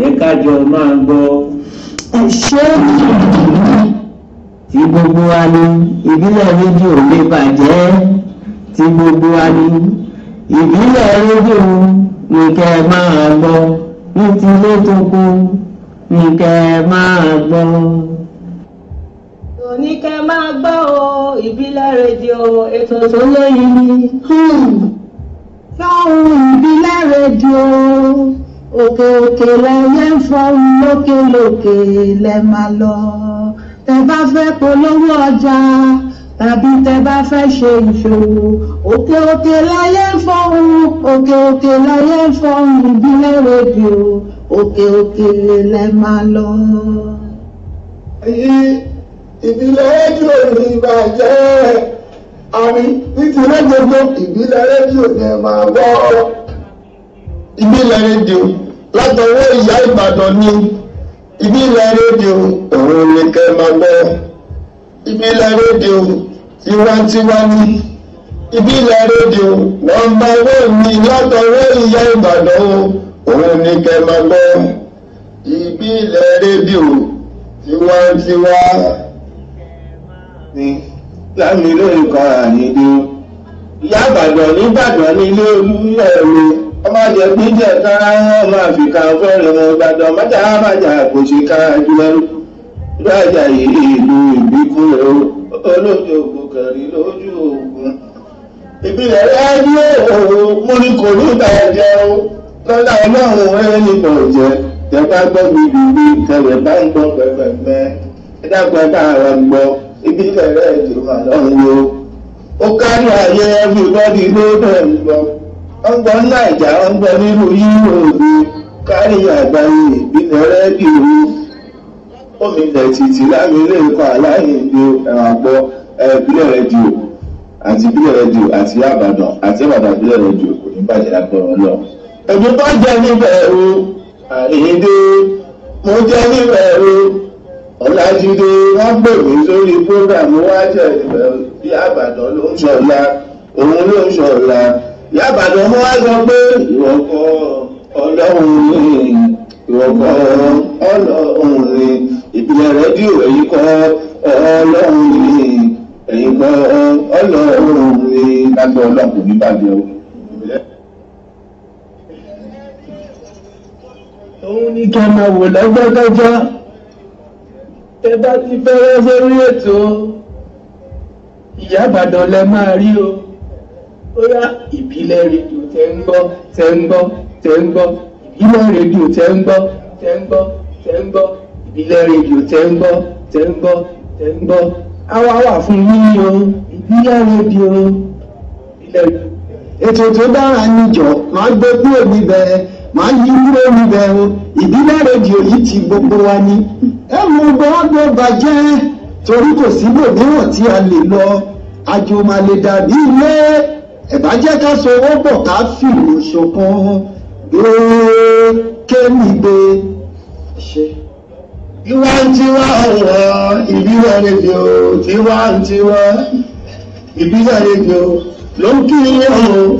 jẹ́ kájọ máa gbọ́. ẹ̀ṣẹ́ ti gbogbo wa ni ìbílẹ̀ rédíò lè bàjẹ́ ti gbogbo wa ni ìbílẹ̀ rédíò nìkẹ́ máa gbọ́ ní tilé tó kú nìkẹ́ máa gbọ́. òní kẹ́ máa gbọ́ o ìbílẹ̀ rédíò ètò tó lóyún ni. sáwọn hmm. ìbílẹ̀ rédíò òkè òkè lẹyẹ ń fọhùn lókè lókè lẹ máa lọ tẹ bá fẹ́ polówó ọjà tàbí tẹ bá fẹ́ ṣe ìṣòwò òkè òkè láyé ń fọhùn òkè òkè láyé ń fọhùn ìbílẹ̀ rédíò òkè òkè lẹ máa lọ. èyí ìbílẹ̀ rédíò ní ìbàjẹ́ àmì ní ti rẹ́gbẹ̀gbẹ̀ ìbílẹ̀ rédíò ní ẹ̀ máa gbọ́ ìbílẹ̀ rédíò látọwọ́ ìyá Ìbàdàn ni ìbílẹ̀ rédíò òun ni kẹ́ máa gbọ́ ìbílẹ̀ rédíò tiwantiwa ni ìbílẹ̀ rédíò nọ́mbà wọ́n ni látọwọ́ ìyá Ìbàdàn o òun ni kẹ́ máa gbọ́ ìbílẹ̀ rédíò tiwantiwa ni lámìlóyún kan ànídé ìyá Ìbàdàn ní Ìbàdàn ní ilé ẹ̀rọ ọmọ jẹ̀bi jẹ̀ka ọmọ àfikà fẹ́rẹ̀ mọ gbàdọ̀ mọ́jà àbájá kò ṣe ká jùlọ rájà yìí ìlú ìbíkú olóòjò ògbókàrí lójú ogun ìbílẹ̀ rádíò múni kò ní ìbàjẹ́ o lọ́dà ọlọ́run ẹni kò jẹ́ tẹ̀gbá gbọ́ gbìgbìgbì kẹlẹ̀ bá ń gbọ́ pẹ̀pẹ̀pẹ̀ ẹ̀dàgbà bá ara gbọ́ ìbílẹ̀ rẹ̀ jùlọ àlọ́run o ó kárí ayé everybody ló bẹ̀ ń gbọ́ ọgbọ naija ọgbọ nínú yíyó òde kárí àgbáyé ìbílẹ̀ rẹ́díò omidan títí lámìlẹ́kọ̀ aláìní ẹ̀rànbọ ìbílẹ̀ rẹ́díò àti ìbílẹ̀ rẹ́díò àti àbàdàn àti àbàdàn ìbílẹ̀ rẹ́díò kò ní bàjẹ́ lágbọ̀rọ̀ lọ. èmi bá jẹ níbẹ̀ o àyíndé mo jẹ níbẹ̀ o ọ̀làjúdé wọ́n pè mí sórí program wájẹ̀ níbẹ̀ bí àbàdàn ló ń ṣọ̀la òun ló ń ṣọ̀la lábàdàn mo wá sọ pé ìwọ kọ́ ọlọ́run ni ìwọ kọ́ ọlọ́run ni ìpìlẹ̀ rédíò èyí kọ́ ọlọ́run ni èyí kọ́ ọlọ́run ni lágbẹ́ ọlọ́run ní bàjẹ́ o. òun ni kí a máa wò lọ́gbọ́dọ́jọ́ tẹ bá ti fẹ́rẹ́ sórí ètò Ìyá Ìbàdàn lẹ máa rí o bóyá ìbílẹ̀ rédíò tẹ́ ń gbọ́ tẹ́ ń gbọ́ tẹ́ ń gbọ́ ìbílẹ̀ rédíò tẹ́ ń gbọ́ tẹ́ ń gbọ́ tẹ́ ń gbọ́ ìbílẹ̀ rédíò tẹ́ ń gbọ́ tẹ́ ń gbọ́ tẹ́ ń gbọ́ àwa wà fún yíyí o ìbílẹ̀ rédíò ìbílẹ̀ rédíò. ètò tó dára níjọ máa gbé kúrò níbẹ̀ máa yí kúrò níbẹ̀ o ìbílẹ̀ rédíò yìí ti gbogbo wa ni ẹ mú gbọ́dọ̀ bàjẹ́ torí kò síbò níwọ̀n tí a lè lọ àjò màlè dàbí ilé ẹ̀bá jẹ́ ká so owó bọ̀ ká fìlú sọkún kémìgbé ṣe. tiwa ń tiwa ọ̀rọ̀ ìbílẹ̀ rédíò tiwa ń tiwa ìbílẹ̀ rédíò ló ń kí yín ọ̀rọ̀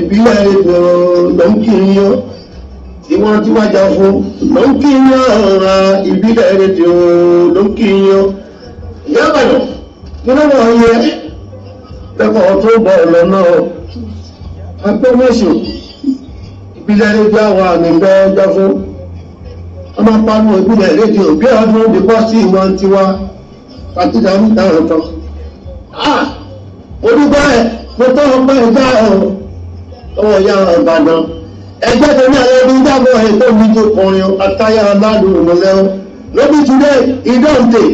ìbílẹ̀ rédíò ló ń kí yín ọ́ tí wọ́n ti wájà fún ló ń kí yín ọ̀rọ̀ ìbílẹ̀ rédíò ló ń kí yín ọ́ ìyá kí ló wọ̀ ọ́ yẹ lẹ́kọ̀ọ́ tó bọ̀ ọ̀lọ́ náà apẹ́mẹ́sì ìbílẹ̀ lójú àwọn àmì gbẹ́ẹ́jọ́ fún ọmọ panu ìbílẹ̀ lédè òbí ọdún òbí bọ́ sí ìwọ̀n tiwa àti ìdààmú ìdáhùn kan. olùgbọ́ ẹ̀ mo tọ́ ọ pé ìjà ọ̀hún ọwọ́ ìyá ọ̀hún ìbàdàn ẹgbẹ́ tó ní àwọn ọdún dábọ̀ ẹ̀ tó ní ju kọrin àtàyà aládùn òmùlẹ́wọ́ lóbi jùlẹ̀ ìdọ́ǹtẹ̀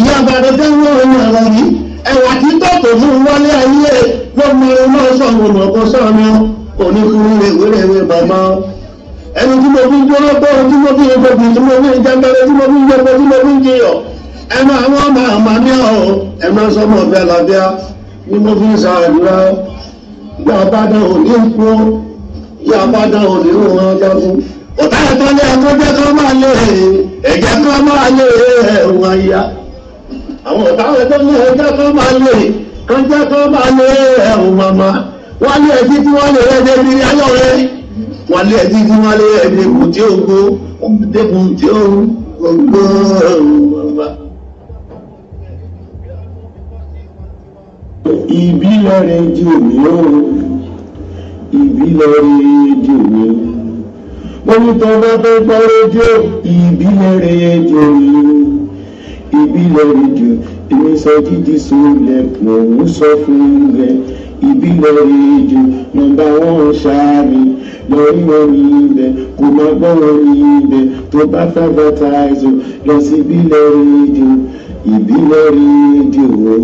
ìyá àbàdàn tẹ́wọ́ òun àwọn yìí ẹ̀wà títọ́ tó fún wálé ayé lọ́mọ iná sọ̀rọ̀ olùkọ́ sọ̀rọ̀ oníkúrú rèwérèwé bàmá ẹni tí mo fi ń jóná bọ́ tí mo fi ń gbòbí tí mo fi ń jẹ́mbẹ́rẹ́ tí mo fi ń gbòbó tí mo fi ń jiyọ̀ ẹnu àwọn ọmọ àmàmí ọ̀hún ẹnu sọmọ ọ̀fẹ́ làbíà ni mo fi ń sàdúrà ìgbà àbádàn òní ń kú ìyá àbádàn òní ń wọn ọjọ́ fún. ó tàyẹ̀ tán ní akọ́jẹ́ kan máa lé ẹ̀jẹ̀ kan máa lé ẹ̀hún ayá àwọn ọ̀táwọn tó ní ẹjẹ́ kan máa lè kọjá kan máa lè ẹ̀hùn màmá wọ́n lé ẹjí tí wọ́n lè rẹ́ débi ayọ̀ rẹ̀ wọ́n lé ẹjí tí wọ́n lè rẹ́ débi tí ó gbó débùn tí ó gbó ẹ̀hùn ìbí lọ rẹ di òní o ìbí lọ rẹ di òní o wọ́n ní tọ́ bá fẹ́ gbọ́ rédíò ìbí lọ rẹ di òní o ibi lẹ́rìí jù èmi sọ jíjí sólẹ̀ mò ń sọ fún rẹ̀ ibi lẹ́rìí jù nọ́mbà wọn ṣáàmì lọ́rí wọn ní ibẹ̀ kò má gbọ́ wọn ní ibẹ̀ tó bá fẹ́ bàtà àìsàn lọ sí ibi lẹ́rìí jù ibi lẹ́rìí jù o.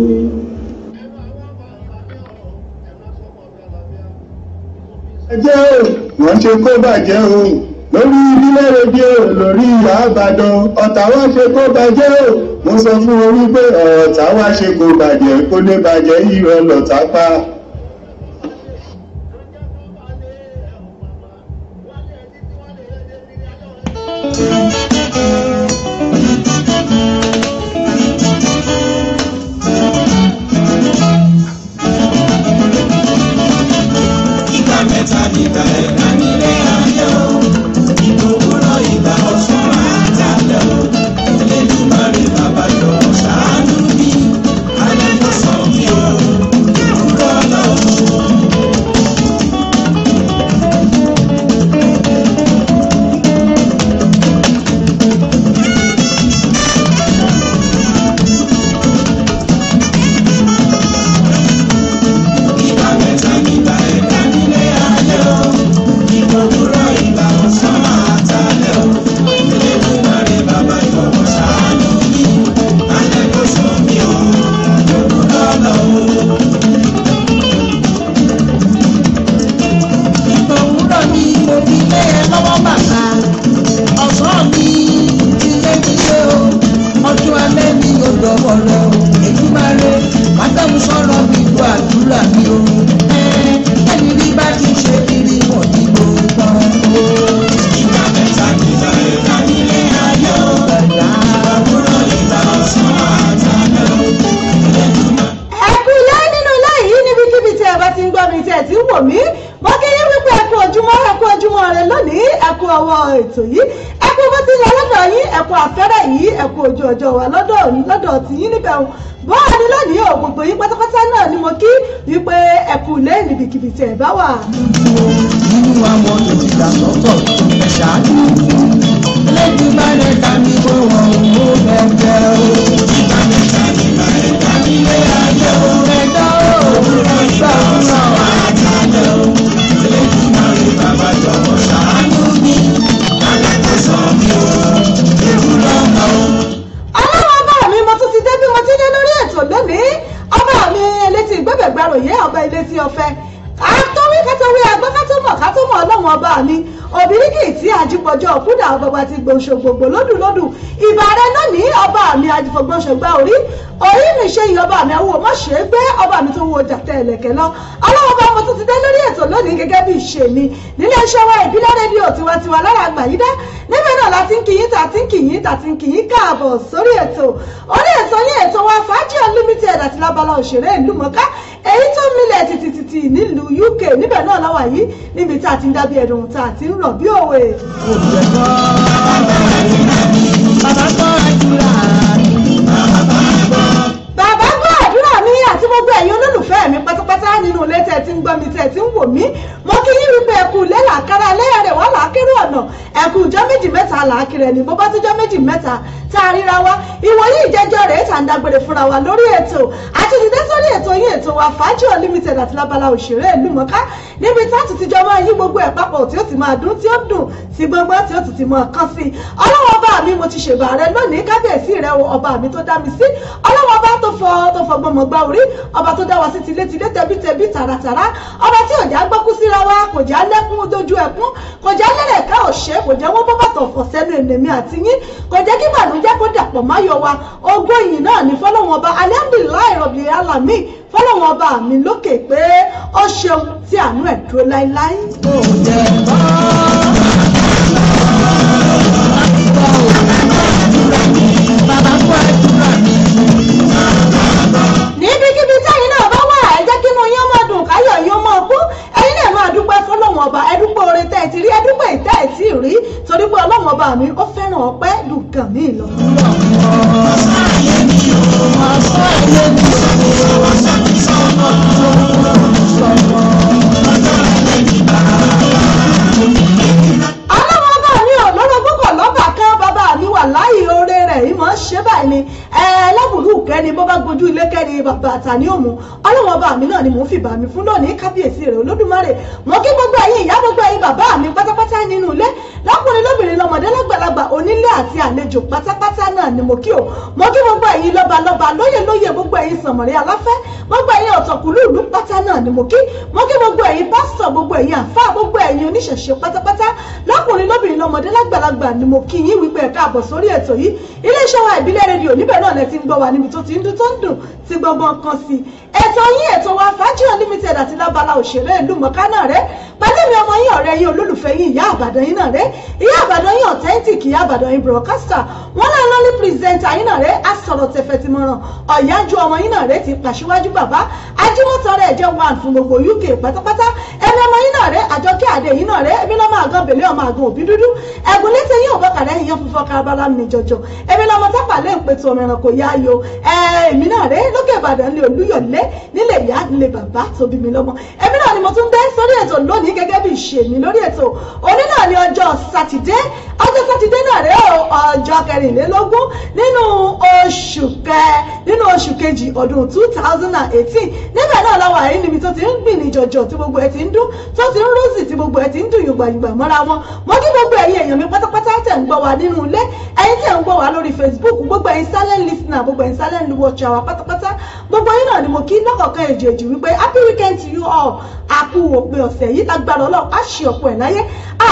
ẹ jẹ́ o wọ́n ti kó bàjẹ́ o lórí nílẹ̀ rédíò lórí àbàdàn ọ̀tá wá ṣe kó bàjẹ́ o mo sọ fún wọn wípé ọ̀tá ṣe kó bàjẹ́ kó lè bàjẹ́ irọ́ lọ̀tá kú ọwọ́ ètò yìí ẹ kú bó ti lọ lọ́dọ̀ yín ẹ kú àfẹ́rẹ́ yìí ẹ kú ojú ọjọ́ wa lọ́dọ̀ yín lọ́dọ̀ tí yín níbẹ̀ o bọ́ọ̀ ni lónìí o gbogbo yín pátápátá náà ni mo kí wípé ẹ kú lé níbikíbi tẹ̀ bá wà. nínú àwọn ìjìyà sọ́tọ̀ ṣáájú lẹ́yìn bá lè ta ní kó wọn ò bẹ̀rẹ̀ o. ilé ayé lónìí ọba mi elétí gbẹ́bẹ̀gbẹ́rò yẹ ọba elétí ọ̀fẹ́ àtọwé kátó wí agbọ́ kátó mọ̀ kátó mọ̀ ọlọ́run ọba mi òbíríkì tí àjípọ̀jọ́ kúdà ọgbọgba ti gbòǹṣò gbogbo lódùlódù ìbàrẹ̀ lónìí ọba mi àjìfọ̀gbọ̀nṣọ̀gbà orí orí mi ṣe yìí ọba mi àwọn ọmọ ṣe é gbé ọba mi tó wo jàtẹ ẹlẹ̀kẹ̀ lọ ọlọ́wọ́ bá mo tún ti dé lórí ètò lónìí gẹ́gẹ́ bí ìṣe mi nílé iṣẹ́ wa ìbílẹ̀ rédíò tiwantiwa lára àgbà yìí dá níbẹ̀ náà la ti ń kìyìn tà ti ń kìyìn tà ti ń kìyìn káàbọ̀ sórí ètò orí ètò yín ètò wa fàájì unlimited àti lábala òṣèré ìlú mọ̀ká èyí tó milẹ̀ tìtìtìtì nílùú UK níbẹ̀ náà la wà yìí níbi tá a ti ń dábí ẹ̀dùn tá a ti ń rọ̀ bí òwe. bàbá gbọ́ bàbá gbọ́ àdúrà mi àti gbogbo ẹ̀yin olólùfẹ́ mi pátápátá nínú ilé tẹ̀ tí ń gbọ́ mi tẹ̀ tí ń wò mí mo kí yín wípé ẹkùn ilé làkàrà lẹ́yà rẹ̀ wá làákérò ọ̀nà ẹkùn ìjọ méjì mẹ́ta làákìrẹ̀ ni bó bá tó jọ méjì mẹ́ta tá a ríra wa ìwòyí ìjẹjọ rẹ̀ ètò àǹdàgbèrè fúnra wa lórí ètò àtúndé sórí ètò yín ètò wa fàájì unlimited àti lábala òṣèré ìlú mọ̀ká níbi táàtù ti jọ máa yí gbogbo ẹ̀ papọ̀ tí ó ti máa dún tí ó dùn tí gbogbo tí ó ti ti máa kán sí ọlọ́wọ́ ọba mi mo ti ṣèbà rẹ lónìí kábíyèsí rẹ ọba mi tó dá mi sí ọlọ́wọ́ ọba tó fọ tó fọgbọ́n mọ̀gbá orí ọba tó dá wa sí tilétilé tẹbítẹbí tàràtàrà ọba tí òjá gbọ́kú síra wa kò já lẹ́kún dojú ẹkún kò já lẹ́lẹ̀ká ọ̀ṣẹ́ kò jẹ́ wọ́n bọ́ bàtọ̀ fọ̀ sẹ́nu èmẹ̀mí àti yín kò jẹ́ kí bànújẹ́ kó dàpọ̀ máyọ̀ wa ogún ìyìn náà ní fọlọ́wọ́n ọba alhamdulilayi rọ̀bì alamí fọlọ́wọ́n ọba mi lókè pé ó ṣeun tí àánú ẹ̀ dúró láíláí. ó jẹ́ bá níbikíbi ọba ẹdúpẹ́ orin tẹ́ ẹ ti rí ẹdúpẹ́ ìtẹ́ ẹ ti rí torí pé ọlọ́run ọba mi ó fẹ́ràn ọpẹ́ lùgàn mí lọ. ọlọ́run ọba mi ò lọ́rọ̀ púpọ̀ lọ́bà kan bàbá mi wà láyé oore rẹ̀ ìmọ̀ ṣe báyìí ni lábùlù kẹ́ni bó bá gbojú ilé kẹ́ni bàbá àtàní òmu ọlọ́wọ́n ọba mi náà ni mò ń fi bà mí fún lónìí kábíyèsí rẹ̀ olódùmarè mo kí gbogbo ẹ̀yin ìyá gbogbo ẹ̀yin bàbá mi pátápátá nínú ilé lákùnrin lóbìnrin lọ́mọdé lágbàlagbà onílé àti àlejò pátápátá náà ni mo kí o mo kí gbogbo ẹ̀yin lọ́balọ́ba lóyè lóyè gbogbo ẹ̀yin sànmọ̀rí aláfẹ́ gbogbo ẹ̀yin ọ̀tọ̀kùlú ìlú pátá náà ni mo kí mo kí gbogbo ẹ̀yin pásítọ̀ gbogbo ẹ̀yin àfá gbogbo ẹ̀yin oníṣẹ̀ṣe pátápátá lákùnrin lóbìnrin lọ́mọdé lágbàlagbà ni mo kí yín náà ti ń gbọ́ wa níbi tó ti ń dún tó ń dùn ti gbọ́ngbọ́n kan sí i ètò yín ètò wa fàájì unlimited àti lábala òṣèré ìlú mọ̀ká náà rẹ ọmọ yín ọ̀rẹ́ yín olólùfẹ́ yín ìyá àbàdàn yín náà rẹ ìyá àbàdàn yín authentic ìyá àbàdàn yín broadcaster wọn náà lọ́lí pírẹsẹ̀ntà yín náà rẹ asọ̀rọ̀ tẹ̀fẹ̀tìmọ̀ràn ọ̀yájú ọmọ yín náà rẹ ti pàṣíwájú bàbá ajímọ̀tọ́ rẹ̀ jẹ́ wà fún gbogbo uk pátápátá ẹ̀mí ọmọ yín náà rẹ àjọkẹ́ àdé yín náà rẹ ẹ̀mí lọ́mọ àgàn bèlé ọmọ àgàn òbí dúdú ẹ̀gúnlẹ́sẹ̀ yín yín fúnfọ́ kò yá yo èmi náà rèé lókè ìbàdàn lè olúyọ̀lé nílé ìyá nílé bàbá tó bí mi lọ́mọ èmi náà ni mo tún dé sórí ètò lónìí gẹ́gẹ́ bí ìṣe mi lórí ètò òní náà ni ọjọ́ sátidé ọjọ́ sátidé náà rèé ọjọ́ kẹrìnlélógún nínú oṣù kẹ nínú oṣù kejì ọdún two thousand and eighteen níbẹ̀ náà làwọn àyè níbi tó ti ń gbìn ní jọjọ tí gbogbo ẹ ti ń dún tó ti ń rúsì tí gbogbo ẹ ti ń dùn yùgbàyùgbà mọ́ra wọn mo kí gbogbo ẹ̀yin èèyàn mi pátápátá tẹ̀ ń gbọ́ wa nínú ilé ẹ̀yin tẹ̀ ń gbọ́ wa lórí Facebook gbogbo ẹ̀yin sálẹ̀ listener gbogbo ẹ̀ ń sálẹ̀ ń watcher wa pátápátá gbogbo yín náà ni mo kí lọ́kọ̀ọ̀kan èjèèjì wípé happy weekend to you all àkú òpin ọ̀sẹ̀ yìí lágbára ọlọ́run á ṣe ọ̀pọ̀ ẹ̀ láyé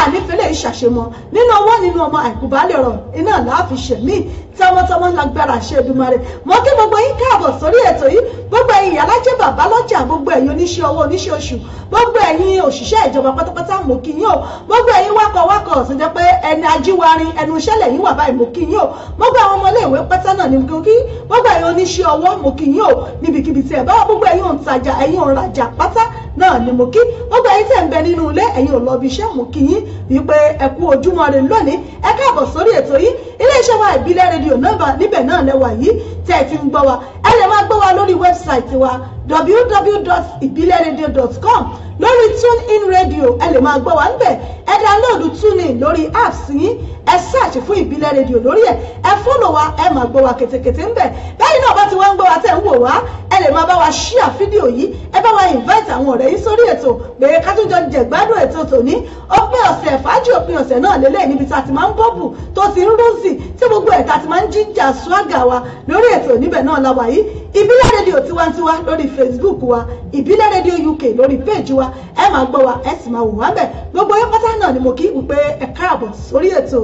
ànífẹ́lẹ́ ìṣàṣemọ nínú ọwọ́ nínú ọmọ àìkú baálé ọ̀rọ̀ iná làá fi ṣẹ̀mí tọmọtọmọ lágbára ṣe Èdùmàrè mo kí gbogbo yín káàbọ̀ sórí ètò yìí gbogbo ẹ̀yin alájẹ bàbá lọ́jà gbogbo ẹ̀yin oníṣẹ́ owó oníṣẹ́ oṣù gbogbo ẹ̀yin òṣìṣẹ́ ìjọba pátápátá mo kí yín o gbogbo ẹ̀yin wakọ̀ wakọ̀ ọ̀sán jẹ́ pé ẹni ajíwárin ẹnu iṣẹ́ lẹ́yìn wà báyìí mo kí yín o gbogbo àwọn ọmọléèwé pátá náà ni mo kí gbogbo ẹ̀yin oníṣẹ́ ọwọ́ mo kí yín o níbikíbi tí ẹ bá wà gbogbo ẹ̀yin òǹtajà ẹ̀yin òǹrajà pátá náà ni mo kí gbogbo ẹ̀yin tẹ̀ ń bẹ nínú ilé ẹ̀yin ò lọ bí iṣẹ́ mo kí yín wípé ẹ ojúmọ́ rẹ lónìí ẹ káàbọ̀ sórí ètò yìí iléeṣẹ́ wa ìbílẹ̀ rédíò náà níbẹ̀ náà lẹ́wà yìí tẹ̀ ti ń gbọ́ wa ẹ lè máa gbọ́ wa lórí wẹ́bsáìtì wa www.ibileradio.com lórí TuneIn Radio ẹ lè máa gbọ́ wa níbẹ̀ ẹ dáńlóòdù TuneIn lórí apps yín ẹ search fún ìbílẹ̀ rédíò lórí ẹ̀ ẹ fọ́lọ̀ wa ẹ máa gbọ́ wa kètèkètè ńbẹ̀ bẹ́ẹ̀ náà bá ti wá ń gbọ́ wa tẹ̀ ń wò wá ẹ lè máa bá wa share fídíò yìí ẹ bá wa invite àwọn ọ̀rẹ́ yín sórí ètò bẹ̀rẹ̀ ká tún jọ jẹ̀gbádùn ètò tòní òpin ọ̀sẹ̀ fàájì òpin ọ̀sẹ̀ náà lélẹ̀ níbi tá a ti máa ń bọ́bù tó ti ń rúsì tí gbogbo ẹ̀ tá a ti máa ń jíjà swaga wa lórí ètò níbẹ̀ náà la wà yìí ìbílẹ̀ rédíò tiwantiwa lórí facebook wa ìbílẹ̀ rédíò uk lórí péèjì wa ẹ máa gbọ́ wa ẹ sì máa wò wá bẹ̀ gbogbo yín pátá náà ni mo kí wípé ẹ káàbọ̀ sórí ètò.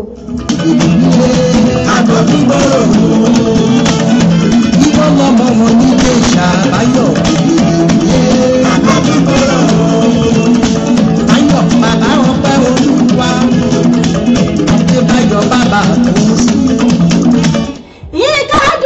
àbọ̀dúgbò ìwọ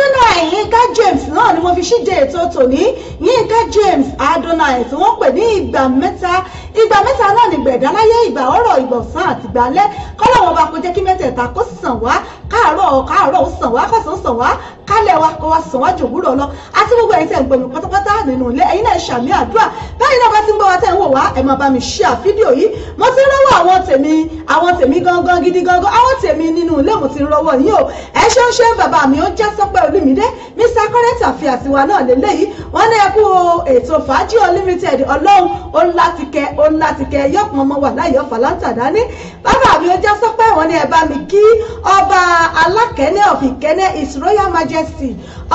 Adonai Yinka James náà ni mo fi ṣíde ètò tòní Yinka James Adonai tí wọ́n pè ní ìgbà mẹ́ta ìgbà mẹ́ta náà ni gbẹ̀dá láyé ìgbà ọ̀rọ̀ ìgbọ̀nsán àti ìgbàlẹ́ kọ́lọ́wọ́n bá kó jẹ́ kí mẹ́tẹ̀ẹ̀ta kó sàn wá káàárọ̀ káàárọ̀ ó sàn wá kọ̀sán sàn wá kálẹ̀ wa kọ́ wa sàn wá jòwúrọ̀ lọ àti gbogbo ẹ̀yin tẹ̀ ń gbọ̀mí pátápátá nínú ilé ẹ̀yin náà ṣàmì àdúrà báyìí náà bá ti ń gbọ́ wa tẹ̀ ń wò wá ẹ̀ máa bá mi ṣe àfídíò yìí mo ti rọ́wọ́ àwọn tèmi àwọn tèmi gangan gidi gangan àwọn tèmi nínú ilé mo ti rọ́wọ́ yìí o ẹ ṣeun ṣe bàbá mi ó já sọpẹ́ olúmídé mr kọ́rẹ́tà fi àtiwá náà lélẹ́yìí wọ́n ní ẹ kú ètò fàájì unlimited ọlọ́run ó láti kẹ ó ńlá ti kẹ yọ pọnmọ wà láyọ fàlàǹtà dání bàbá mi ó já sọpẹ́ wọn ni ẹ bá mi kí ọba alákẹ́nẹ́ of Ìkẹ́nẹ́ his royal majesty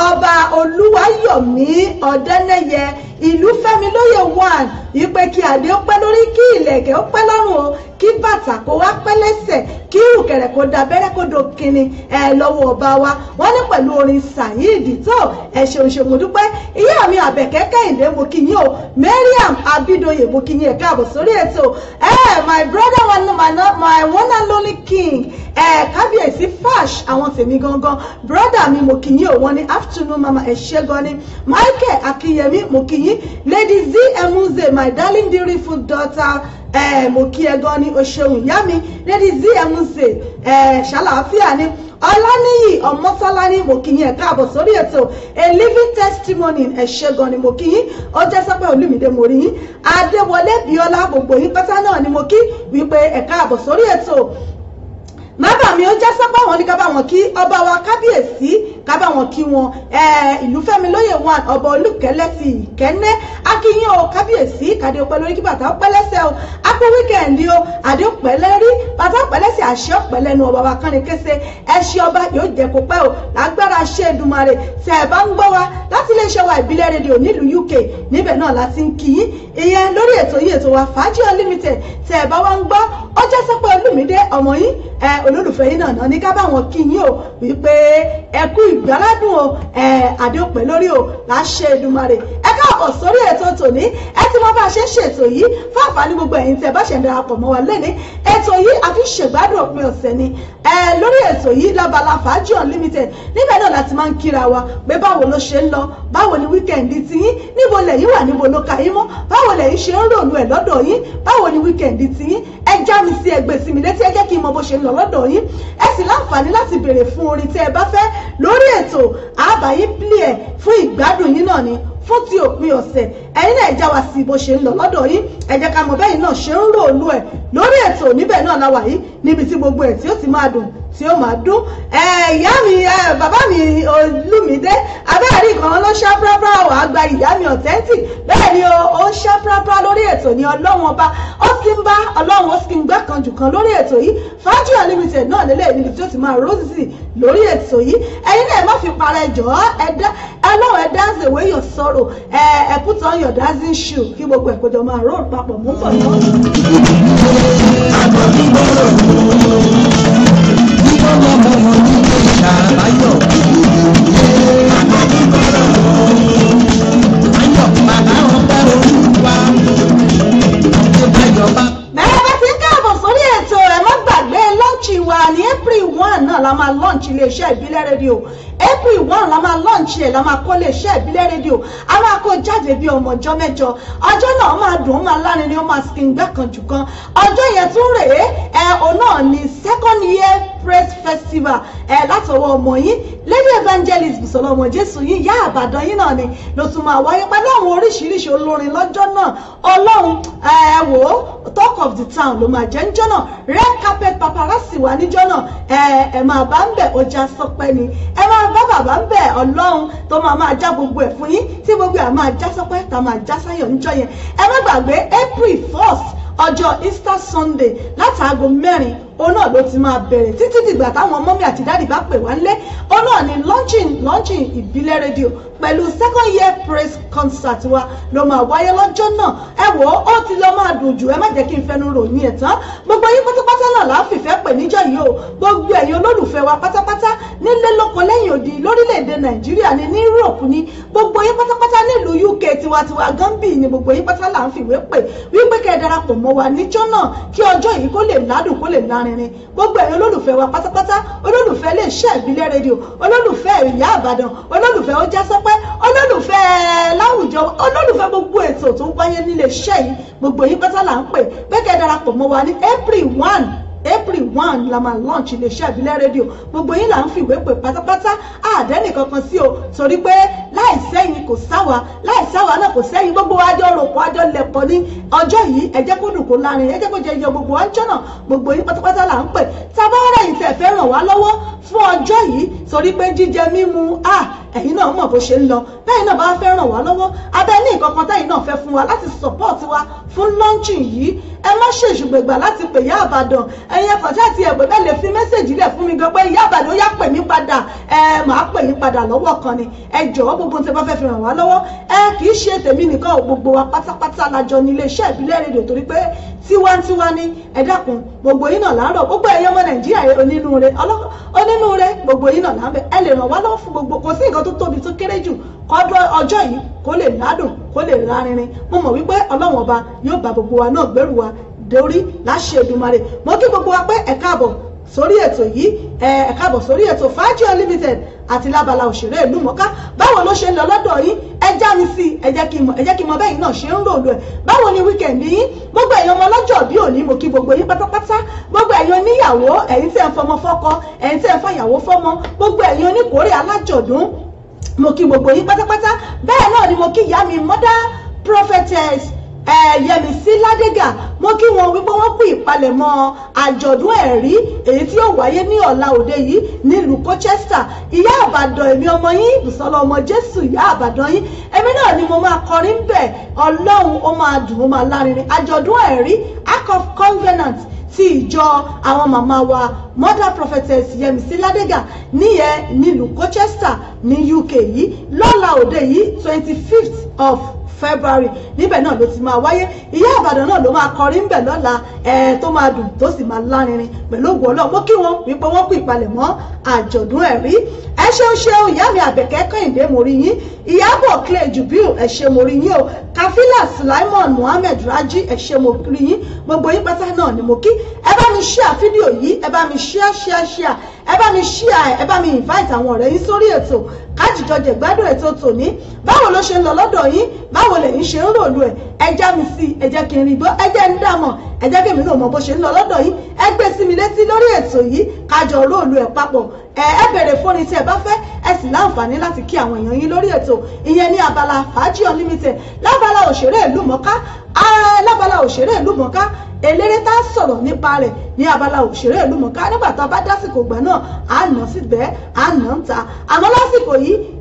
ọba olúwayọ̀mí ọ̀dẹ́nẹ́yẹ ìlú fẹ́mi lóye one ìpè kí adé ó pẹ́ lórí kí ìlẹ̀kẹ̀ ó pẹ́ lọ́rùn o kí bàtà kó wá pẹ́ lẹ́sẹ̀ kí ìrùkẹ̀rẹ̀ kó da abẹ́rẹ́ kó do kinni ẹ lọ́wọ́ ọba wa wọ́n ní pẹ̀lú orin Saheed tó ẹ ṣeun ṣe mo dúpẹ́ ìyá mi àbẹ̀kẹ́ kẹ́hìndé mo kí yín o Mariam Abídóyè mo kí yín ẹ káàbọ̀ sórí ètò ẹ my brother one my, my one and only king ẹ eh, kábíyèsí fash àwọn tèmi gangan brother mi mo kì í yín òwọ́n ní afternoon mama ẹ ṣé gan ni michael akínyẹmí mo kì í yín lady z emuze my darling beautiful daughter ẹ eh, mo kí ẹ gan ni o ṣeun ìyá mi lady z emuze ẹ eh, ṣàlàáfíà ni ọláníyì ọmọtọ́láni mo kí yín ẹ káàbọ̀ sórí ètò a living testimony ẹ̀ṣẹ̀ gan ni mo kí yín ó jẹ́ sọ́pẹ́ olúmídé mo rí yín adéwọlé bíọ́lá gbogbo yín pátá náà ni mo kí wípé ẹ káàbọ̀ sórí ètò má bàmí ó jẹ́ sọ́pẹ́ àwọn oníkàbà kí ọba wa kábíyèsí kábà wọn kí wọn ìlúfẹ́mi lóyè wọn ọ̀bọ̀ olùkẹ́lẹ́ ti ìkẹ́nẹ́ akínyìn o kábíyèsí kàdé ọpẹ́ lórí kí bàtà ọpẹ́ lẹ́sẹ̀ o akú wíkẹ̀ndì o àdé ọpẹ́ lẹ́rí bàtà ọpẹ́ lẹ́sẹ̀ àṣẹ ọpẹ́ lẹ́nu ọba wa kánni kése ẹṣin ọba yóò jẹ kó pẹ́ o lágbára ṣe Èdùmàrè tẹ̀ ẹ̀ bá ń gbọ́ wa láti iléeṣẹ́ wa ìbílẹ̀ rédíò nílùú UK níbẹ̀ náà la ti ń kí yín ìyẹn lórí ètò yìí ètò wa fàájì unlimited tẹ̀ ẹ̀ bá wa ń gbọ́ ó jẹ́ sọ́pẹ́ Olúmídé ọmọ yín olólùfẹ́ yín náà ní ká bá wọn kí yín o wípé ẹ ì ìgbàládùn o àdéhùnpẹ̀ lórí o láṣẹ Èdùmàrè ẹ káàbọ̀ sórí ètò tòní ẹ ti mọ bá a ṣe ń ṣètò yìí fún àǹfààní gbogbo ẹ̀yin tẹ́ bá ṣẹ̀ ń darapọ̀ mọ́ wa lẹ́ni ètò yìí àfi ṣègbádùn òpin ọ̀sẹ̀ ni lórí ètò yìí lábala fàájì unlimited níbẹ̀ náà láti máa ń kíra wa pé báwo ló ṣe ń lọ báwo ni wíkẹ̀ndì ti yín níbo lẹ̀yin wà níbo ló ka yín mọ́ báwo lẹ̀yin ṣe ń rònú ẹ̀ lọ́dọ̀ yín báwo ni wíkẹ̀ndì ti yín ẹ já mi sí ẹgbẹ́ sí mi létí ẹ jẹ́ kí n mọ bó ṣe ń lọ lọ́dọ̀ yín ẹ sì láǹfààní láti béèrè fún orin tẹ́ ẹ bá fẹ́ lórí lórí ètò àbáyé plé fún ìgbádùn yín náà ni fún ti òpin ọ̀sẹ̀ ẹ̀yin náà já wa sí bó ṣe ń lọ lọ́dọ̀ yín ẹ jẹ́ ká mọ̀ bẹ́yìn náà ṣe ń ròónú ẹ̀ lórí ètò níbẹ̀ náà la wà yìí níbi tí gbogbo ẹ̀ tí ó ti máa dùn tí ó máa dún ìyá mi bàbá mi olúmídé abẹ́rẹ́ kan ló ṣá pẹ́pẹ́ ọ̀ àgbà ìyá mi authentic bẹ́ẹ̀ ni ó ṣá pẹ́pẹ́ lórí ètò ní ọlọ́run ọba ó sì ń bá ọlọ́run ó sì ń gbẹ́ jù kan lórí ètò yìí fájú unlimited náà lélẹ̀ níbi tí ó ti máa rọ́ọ̀sì lórí ètò yìí ẹ̀yin náà ẹ má fi parẹ́ jọ̀ọ́ ẹ lọ́wọ́ ẹ dance away your sorrow ẹ put on your your dancing shoe kí gbogbo ẹ̀kọ́jọ máa roll papọ̀ mú bọ̀ náà. bẹ́ẹ̀ bá ti ń káàbọ̀ sórí ètò ẹ̀ má lọ́ọ̀chì wa ní April one náà la máa lọ́ọ̀chì iléeṣẹ́ ìbílẹ̀ rédíò april one la máa lọ́ǹchì ẹ̀ la máa kó lè ṣe ìbílẹ̀ rédíò a máa kó jáde bí ọmọ ọjọ́ mẹ́jọ ọjọ́ náà máa dùn ó máa lárinrin ó máa skin gbẹ́kànjù kan ọjọ́ yẹn tún rèé ẹ òun náà ni second year press festival ẹ látọwọ́ ọmọ yín lady evangelist Bùsọ́lá ọmọ Jésù yín yá àbàdàn yín náà ni ló tún máa wáyé pẹ̀lú àwọn oríṣiríṣi olórin lọ́jọ́ náà ọlọ́run ẹ wò ó talk of the town ló máa jẹ́ níjọ́ náà red carpet paparazzi wà níjọ́ náà ẹ ẹ máa bá ń bẹ̀ ọjà sọpẹ́ ni ẹ máa bá bàbá ń bẹ̀ ọlọ́run tó máa máa já gbogbo ẹ̀ fún yín tí gbogbo ẹ̀ máa já sọ́pẹ́ tá máa já sáyọ̀ níjọ́ yẹn ẹ má gbàgbé April 1st ọjọ́ Easter Sunday látàgò mẹ́rin òun náà ló ti máa bẹ̀rẹ̀ títí dìgbà táwọn mọ́mí àti dáàdì bá pè wá nílé òun náà ni launching launching ìbílẹ̀ rédíò pẹ̀lú second year press concert wa ló máa wáyé lọ́jọ́ náà ẹ wò ó ó ti lọ́ máa dùn jù ẹ má jẹ́ kí n fẹnu ròyìn ẹ̀ tán gbogbo yín pátápátá náà là á fìfẹ́ pè níjọ́ yìí o gbogbo ẹ̀yin olólùfẹ́ wa pátápátá nílé lóko lẹ́yìn òdì lórílẹ̀‐èdè nàìjíríà ni ní europe ni gbogbo yín pátápátá nílùú uk tiwantiwa gambi ni gbogbo yín pátá là ń fìwé pè wípé kẹ́ ẹ darapọ̀ mọ́ wa níjọ́ náà kí ọjọ́ yìí kó lè ládùn kó lè lárin arinrin gbogbo ẹ̀yin olólùfẹ́ wa pátápátá olólùfẹ́ iléeṣẹ́ ìbílẹ̀ rédíò olólùfẹ́ ìyá àbàdàn olólùfẹ́ ó já sọpẹ́ olólùfẹ́ láwùjọ olólùfẹ́ gbogbo ètò tó ń wáyé níléeṣẹ́ yìí gbogbo yín pátá là ń pè pé darapọ̀ mọ́ wa ní April one april one la máa launch iléeṣẹ́ ìbílẹ̀ rédíò gbogbo yín là ń fìwé pè pátápátá àdẹ́nì kankan sí o torí pé láìsẹ́yìn kò sáwa láìsáwa náà kò sẹ́yìn gbogbo àjọ rògbò àjọ lẹ̀pọ̀ ní ọjọ́ yìí ẹ jẹ́ kó dùn kó lárin ẹ jẹ́ kó jẹ iye gbogbo ọjọ́ náà gbogbo yín pátápátá là ń pè tabára yìí tẹ̀ fẹ́ ràn wá lọ́wọ́ fún ọjọ́ yìí torí pé jíjẹ mímu ah ẹ̀yin náà mọ̀ bó ṣe ń lọ bẹ́ẹ̀ náà bá fẹ́ ràn wá lọ́wọ́ abẹ́ ní ìkọ̀kan náà fẹ́ fún wa láti support wa fún launching yìí ẹ má ṣèṣùgbẹ̀gbà láti pè yá àbàdàn ẹ̀yin ẹ̀kọ́ tí àti ẹ̀gbẹ́ bẹ́ẹ̀ lè fi mẹ́sẹ̀jì lẹ̀ fún mi gan pé ìyá àbàdàn ó yá pè mí padà ẹ màá pè yín padà lọ́wọ́ kan ni ẹ jọ̀wọ́ gbogbo tí ẹ bá fẹ́ fi ràn wá lọ́wọ́ ẹ kì í ṣe tèmi nìkan ò gbogbo wa pátápátá lájọ ní iléeṣẹ́ ìbílẹ̀ rédíò torí pé tiwantiwa ni ẹ dákun gbogbo yín náà láàárọ̀ gbogbo ẹ̀yin ọmọ nàìjíríà onínúure onínúure gbogbo yín náà láàbẹ̀ ẹ lè ràn wá lọ́wọ́ fún gbogbo kò sí nǹkan tó tóbi tó kéré jù kọ́dọ̀ ọjọ́ yìí kó lè ládùn kó lè rárinrin mo mọ̀ wípé ọlọ́wọ́n ọba yóò bá gbogbo wa náà gbẹ́rù wa dorí láṣẹ Èdùmàrè mo kí gbogbo wa pé ẹ káàbọ̀ sórí ètò yìí ẹ káàbọ̀ sórí ètò fàájì unlimited àti lábala òṣèré ìlú mọ̀ká báwo ló ṣe ń lọ lọ́dọ̀ yín ẹ já mi sí ẹ jẹ́ kí n mọ̀ ẹ jẹ́ kí n mọ̀ bẹ́yìn náà ṣe ń ròlù ẹ̀ báwo ni wíkẹ̀ndì yín gbogbo ẹ̀yin ọmọ ọlọ́jọ́ bí òní mo kí gbogbo yín pátápátá gbogbo ẹ̀yin oníyàwó ẹ̀yin tẹ́ ń fọmọ fọ́kọ ẹ̀yin tẹ́ ń fàyàwó fọ́mọ gbogbo ẹ̀yin oníkórè alájọ̀dún mo kí gbogbo yín pátápátá bẹ́ẹ̀ náà ni mo kí ìyá mi mọ́dá prophetess Yẹmisí Ládégà mo kí wọn wípé wọ́n kú ìpalẹ̀mọ́ àjọ̀dún ẹ̀rí èyí tí yóò wáyé ní ọ̀la òde yìí nílùú Colchester ìyá àbàdàn èmi ọmọ yín Bùsọ́lá ọmọ Jésù ìyá àbàdàn yín èmi náà ni mo máa kọrin ń bẹ̀ Ọlọ́run ó máa dùn ó máa lárinrin àjọ̀dún ẹ̀rí Ark of Covenant ti ìjọ àwọn màmá wa mother prophetess Yẹmisí Ládégà níyẹn nílùú Colchester ní UK yìí lọ́la òde yìí twenty fifth of February níbẹ̀ náà ló ti máa wáyé ìyá Ìbàdàn náà ló máa kọrin ńbẹ̀ lọ́la ẹ̀ tó máa dùn tó sì máa lárinrin pẹ̀lú ògùn ọlọ́mọ kí wọn wípé wọ́n kú ìpalẹ̀mọ́ àjọ̀dún ẹ̀rí ẹ ṣeun ṣeun ìyá mi Àbẹ̀kẹ́ Kẹ́hìndé mo rí yín Ìyábọ̀ Clay Jubiu ẹ ṣé mo rí yín o Kafila Sulaimon Muhammed Raji ẹ ṣé mo rí yín gbogbo yín pátá náà ni mo kí ẹ bá mi ṣíà fídíò yìí ẹ bá mi ṣíà ṣíà ṣíà ẹ bá mi ṣíà ẹ bá mi invite àwọn ọ̀rẹ́ yín sórí ètò kájíjọ jẹ̀gbádùn ẹ̀ tó tòní báwo ló ṣe ń lọ lọ́dọ̀ yín báwo lẹ̀yin ṣe ń ròlú ẹ̀ ẹjẹ́ mi sí ẹjẹ́ kí n rí bó ẹjẹ́ ń dàmọ̀ ẹjẹ́ kí èmi náà mọ bó ṣe ń lọ lọ́dọ̀ yìí ẹ gbé sí mi létí lórí ètò yìí kájọ róòlù ẹ̀ papọ̀ ẹ ẹ bèrè fóònù tí ẹ bá fẹ́ ẹ sì láǹfààní láti kí àwọn èèyàn yín lórí ètò ìyẹn ní abala fàájì unlimited lábala òṣèré ìlú mọ́ká lábala òṣèré ìlú mọ́ká eléré tá a sọ̀rọ̀ nípa rẹ̀ ní abala òṣèré ìlú mọ̀ká nígbà tá a bá dásìkò ìgbà náà à ń nà síbẹ̀ à ń nà ń ta àmọ́ lásìkò yìí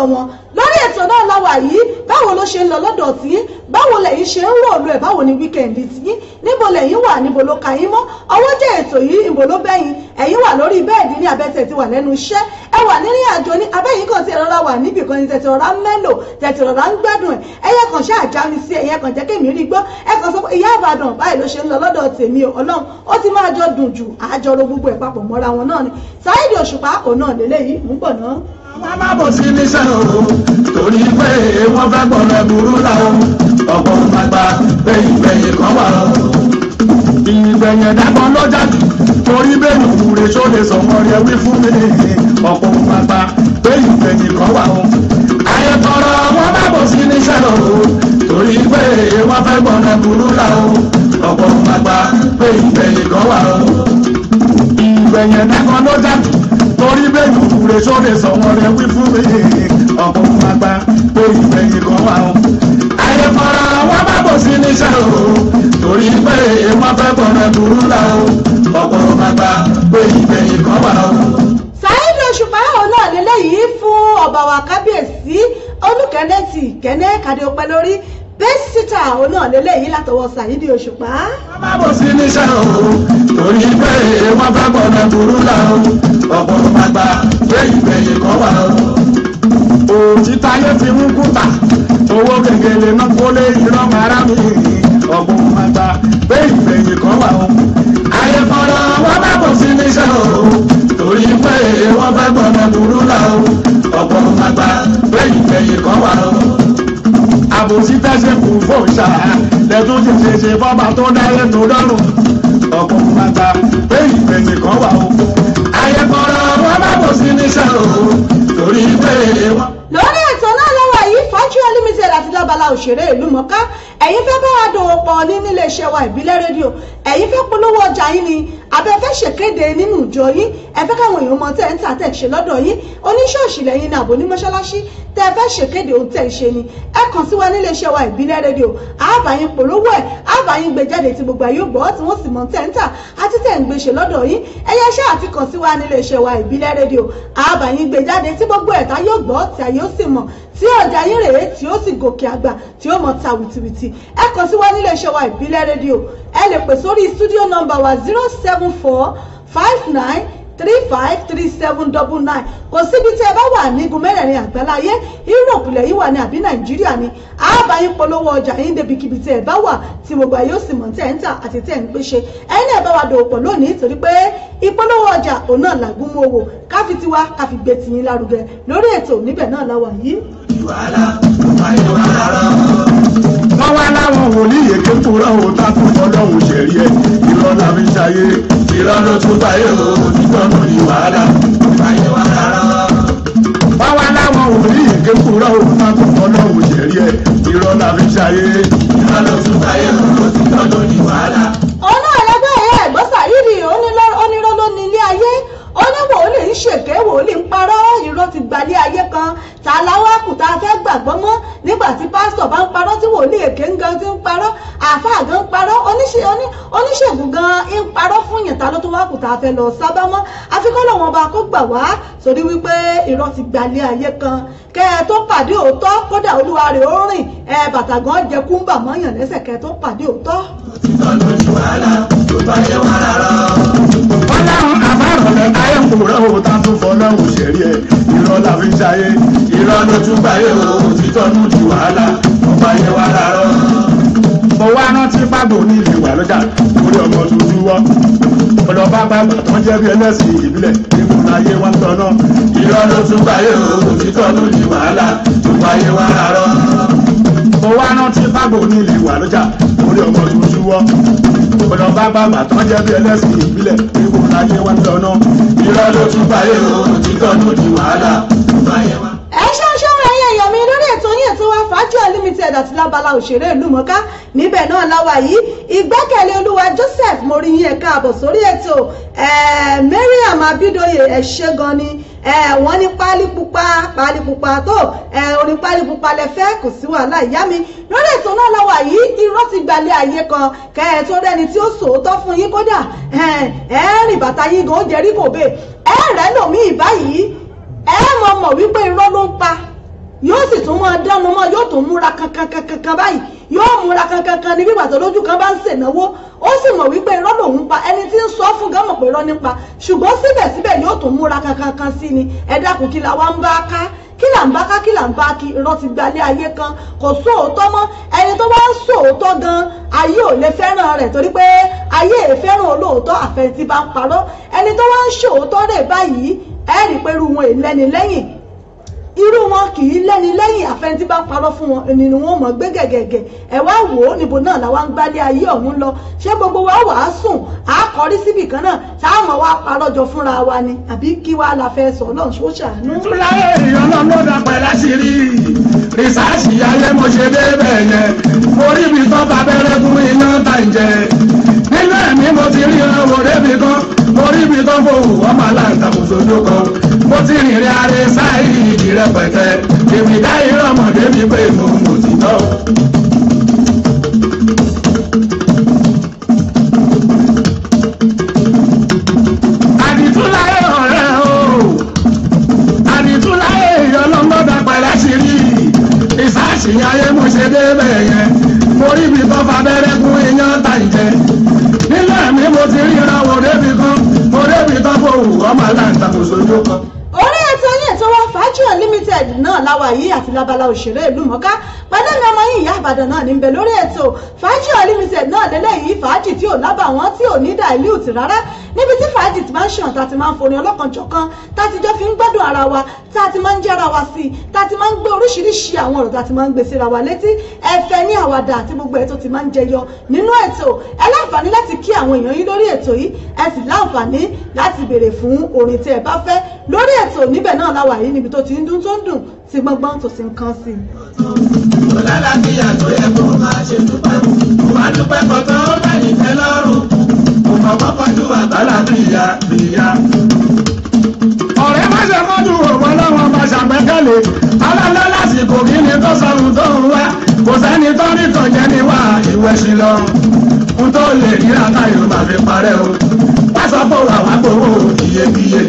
lọ́dọ̀ wọn lórí ètò náà la wà yìí báwo ló ṣe ń lọ lọ́dọ̀ tí báwo lẹ̀yin ṣe ń rò lọ ẹ̀ báwo ni wíkẹ̀ndì tí níbo lẹ̀yin wà níbo ló ka yín mọ́ ọwọ́ jẹ́ ètò yìí ìbò ló bẹ́yìn ẹ̀yin wà lórí bẹ́ẹ̀dì ní abẹ́tẹ̀ ti wà lẹ́nu iṣẹ́ ẹ wà nírìn àjò ní abẹ́yìn kan ti rọra wà níbì kan ní tẹ̀tì rọra mẹ́lò tẹ̀tì rọra ń gbádùn ẹ̀ ẹ̀yẹ kan ṣáà já mi sí ẹ̀yẹ kan jẹ́ kémi rí gbọ́ ẹ kan sọ pé ìyá àbàdàn báyìí ló ṣe ń lọ lọ́dọ̀ tèmi ọlọ́run ó ti máa jọ dùn jù àjọrò gbogbo ẹ̀ papọ̀ mọ́ra wọn náà ni Saheed Òṣùpá òun náà lélẹ́yìí mú bọ̀ náà sí níṣẹ́ o torí pé wọ́n fẹ́ gbọ́dọ̀ burú láwọn ọ̀pọ̀ gbàgbà gbẹ̀yìn gbẹ̀yìn kan wà. ìgbẹ̀yìn dàgbọ́n lọ́jà jù torí bẹ́ẹ̀ òwúre sóde sọ̀mọ́ rẹ wí fún mi ọ̀pọ̀ gbàgbà gbẹ̀yìn gbẹ̀yìn kan wà. ayẹtọrọ wọn bá bọ̀ sí níṣẹ́ o torí pé wọ́n fẹ́ gbọ́dọ̀ burú láwọn ọ̀pọ̀ gbàgbà gbẹ̀yìn gbẹ̀yìn kan wà. ìgbẹ̀yìn dàgbọ́n lọ́jà jù torí bẹ́ẹ̀ tutù rẹ̀ sóde sọ̀wọ́n rẹ̀ wí fún mi ọ̀pọ̀ fún agbá pé ìfẹ́ yìí kan wà ó. ayé fara wọn bá bọ̀ sí níṣẹ́ o torí pé wọ́n fẹ́ bọ̀rẹ̀ burú la o ọ̀pọ̀ fún agbá pé ìfẹ́ yìí kan wà ó. Saheed Òṣùpá náà lélẹ́yìí fún ọba wa kábíyèsí olùkẹ́lẹ́ ti ìkẹ́lẹ́ kàdé lórí bẹ́sítà òun lélẹ́yìí látọwọ́ Saheed Òṣùpá. wọ́n bá bọ̀ sí níṣẹ́ o torí pé wọ́n fẹ́ bọ̀rẹ̀ burú la o ọ̀pọ̀ tó máa gba lẹ́yìn ìgbẹ̀yìn kan wà lọ́wọ́. òòtí táyé fi mú kúta owó kékeré náà kó lé irọ́ mara mi ọ̀pọ̀ tó máa gba wà ayé fọ́nrán wọn bá bọ̀ sí níṣẹ́ o torí pé wọ́n fẹ́ gbọ́dọ̀ dúró là o ọ̀pọ̀ tó máa gba lẹ́yìn ìgbẹ̀yìn kan wà lọ́wọ́. àbòsí tẹ̀sí kù fòṣà lẹ́tún ti ṣe fọ́ba tó dáyé tó dọ́rùn ọkùn bàtà pé ìfẹ̀sì kan wà o. àyẹ̀kọ̀rọ̀ wọn bá bọ̀ sí níṣẹ́ o torí pé wọn. lórí ètò náà lọ́wọ́ yìí Fọ́túnà Limited àti òṣèré ìlú mọ̀ká ẹ̀yin fẹ́ bá wa dòwò pọ̀ ní nílé wa ìbílẹ̀ rédíò ẹ̀yin fẹ́ polówó ọjà yín ni abẹ́ fẹ́ ṣèkéde nínú ìjọ yín ẹ fẹ́ káwọn èèyàn mọ tẹ́ ń tà tẹ̀ ṣe lọ́dọ̀ yín oníṣọ́ọ̀ṣì lẹ́yìn ní àbò ní mọ́ṣáláṣí tẹ́ ẹ fẹ́ ṣèkéde ohun tẹ́ ẹ ṣe ni ẹ kàn sí wa nílé iṣẹ́ wa ìbílẹ̀ rédíò àbáyín polówó ẹ̀ àbáyín gbé jáde tí gbogbo ayé gbọ́ tí wọ́n sì mọ̀ tẹ́ ń tà àti tẹ́ ń gbèsè lọ́dọ̀ yín ẹyẹ ṣẹ́ àti kàn sí wa nílé iṣẹ́ wa ìbílẹ̀ rédíò àbáyín gbé jáde tí gbogbo ẹ̀ta yóò gbọ́ tí ayé ó sì mọ̀ tí ọjà yín rèé tí ó sì gòkè àgbà tí ó mọ̀ ta wìtìwìtì ẹ kàn sí wa nílé iṣẹ́ wa ìbílẹ̀ rédíò ẹ lè pè sórí studio number wa zero seven four five nine three five three seven double nine kò síbi tí ẹ bá wà nígun mẹ́rẹ̀ẹ̀rin àgbáláyé Europe lẹ̀ yìí wà ní àbí Nàìjíríà ni àbáyé polówó ọjà yín débikíbi tí ẹ bá wà tí gbogbo ayé ó sì mọ̀ tẹ́ ń tà àti tẹ́ ń pèsè ẹni ẹ̀ bá wa dòwò pọ̀ lónìí torí pé ìpolówó ọjà òun náà làgùn mú owó káfi tiwa káfi gbé tiyín lárugẹ lórí ètò níbẹ̀ náà la wà yìí. ìwàlá takò rárá. wọ́n wá láwọn wòlíì èké purọ́ ò takò ọlọ́run ṣẹ̀rí ẹ̀ irọ́ la fi ṣayé irọ́ ló tún táyé o ìjọ́nù ni wàhálà táyé wà rárá. wọ́n wá láwọn wòlíì èké purọ́ ò takò ọlọ́run ṣẹ̀rí ẹ̀ irọ́ la fi ṣayé irọ́ ló tún táyé o ìjọ́nù ni wàhálà. ọ̀nà ẹ̀rẹ́gbẹ́ ẹ̀ gbọ́sàyìrì onírọ́ ló ní ilé ayé oníwòlíì ń ṣèké kan ta láwá kù tá a fẹ́ gbàgbọ́ mọ́ nígbà tí pásítọ̀ bá ń parọ́ tí wòlíì èké ń gan ti ń parọ́ àáfàá gan ń parọ́ oníṣègùn gan ń parọ́ fún yẹn ta ló tó wá kù tá a fẹ́ lọ sábà mọ́ àfikún lọ́wọ́n bá kó gbà wá sórí wípé irọ́ ti gbalẹ̀ ayé kan kẹ́ ẹ tó pàdé òótọ́ kódà olúwa rẹ̀ ó rìn ẹ bàtà gan jẹ kúńbà mọ́yàn lẹ́sẹ̀ kẹ́ ẹ tó pàdé òótọ́. wọ́n àbárò rẹ̀ káyọ̀ òótá tó fọ́ lọ́wọ́ ṣẹ̀rí ẹ̀ irọ́ fi ṣayé irọ́ lójú báyé o ti tọ́nu di wàhálà ọba yẹ wà láàárọ̀. mo wá rántí pàgbò ní ìlú ìwà lọ́jà lórí ọmọ tuntun wọ́ ọ̀dọ̀ bàbá tó ń jẹ́ bí ẹlẹ́sìn ìbílẹ̀ nínú ayé wa tọ́nà. irọ́ lójú báyé o ti tọ́nu di wàhálà ọba yẹ wà láàárọ̀. mo wá rántí pàgbò ní ìlú ìwà lọ́jà lórí ọmọ tuntun wọ́ ọ̀dọ̀ bàbá tó ń jẹ́ bí ẹlẹ́sìn ìbílẹ̀ nínú ayé wa tọ́nà. irọ́ lójú báyé o ti tọ́nu di wàhálà ọba yẹ wà láàárọ̀ ẹ ṣọ́ṣọ́rọ̀ ẹ̀yẹ èèyàn mi lórí ètò yín ètò wa fàájọ́ limited àti lábala òṣèré ìlú mọ̀ká níbẹ̀ náà láwa yìí ìgbẹ́kẹ̀lé olúwa Joseph moríyìn ẹ̀ka àbọ̀ sórí ètò Mariam Abidoye ẹ ṣé gan ni wọ́n ní pálípupa pálípupa tó orin pálípupa lẹ fẹ́ kò sí wàhálà ìyá mi lórí ètò náà láwa yìí irọ́ ti gbalẹ̀ ayé kan kẹ́ ẹ tó rẹ́ni tí ó sòótọ́ fún yín kódà ẹ̀ẹ́rìn bàtà yín gan ó jẹ́rí kò bẹ́ẹ̀ ẹ̀ẹ́rẹ́ lòmíì báyìí ẹ mọ mọ wípé irọ́ ló ń pa yóò sì tún máa dánu mọ́ yóò tún múra kankankankan báyìí yóò múra kankankan ní bíbàtà lójú kan bá ń ṣènáwó ó sì mọ̀ wípé irọ́ lòun pa ẹni tí ń sọ fún gan pé irọ́ nípa ṣùgbọ́n síbẹ̀síbẹ̀ yóò tún múra ni ẹ dákun kí la kí là ń bá ká kí là ń bá kí irọ́ ti gbalẹ̀ ayé kan kò sóòótọ́ mọ́ ẹni tó bá ń sóòótọ́ gan ayé ò lè fẹ́ràn rẹ̀ torí pé ayé ìfẹ́ràn olóòótọ́ àfẹ̀tí bá ń parọ́ ẹni tó wá ń sóòótọ́ rẹ̀ báyìí ẹ̀ẹ́rì pẹ̀lú wọn èlẹ́ni lẹ́yìn irú wọn kì í lẹ́ni lẹ́yìn àfẹnití bá parọ́ fún wọn ni wọn mọ̀ gbé gẹ̀gẹ̀gẹ̀ ẹ wá wò ó níbo náà làwọn ń gbálé ayé ọ̀hún lọ ṣé gbogbo wa wàá sùn á kọrí síbì kan náà táwọn wá parọ́ jọ fúnra wa ni àbí kí wàá la fẹ́ sọ lọ́n ṣó ṣàánú. láyé èèyàn náà ló dà pẹ́ láṣìírí rìsáàsì ayé mo ṣe dé bẹ́ẹ̀ yẹn mo rí mi tán babẹ́rẹ́ fún iná tàǹjẹ́ nínú ẹ̀mí mo ti rí ọ̀rẹ́ mo ti rìnrìn àrẹ sáà ìdí rẹpẹtẹ èmi dá irọ́ ọmọdé mi pé mo ń mọ̀ títọ́. láwa yìí àti lábala òṣèré ìlú mọ́ká pẹ̀lú mi ọmọ yìí ìyá àbàdàn náà ní bẹ̀ lórí ètò fàájì unlimited náà lélẹ́yìí fàájì tí ò lábàwọ́n tí ò ní dilute rárá níbi tí fàájì ti máa ń ṣàn tá máa ń forin ọlọ́kanjọ̀kan tá fi ń gbádùn ara wa tá a ti máa ń jára wa sí i tá a ti máa ń gbé oríṣiríṣi àwọn ọ̀rọ̀ tá a ti máa ń gbé síra wa létí ẹ̀fẹ̀ ní àwàdà àti gbogbo ẹ̀ tó ti máa ń jẹyọ nínú ètò ẹ láǹfààní láti kí àwọn èèyàn yín lórí ètò yìí ẹ sì láǹfààní láti béèrè fún orin tí ẹ bá fẹ́ lórí ètò níbẹ̀ náà láwà yìí níbi tó ti ń dún tó ń dùn tí gbọ́ngbọ́n tó sì ń kan sí i. ọ̀làlàfíà tó yẹ kó máa ṣe dúpẹ́ kó máa aláṣẹ mọ́jú òwò lọ́wọ́ bá ṣàgbẹ́kẹ̀lé alálẹ́ lásìkò kí ni tó sọ̀rọ̀ tó ń wá kò sẹ́ni tó ní tọ̀jẹ́ ní wá ìwé sí lọ. n tó lè ní ata yorùbá fi parẹ́ o pásọ̀pọ̀ wà wá gbowó iyebíye.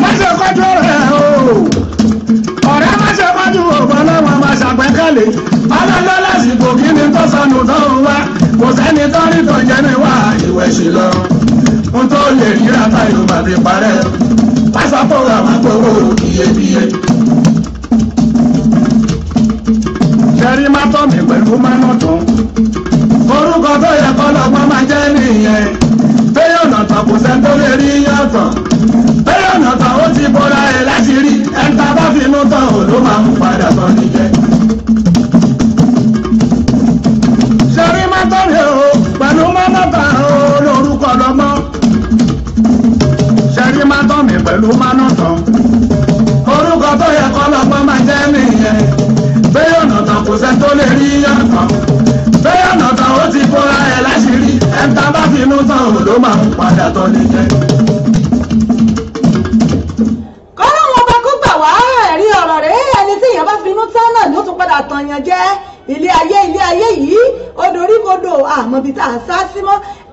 má ṣe kọjú rẹ̀ o ọ̀rẹ́ má kọjú òwò lọ́wọ́ bá ṣàgbẹ́kẹ̀lé lásìkò kí ni tó sọ̀rọ̀ tó ń wá kò sẹ́ni tó ní tọ̀jẹ́ ní wá ìwé sí lọ mo tó lè rí ata yorùbá ti parẹ́ pásítọ̀ àwọn akọ̀wé iyebíye. sẹ́rí má tọ́ mi pẹ̀lú mánú tún orúkọ tó yẹ kọ́ lọ́gbọ́n máa jẹ́ nìyẹn bẹ́ẹ̀ ọ̀nà tán kò sẹ́ni tó lè rí yàtọ̀ bẹ́ẹ̀ ọ̀nà tán ó ti bọ́ra ẹ̀ láti rí ẹ̀ńtà bá finú tán ò ló máa mú padà tán nìyẹn. sẹ́rí má tọ́ mi o pẹ̀lú mánú tán o lórúkọ lọ́gbọ́n má tán mi pẹ̀lú mánú tán. orúkọ tó yẹ kọ́ lọ́gbọ́n máa jẹ́ nìyẹn. bẹ́ẹ̀ ọ̀nà tán kò sẹ́ tó lè rí yàtọ̀. bẹ́ẹ̀ ọ̀nà tán ó ti fọ́ra ẹ̀ láṣìírí. ẹ̀ńtà bá finú tán ò ló máa ń padà tọ́ nìyẹn. kọ́lọ́hún ọba kó wá ẹ̀rí ọ̀rọ̀ rẹ̀ ẹni tí èèyàn bá finú tán náà ló tún padà tàn yàn jẹ ilé ayé ilé ayé yìí odò orí kodò àmọ́bi tá a sá sí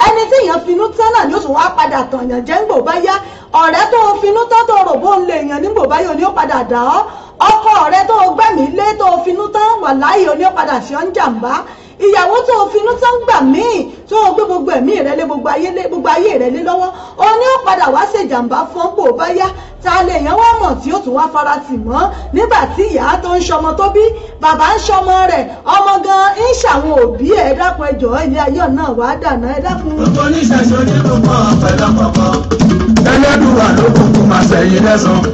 ẹni tí èèyàn finú tán náà ni ó sì wá padà tànyàn jẹ́ ńgbò bá yá ọ̀rẹ́ tó o finú tán tó o rò bó ń lè èèyàn nígbò bá yá ni ó padà dà ọ́ ọkọ ọ̀rẹ́ tó o gbẹ̀mí lé tó o finú tán wà láàyè ni ó padà ṣe ọ́ ń jàǹbá ìyàwó tó o finú tán gbà míì tó o gbé gbogbo ẹ̀mí rẹ lé gbogbo ayé lé gbogbo ayé rẹ lé lọ́wọ́ o ní ó padà wá ṣe jàǹbá fún pò bá yá ta lè yẹn wá mọ̀ tí ó tún wá fara tì mọ́ nígbà tí ìyá tó ń ṣọmọ tó bí bàbá ń ṣọmọ rẹ̀ ọmọ gan ń ṣàwọn òbí ẹ̀ dákun ẹjọ́ ilé ayé náà wàá dànà ẹ dákun. gbogbo oníṣẹ̀ṣe onírúkọ pẹ̀lú ọ̀pọ̀ ló kúkú máa ṣẹ̀yìn lẹ́sàn-án.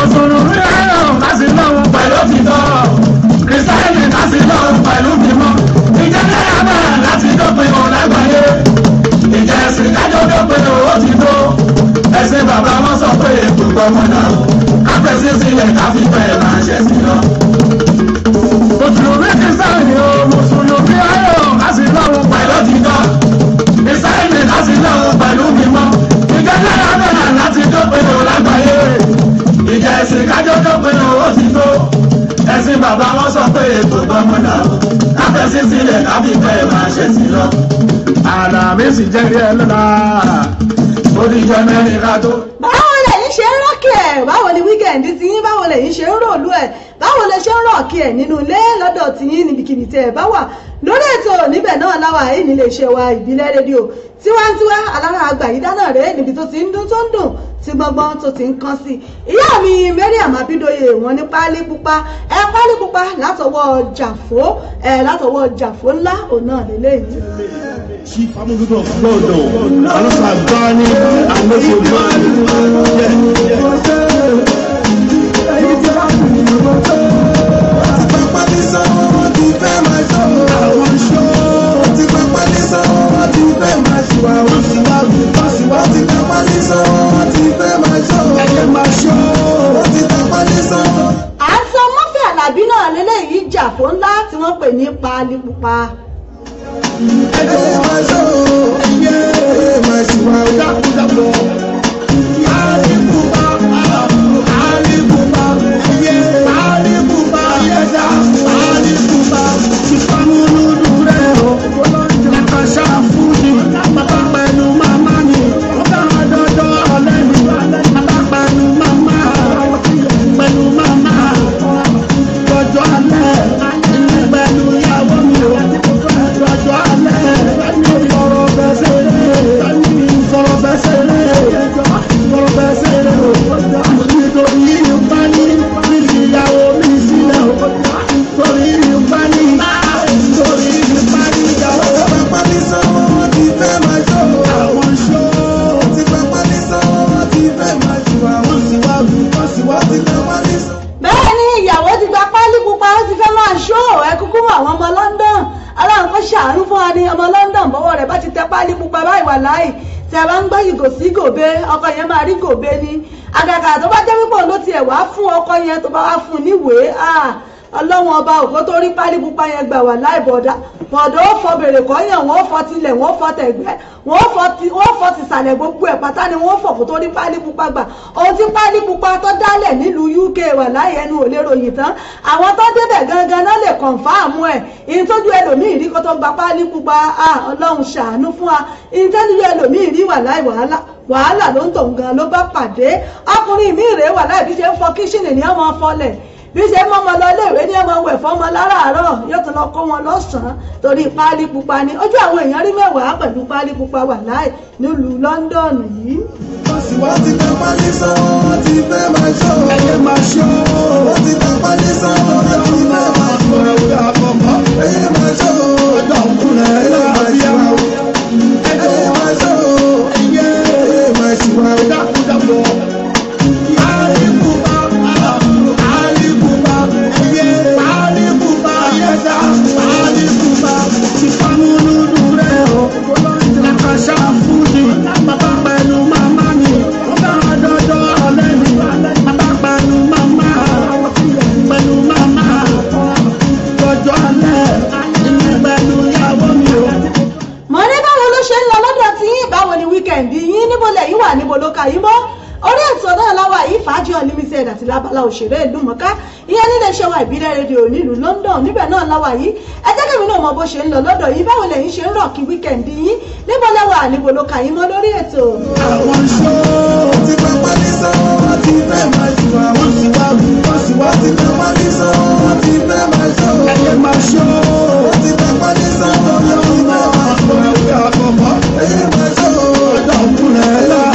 òṣòro rí ẹ̀rọ máa sì náà pẹ̀lú òtítọ́ kristiani ta ti lọ pẹ̀lú bímọ ìjẹ́lẹ̀ sì jẹ́ bí ẹ lọ́la oríjọ mẹ́rin ká tó. báwo lẹ̀yin ṣe ń rọ́ọ̀kì ẹ̀ báwo ni wíkẹ̀ndì ti yín báwo lẹ̀yin ṣe ń rọ̀lú ẹ̀ báwo lẹ ṣe ń rọ̀ọ̀kì ẹ̀ nínú ilé lọ́dọ̀ ti yín níbikíbi tẹ́ bá wà lórí ètò níbẹ̀ náà láwà yìí nílé iṣẹ́ wa ìbílẹ̀ rédíò tiwantiwa alára àgbà yìí dáná rèé níbi tó ti ń dún tó ń dùn tí gbọ́gbọ́n tó ti ń kán sí ìyá mi Mariam Abídóyè wọn ní páálí pupa ẹ páálí pupa látọwọ́ jàfó ẹ látọwọ́ jàfó ńlá òun náà lélẹ́yìí. ṣí amúgbó gbọ́dọ̀ alásàgbá ní àlejò náà. I want show ti fẹ́ máa ṣùwà ó sì wá wí ó sì wá ti tapá ní sọ ó ti fẹ́ máa ṣọ́ ẹ̀yẹ máa ṣọ́ ó ti tapá ní sọ. àti ọmọfẹ alábí náà lélẹyìí jà tó máa ṣọ́ ẹgbẹ́ máa ṣùwà ó dákúdákú. tẹ páálí pupa báyìí wà láì a bá ń gbọ́ ìgò sí gòbe ọkọ yẹn máa rí gòbe ni àgàgà tó bá jẹ́ pípọ̀ ló tiẹ̀ wá fún ọkọ yẹn tó bá wá fún níwèé ah, ọlọ́wọ́n ọba ògbó tó rí pálí pupa yẹn gbà wà láì bọ̀dá bọ̀dá ó fọ bèrè kọ́yàn wọ́n fọ tilẹ̀ wọ́n fọ tẹ̀gbẹ́ wọ́n fọ tìsàlẹ̀ gbogbo ẹ̀ pátá ni wọ́n fọ kó tó rí pálí pupa gbà ohun tí pálí pupa tó dálẹ̀ nílùú UK wà láì ẹnu ò lè ròyìn tán àwọn tó débẹ̀ gangan náà lè kọ̀ǹfàmù ẹ̀ ìyẹn tójú ẹlòmíì rí kó tó gba pálí pupa ọlọ́run ṣàánú fún wa ìyẹn tójú ẹlòmíì rí wà láì wàhálà wàhálà ló ń tòun gan ló bá pàdé ọkùnrin mi rèé wà láì bí ṣe ń fọ kíṣìnì ní ọmọ fọlẹ̀ bí ṣe mọ́mọ lọ iléèwé ní ẹ̀mọ wẹ̀ fọ́mọ láràárọ̀ yóò tún lọ kọ́ wọn lọ́sàn-án torí páálí pupa ni ojú àwọn èèyàn rí mẹ́wàá pẹ̀lú páálí pupa wà láì nílùú London yìí. wọ́n sì wá ti tẹ páálí sọ wọ́n ti fẹ́ máa ṣọ́ ẹ̀yẹ máa ṣọ́ wọ́n ti tẹ páálí sọ wọ́n ti fẹ́ máa ṣọ́ ẹ̀yẹ máa ṣọ́ ẹ̀yẹ máa ṣọ́ ọ̀dọ̀ ọ̀kùnrin ẹ̀yẹ ẹ̀yẹ máa ṣọ́ ẹ̀yẹ máa ṣọ́ òṣèré ìlú mọ̀ká ìyẹn nílé iṣẹ́ wa ìbílẹ̀ rédíò nílùú London níbẹ̀ náà láwa yìí ẹ jẹ́ kí mi náà mọ bó ṣe ń lọ lọ́dọ̀ yìí báwo lẹ́yìn ṣe ń rọ̀ kí wíkẹ̀ndì yín níbo lẹ́wà níbo ló kà yín mọ́ lórí ètò. àwọn iṣẹ́ ti pápá ní sọ́wọ́ ti fẹ́ máa ṣù àwọn ìwà wọ́n sì ti pápá ní sọ́wọ́ ti fẹ́ máa ṣù ẹ̀yẹ máa ṣọ́ ti pápá ní sọ́wọ́ lọ́wọ́ máa ṣù ẹ̀yẹ máa ṣọ́ ọ̀dọ̀ kúrẹ́ láà.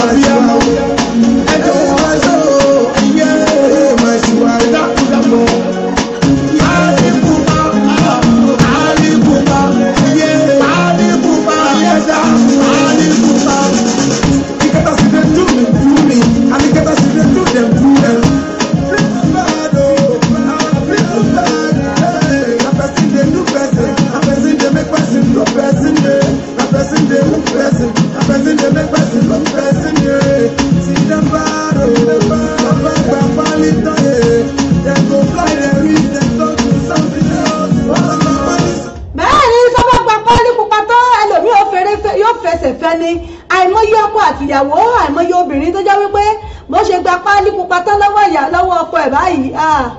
Ah,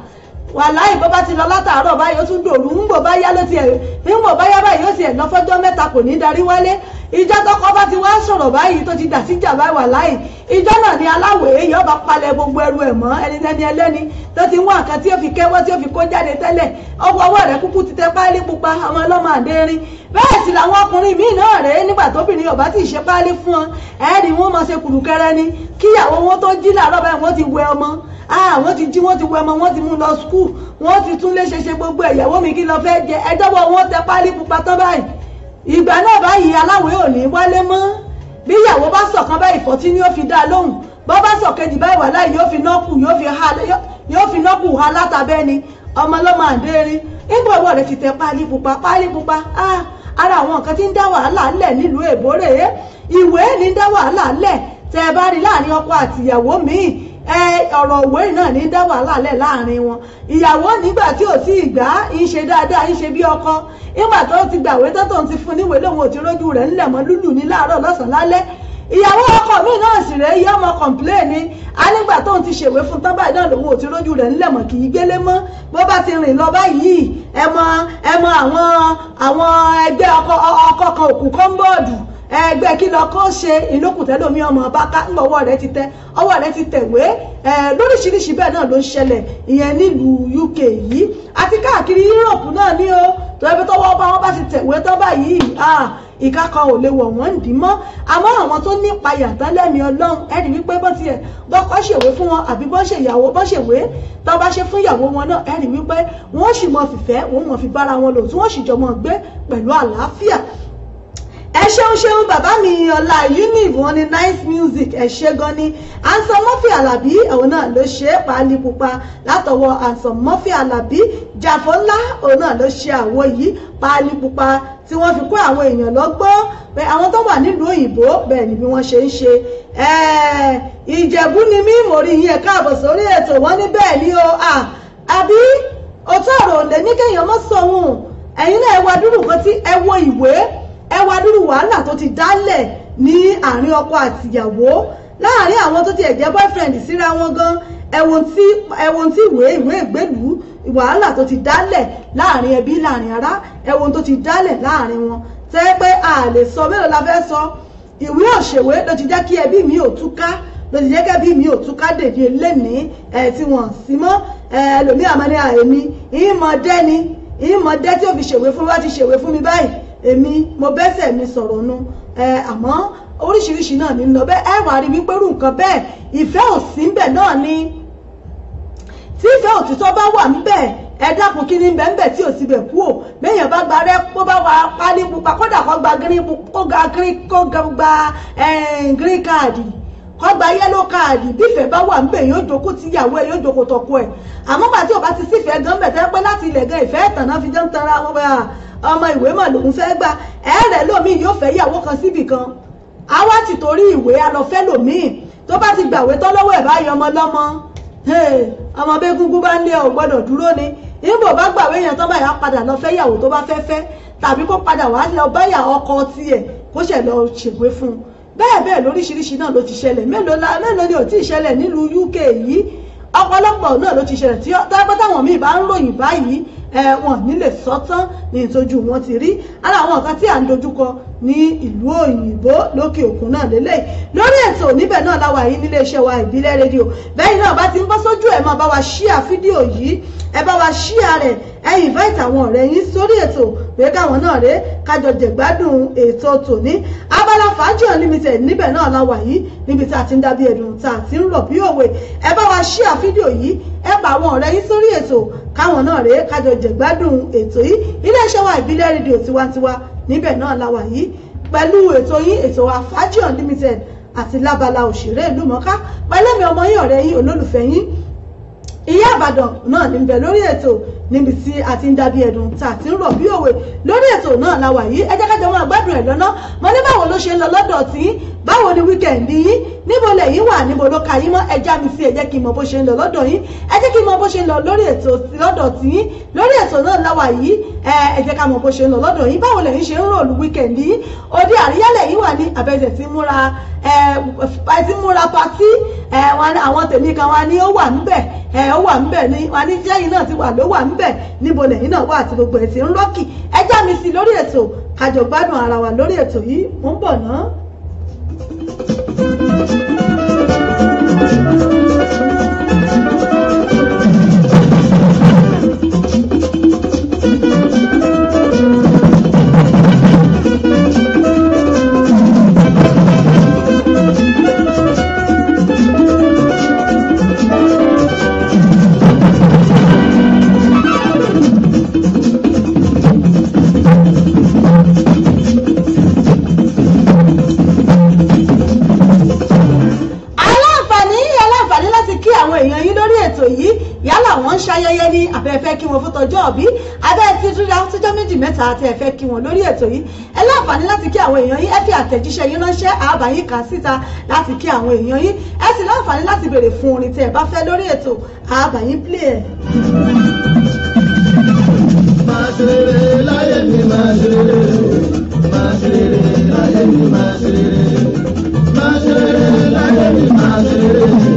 wàláì bó bá ti lọ látàárọ̀ báyìí ó tún dòru ń bò bá yá ló tiẹ̀ ń bò bá yá báyìí ó sì ẹ̀ lọ́fọ́jọ́ mẹ́ta kò ní darí wálé ìjọ tọkọ bá ti wá sọ̀rọ̀ báyìí tó ti dà sí jàmbá wàláì ìjọ náà ni aláwòye yóò bá palẹ̀ gbogbo ẹrù ẹ̀ mọ́ ẹni tẹ́ni ẹlẹ́ni tó ti wọ́n nǹkan tí ó fi kẹ́wọ́ tí ó fi kó jáde tẹ́lẹ̀ ọwọ́ ọwọ́ rẹ̀ kúkú ti tẹ páálí pupa àwọn ọlọ́mọ àdéhìn bẹ́ẹ̀ sì làwọn ọkùnrin míì náà rèé nígbà tóbìnrin ọ̀bá ti ṣe páálí fún ọ ẹ̀ẹ́dì wọn mọ̀ ṣe kùrùkẹrẹ ni kíyàwó wọn tó jí làárọ̀ báyìí wọn ti wẹ ọmọ Ah, àwọn ti jí wọ́n ti wọ ọmọ wọ́n ti mú lọ skul wọ́n ti tún lé ṣeṣe gbogbo ẹ̀yàwó mi kí lọ fẹ́ jẹ ẹjọ́bọ̀ wọ́n tẹ pálí pupa tán báyìí ìgbà náà báyìí aláwẹ̀ ò ní wálé mọ́ bí ìyàwó bá sọ̀kan báyìí fọ̀tí ni ó fi dá lóhùn bọ́ bá sọ̀kejì báyìí wàhálà yóò fi nọ́ọ̀kù yóò fi nọ́ọ̀kù ha látàbẹ́ni ọmọ ọlọ́mọ àdéhìn nígbà ọwọ́ rẹ̀ ti tẹ pálí pupa pálí pupa ah ara àwọn nǹkan tí ń dá wàhálà ńlẹ̀ nílùú èbó rèé eh? ìwé ní ń dá wàhálà ńlẹ̀ tẹ ẹ bá rí láàrin ọkọ àtìyàwó míì ọ̀rọ̀ òwe náà ní dá wàhálà lẹ̀ láàrin wọn ìyàwó nígbà tí ò tí ì gbà á ń ṣe dáadáa ń ṣe bí ọkọ nígbà tó ti gbàwé tó tó ń ti fún níwèé lòun ò ti rójú rẹ̀ ńlẹ̀ mọ́ lúlù ní láàárọ̀ lọ́sàn-án lálẹ́ ìyàwó ọkọ mi náà sì rẹ̀ yọ ọmọ kọ̀ǹpléènì anígbà tó ń ti ṣèwé fún tán báyìí náà lòun ò ti rójú rẹ̀ ńlẹ̀ mọ́ kì í gbélé mọ́ bó bá ti rìn lọ báyìí ẹ mọ ẹ mọ àwọn àwọn ẹgbẹ́ ọkọ ọkọ kan òkú kọ́ńbọ́ọ̀dù ẹgbẹ́ kí lọ kọ́ ṣe ìlókùtẹ́lómi ọmọ báká ńgbà ọwọ́ rẹ ti tẹ ọwọ́ rẹ ti tẹ̀wé lóríṣiríṣi bẹ́ẹ̀ náà ló ń ṣẹlẹ̀ ìyẹn nílùú UK yìí àti káàkiri Europe náà ní o tọ́wọ́ tọ́wọ́ bá wọn bá ti tẹ̀wé tán báyìí ìka kan ò lè wọ̀ wọ́n dì mọ́ àmọ́ àwọn tó ní payà tán lẹ́mìí ọlọ́run ẹ̀rí wípé bọ́n tiẹ̀ bọ́kọ́ ṣèwé fún wọn àbí bọ́n ṣèyàwó bọ́n ṣèwé tán bá ṣe fún ìyàwó wọn náà ẹ̀rí wípé wọ́n sì mọ fìfẹ́ wọ́n mọ fi bára wọn lò tí wọ́n sì jọ mọ gbé pẹ̀lú àlàáfíà ẹ ṣeun ṣeun bàbá mi ọlá univ wọn ni nice music ẹ ṣe gan ni anson murphy alabi òun náà ló ṣe é paálí pupa látọwọ́ anson murphy alabi jàfó ńlá òun náà ló ṣe àwo yìí paálí pupa tí wọ́n fi kó àwọn èèyàn lọ́gbọ́n pé àwọn tó wà nílùú òyìnbó bẹ́ẹ̀ ni bí wọ́n ṣe ń ṣe ìjẹ̀bú ni mí mo rí yín ẹ káàbọ̀ sórí ètò wọn ní bẹ́ẹ̀ ni o àbí òtọ́rọ̀ lè ní kéèyàn mọ́ sọ̀hún ẹ̀yin náà ẹ wá dúró kan tí ẹ wo ìwé ẹ wá dúró wàhálà tó ti dálẹ̀ ní àárín ọkọ àtìyàwó láàárín àwọn tó ti ẹ̀jẹ̀ boyfriend síra wọn gan ẹ̀wọ̀n tí ẹ̀wọ̀n tí ìwé ìwé ìgbélùú wàhálà tó ti dálẹ̀ láàárín ẹbí láàárín ará ẹ̀wọ̀n tó ti dálẹ̀ láàárín wọn tẹ́ pé a lè sọ mélòó la fẹ́ sọ ìwé òṣèwé ló ti jẹ́ kí ẹbí mi ò túká ló ti jẹ́ kí ẹbí mi ò túká dèdè lẹ́nìí ẹ̀ tí wọ́n sì mọ́ ẹlòmíà máa ní àyè mi ìmọ̀dẹ́ni ìmọ̀dẹ́ tí ó ṣèwé fún mi bá ti ṣèwé fún mi báyìí èmi mo bẹ́sẹ̀ mi sọ̀rọ̀ nu àmọ́ oríṣiríṣi náà ní lọ bẹ́ẹ̀ ẹ wà rí wípé irú nǹkan bẹ́ẹ̀ ìfẹ́ òsì ń bẹ náà ni tí ìfẹ́ òtítọ́ bá wà níbẹ̀ ẹ dákun kí ni bẹ́ẹ̀ tí ò sí bẹ̀ kú ò béèyàn bá gba rẹ kó bá wa pálí pupa kódà kó gba green card kọgbà yẹ́lò káàdì bífẹ̀ẹ́ bá wà ń bẹ̀ yóò jókòó ti ìyàwó ẹ̀ yóò jókòó tọkọ ẹ̀ àmọ́ bá tí ò bá ti sífẹ̀ẹ́ gan bẹ̀ tẹ́ pé láti ilẹ̀ gan ìfẹ́ ìtànà fi jẹ́ ń tanra wọn bá ọmọ ìwé mà lòun fẹ́ gbà ẹ̀ẹ́rẹ̀ lómi yóò fẹ́ ìyàwó kan síbì kan àwa ti torí ìwé alọ́fẹ́ lòmíì tó bá ti gbàwé tán lọ́wọ́ ẹ̀ báyọ̀ ọmọ lọ́mọ ọmọ bẹ́ẹ̀ gúngún bá ń lé ọ̀ gbọ́dọ̀ dúró ni níbo bá gbàwé yẹn tán báyà padà lọ fẹ́ ìyàwó tó bá fẹ́ fẹ́ tàbí kó padà wá lọ báyà ọkọ tiẹ̀ kó ṣẹ̀ ṣègbè fún un bẹ́ẹ̀ bẹ́ẹ̀ lóríṣiríṣi náà ló ti ṣẹlẹ̀ mélòó ni ò tí ì ṣẹlẹ̀ nílùú UK yìí ọ̀pọ̀lọpọ̀ náà ló ti ṣẹlẹ̀ tí ọ̀pọ̀ míì bá ń ròyìn báyìí wọn nílé sọ́tán ní ìtọ́jú wọn ti rí ara àwọn nǹkan tí à ń dojúkọ ní ìlú òyìnbó lókè òkun náà lélẹ́yìí lórí ètò níbẹ̀ náà láwa yìí níléeṣẹ́ wa ìbílẹ̀ rédíò bẹ́ẹ̀ náà bá ti ń bọ́ sójú ẹ̀ máa bá wa ṣíà fídíò yìí ẹ bá wa ṣíà rẹ̀ ẹ invite àwọn ọ̀rẹ́ yín sórí ètò pé káwọn náà rèé kájọ jẹ̀gbádùn ètò tòní abala fàájì unlimited níbẹ̀ náà láwa yìí níbi tá a ti ń dábí ẹ̀dùn tá a ti ń rọ̀ bí òwe ẹ bá wa ṣíà fídíò yìí ẹ bá àwọn ọ̀rẹ́ yín sórí ètò káwọn náà rèé kájọ jẹ̀gbádùn ètò yìí iléeṣẹ́ wa ìbílẹ̀ rédíò tiwantiwa níbẹ̀ náà la wà yìí pẹ̀lú ètò yín ètò àfájì unlimited àti lábala òṣèré ìlú mọ́ká pẹ̀lẹ́mi ọmọ yín ọ̀rẹ́ yín olólùfẹ́ yín ìyá àbàdàn náà ní bẹ̀ lórí ètò níbi tí a ti ń dábí ẹdun tá a ti ń rọ̀ bí òwe lórí ètò náà la wà yìí ẹ jẹ́ ká jọ máa gbádùn ẹ̀ lọ́nà mo ní báwo ló ṣe ń lọ lọ́dọ̀ tí báwo ni wíkẹ̀ndì yín níbo lẹ̀yin wà níbo ló ka yín mọ́ ẹ já mi sí ẹ jẹ́ kí n mọ bó ṣe ń lọ lọ́dọ̀ yín ẹ jẹ́ kí n mọ bó ṣe ń lọ lórí ètò lọ́dọ̀ tí yín lórí ètò náà la wà yìí ẹ ẹ jẹ́ ká mọ bó ṣe ń lọ lọ́dọ̀ yín báwo lẹ̀yin ṣe ń rọ̀lù wíkẹ̀ndì yín òde àríyá lẹ̀yin wà ní abẹ́jẹ̀ tí múra ẹ ti múra patí àwọn tèmi kan wa ni ó wà níbẹ̀ ẹ ó wà níbẹ̀ ni wa ní jẹ́yìn náà ti wà ló wà níbẹ̀ bẹ̀ níbo lẹ́yìn náà wà àti gbogbo ẹ̀ tí ń rọ́ọ̀kì ẹjá mi sí lórí ètò kájọ gbádùn ara wa lórí ètò yìí mò ń bọ̀ ná. yìí yálà wọ́n ń ṣayẹyẹ ní abẹ́fẹ́ kí wọn fún ọ̀bí abẹ́fẹ́ tó dá tọjọ́ méjì mẹ́ta àti ẹ̀fẹ́ kí wọn lórí ètò yìí ẹ láǹfààní láti kí àwọn èèyàn yìí ẹ fi àtẹ̀jíṣẹ́ yín ránṣẹ́ àbá yín síta láti kí àwọn èèyàn yìí ẹ sì láǹfààní láti béèrè fún orin tẹ́ ẹ bá fẹ́ lórí ètò àbá play ẹ̀. máa ṣe rere láyé mi máa ṣe rere máa ṣe rere láyé mi máa ṣe rere máa ṣe rere láyé mi máa ṣe rere.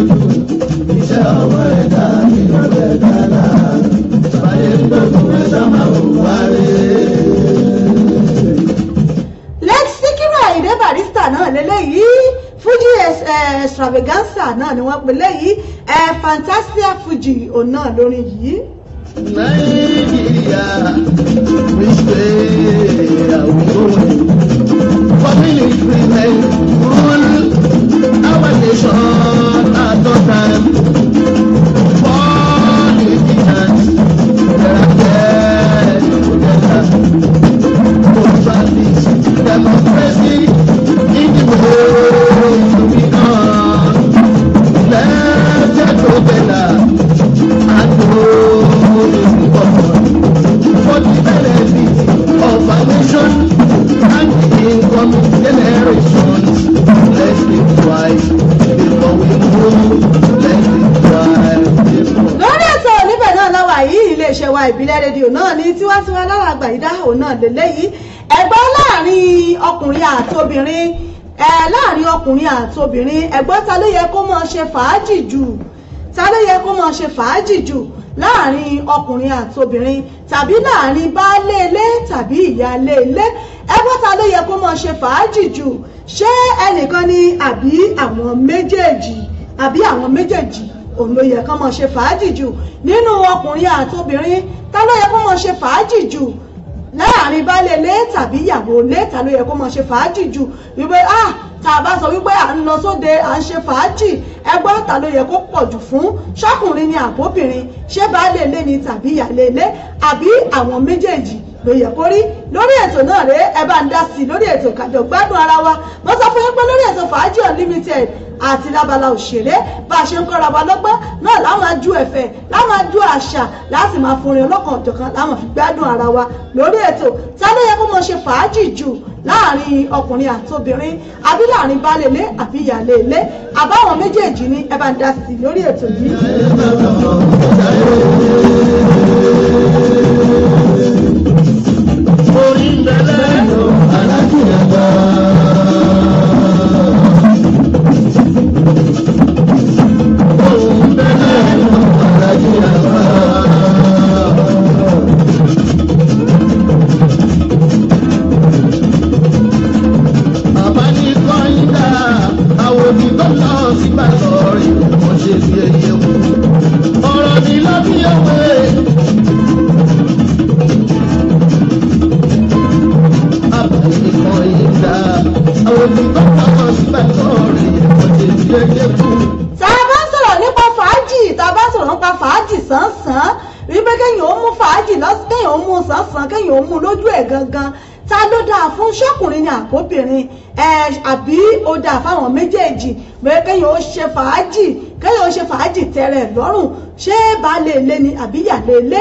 lójú iṣẹ́ ọmọ ẹ̀dá mi ló bẹ̀ dára báyé gbógun ẹ̀dá máa ń wárí. Lex Síkírù Àyìndé Barrister náà lélẹ́yìí Fuji eh, extravaganza náà ni wọ́n pè léyìí eh, Fantasia Fuji òun náà lórin yìí. Nàìjíríà mi ṣe àwòrán family treatment rule our nation. Sataram wa ìbílẹ̀ rédíò náà ni tiwa lára àgbà yìí dáhùn náà lélẹ́yìí ẹgbẹ́ láàrin ọkùnrin àti obìnrin ẹ láàrin ọkùnrin àti obìnrin ẹgbẹ́ ta ló yẹ kó máa ṣe fàájì jù ta ló yẹ kó máa ṣe fàájì jù láàrin ọkùnrin àti obìnrin tàbí láàrin baálé ilé tàbí ìyáálé ilé ẹgbẹ́ ta ló yẹ kó máa ṣe fàájì jù ṣé ẹnìkan ni àbí àwọn méjèèjì àbí àwọn méjèèjì òun ló yẹ kán máa ṣe fàájì jù nínú ọkùnrin àtobìnrin ta ló yẹ kán máa ṣe fàájì jù láàrin baálé ilé tàbí ìyàwó ilé ta ló yẹ kó máa ṣe fàájì jù wípé ah tá a bá sọ wípé à ń lọ sóde à ń ṣe fàájì ẹgbẹ́ ta ló yẹ kó pọ̀ jù fún ṣọkùnrin ni àbóbìnrin ṣé baálé ilé ni tàbí ìyàlé ilé àbí àwọn méjèèjì ló yẹ kó rí lórí ètò náà rèé ẹ bá ń dá sí i lórí ètò kájọ gbádùn ara wa mo sọ fún yín pé lórí ètò fàájì unlimited àti lábala òṣèré bá a ṣe ń kọ́ra wa lọ́gbọ́n náà láwọn ajú ẹ̀fẹ̀ láwọn ajú àṣà láti máa forin ọlọ́kan ọ̀jọ̀kan láwọn fi gbádùn ara wa lórí ètò ta yẹ kó mọ ṣe fàájì jù láàrin ọkùnrin àtobìnrin àbí láàrin baálélé àbí ìyáálélé àbáwọn méjèèjì ni ẹ bá ń dá sí lórí ètò yìí. orí ń bẹ lẹ́yìn alájùmọ̀ àbọkùnrin àbóbìnrin ẹ àbí ó dáa fáwọn méjèèjì bẹ́ẹ̀ kẹ́yìn ó ṣe fàájì kẹ́yìn ó ṣe fàájì tẹ́rẹ̀ lọ́rùn ṣé baálé ilé ni àbí ìyàlé ilé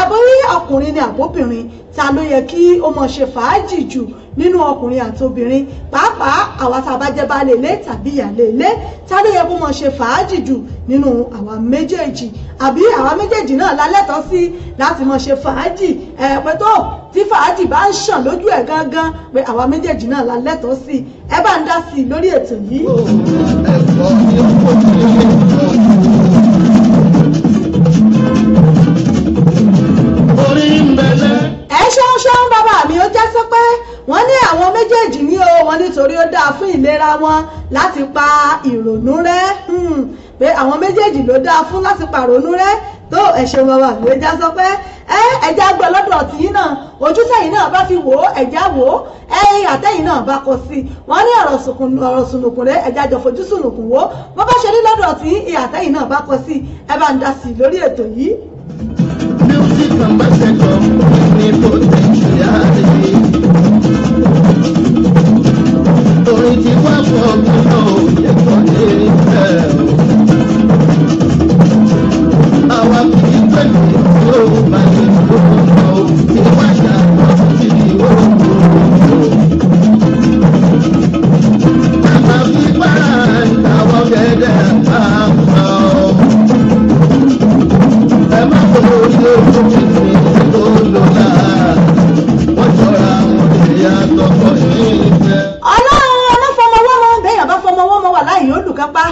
àbórí ọkùnrin ni àbóbìnrin ta ló yẹ kí ó mọ̀ ṣe fàájì jù nínú ọkùnrin àtobìnrin pàápàá àwa tá a bá jẹ́ baálé ilé tàbí ìyàlé ilé ta ló yẹ kó mọ̀ ṣe fàájì jù nínú àwa méjèèjì àbí àwa méjèèjì náà la lẹ́tọ̀ọ́ sí láti mọ̀ ṣe fàájì ẹ̀ẹ́pẹ̀tọ́ tí fàájì bá ń ṣàn lójú ẹ̀ gángan pé àwa méjèèjì náà la lẹ́tọ̀ọ́ sí i ẹ bá ń dá sí i lórí ètò yìí. ẹ ṣeun ṣeun bàbá mi ó já pé wọ́n ní àwọn méjèèjì ní o wọn nítorí ó dáa fún ìlera wọn láti pa ìrònú rẹ́ hmm, pé àwọn méjèèjì ló dáa fún láti pa ìrònú rẹ́ tó ẹ̀ṣẹ̀ bàbá ẹ̀já sọ pé ẹ ẹ̀já gbọ́ lọ́dọ̀ tìyín náà ojútẹ̀yìn náà bá fi wò ó ẹ̀já wò ó ẹ̀yìn àtẹ̀yìn náà bá kọ sí i wọ́n ní ọ̀rọ̀ sùnùkùn rẹ ẹ̀já jọ fojú sùnùkùn wò ó bó bá ṣe ní lọ́dọ̀ tìyín ìyà àtẹ̀yìn náà bá kọ sí i ẹ bá ń dá sí i lórí ètò yìí. music ambassador ni potentiality orin ti wá fún ọgbọ́n náà yẹ kọ́ ní ìfẹ́. ọlọ́run ọlọ́fọmọwọ́mọ bẹ́ẹ̀ yàbá fọmọwọ́mọ wà láàyè olùkápá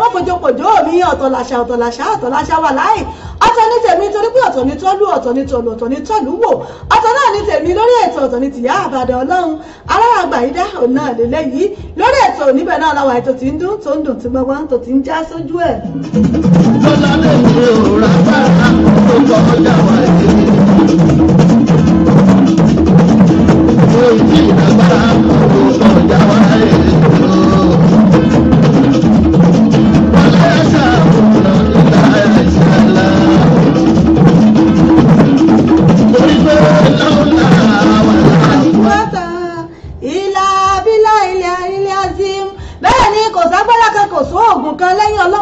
bá fojú pòjó mi ọ̀tọ̀ làṣà ọ̀tọ̀ làṣà ọ̀tọ̀ làṣà wà láì ọ̀tọ̀ ní tèmi torí pé ọ̀tọ̀ ní tọ́lú ọ̀tọ̀ ní tọ̀lù ọ̀tọ̀ ní tọ̀lù wò ọ̀tọ̀ náà ní tèmi lórí ètò ọ̀tọ̀ ní tìyá àbàdàn ọlọ́run aláàgbà yìí dáhùn náà lélẹ́yìí lórí ètò níbẹ̀ náà làwọn ètò tí ń dún tó ń dùn tí gbogbo tó ti ń já sójú ẹ̀. tọ́lá lè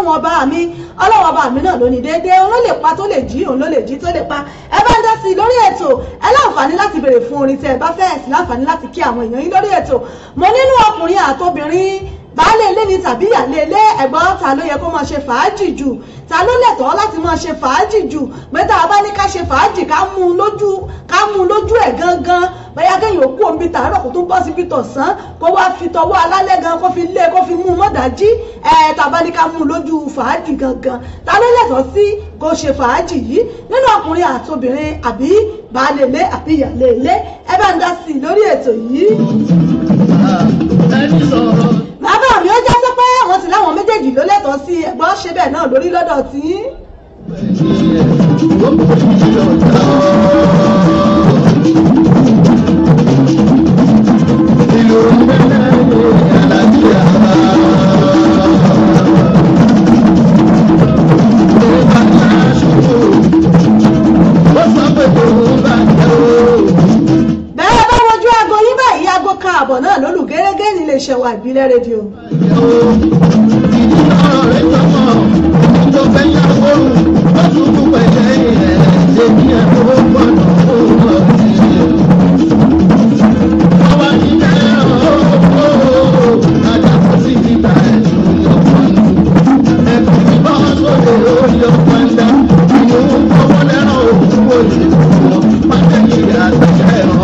ọlọ́run ọba mi ọlọ́run ọba mi náà ló ní déédéé òun ló lè pa tó lè jí òun ló lè jí tó lè pa ẹ bá ń dá sí i lórí ètò ẹ láǹfààní láti béèrè fún orin tí ẹ bá fẹ́ ẹ sì láǹfààní láti kí àwọn èèyàn yín lórí ètò mo nínú ọkùnrin àtobìnrin baálé ilé ni tàbí ìyàlé ilé ẹ̀gbọ́n ta ló yẹ kó máa ṣe fàájì jù ta ló lẹ̀tọ́ láti máa ṣe fàájì jù pé tá a bá ní ká ṣe fàájì ká mú un lójú ká mú un lójú ẹ̀ gangan bóyá kéèyàn kú omi tàárọ̀ kó tó bọ́ síbi tọ̀sán kó wá fi tọwọ́ alálẹ́ gan kó fi lé kó fi mú un mọ́dájí ẹ̀ tá a bá ní ká mú un lójú fàájì gangan ta ló lẹ̀tọ́ sí kó ṣe fàájì yìí nínú ọkùnrin àtobìnrin àbí baálé ilé àbí ìyàlé bàbá mi ó jásọ pé àwọn sì láwọn méjèèjì ló lẹ́tọ̀ọ́ sí ẹ̀gbọ́n ṣe bẹ́ẹ̀ náà lórí lọ́dọ̀ tí. ìlú ìgbẹ́lẹ́ káàbọ̀ náà lólu gẹ́gẹ́ ní iléeṣẹ́ wa ìbílẹ̀ rédíò. Thank you.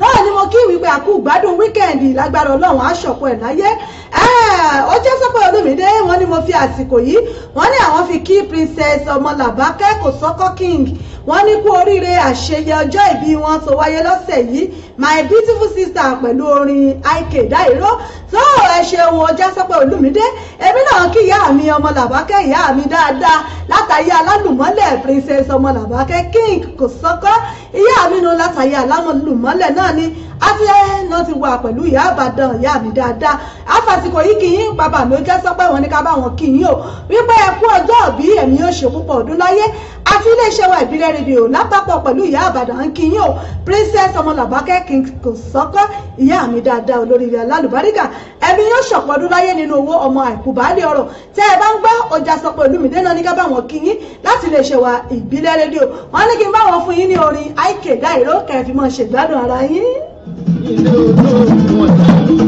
lọ́rọ̀ ni mo kí ìwé pé àkú gbádùn wíkẹ́ẹ̀ndì lágbára ọlọ́run aṣọ̀pọ̀ ẹ̀ láyé Ah, ó jẹ́ sọ́pọ̀ olómìnira wọ́n ní mo fi àsìkò yìí wọ́n ní àwọn fi kí princess ọmọlàbákẹ́ Kòsọ́kọ́ king wọ́n ní kú oríire àṣeyẹ ọjọ́ ìbí wọn tó wáyé lọ́sẹ̀ yìí my beautiful sister pẹ̀lú orin ike dáìró tó ẹ ṣeun ọjà sọpẹ́ olùmídé èmi náà kí ìyá mi ọmọ làbákẹ́ ìyá mi dáadáa látàyé alálùmọ́lẹ̀ princess ọmọ làbákẹ́ king Kòsọ́kọ́ ìyá mi nu látàyé alálùmọ́lẹ̀ náà ni àti ẹ̀ náà ti wà pẹ̀lú ìyá àbàdàn ìyá mi dáadáa àfàtì àsìkò yìí kì í bàbá mi jẹ́ sọ́pẹ́ wọn ni ká bá wọn kì í o wípé ẹ ọjọ́ òbí ẹ̀mí yóò ṣe púpọ̀ ọdún láyé àti iléeṣẹ́ wa ìbílẹ̀ rédíò lápapọ̀ pẹ̀lú ìyá àbàdàn kì í o princess ọmọlàbákẹ́ kì í kò sọ́kọ́ ìyá mi dáadáa olórí rẹ̀ lálùbáríkà ẹ̀mí yóò ṣọ̀pọ̀ ọdún láyé nínú owó ọmọ àìkú baálé ọ̀rọ̀ tẹ́ ẹ bá ń gbọ́ ọjà sọpọ̀ olùmídé náà ní ká bá wọn kì í láti iléeṣẹ́ wa ìbílẹ̀ rédíò wọn ní kí n bá wọn fún yín ní orin àìkè dáìró kẹfì mọ́ ṣègbádùn ara yín.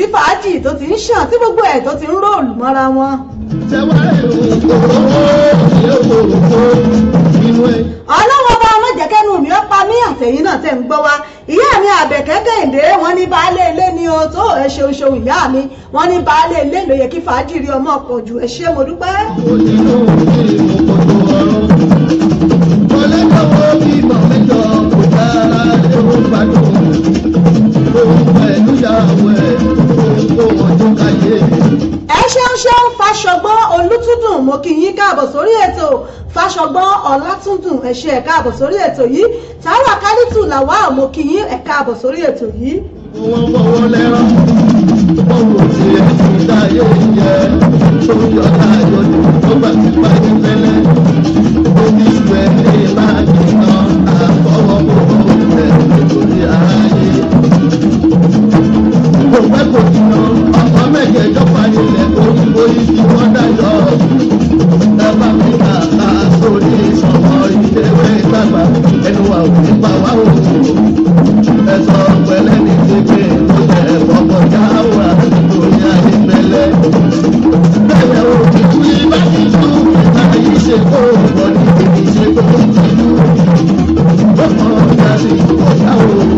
tí fàájì tó ti ń ṣàn tí gbogbo ẹ̀ tó ti ń róòlù mọ́ra wọn. ọlọ́wọ́ bá ọmọ jẹ́kẹ́nu mi ó mí àtẹ̀yìn náà tẹ̀ ń gbọ́ wa ìyá mi àbẹ̀kẹ́ kẹ́hìndé ní baálé ilé ni o tó ẹ ṣeun ìyá mi wọ́n ní baálé ilé ló yẹ kí fàájì rí ọmọ pọ̀ jù ẹ mo dúpẹ́. ọlọ́wọ́ bí ló mọjú káyé. ẹ ṣeun ṣeun fàṣọgbọ́n olùtúndùn mo kí yín káàbọ̀ sórí ètò fàṣọgbọ́n ọlátúndùn ẹ ṣé ẹ káàbọ̀ sórí ètò yìí táwa kálítù làwa mo kí yín ẹ káàbọ̀ sórí ètò yìí. wọ́n wọ́n pẹ́ kò jìnnà ọkọ̀ mẹ́jẹ̀ẹ́jọ́ parí ilẹ̀ tó ti borí ti wọ́n dájọ́ dábà mi kàkà sórí ọmọ ìdẹ́wé dàgbà ẹnu wa ò ní pa wá òkú ẹ̀sọ́ pẹ̀lẹ́ ní kékeré tó tẹ̀ ẹ̀fọ́ kọjá wà lórí ayé mẹ́lẹ́ bẹ́ẹ̀ òkìtú ibà ti tú ayé ṣe kó ọ̀gbọ́n ní ìṣe kó ti tú ọmọ ọ̀gá ni ọ̀gá òkú.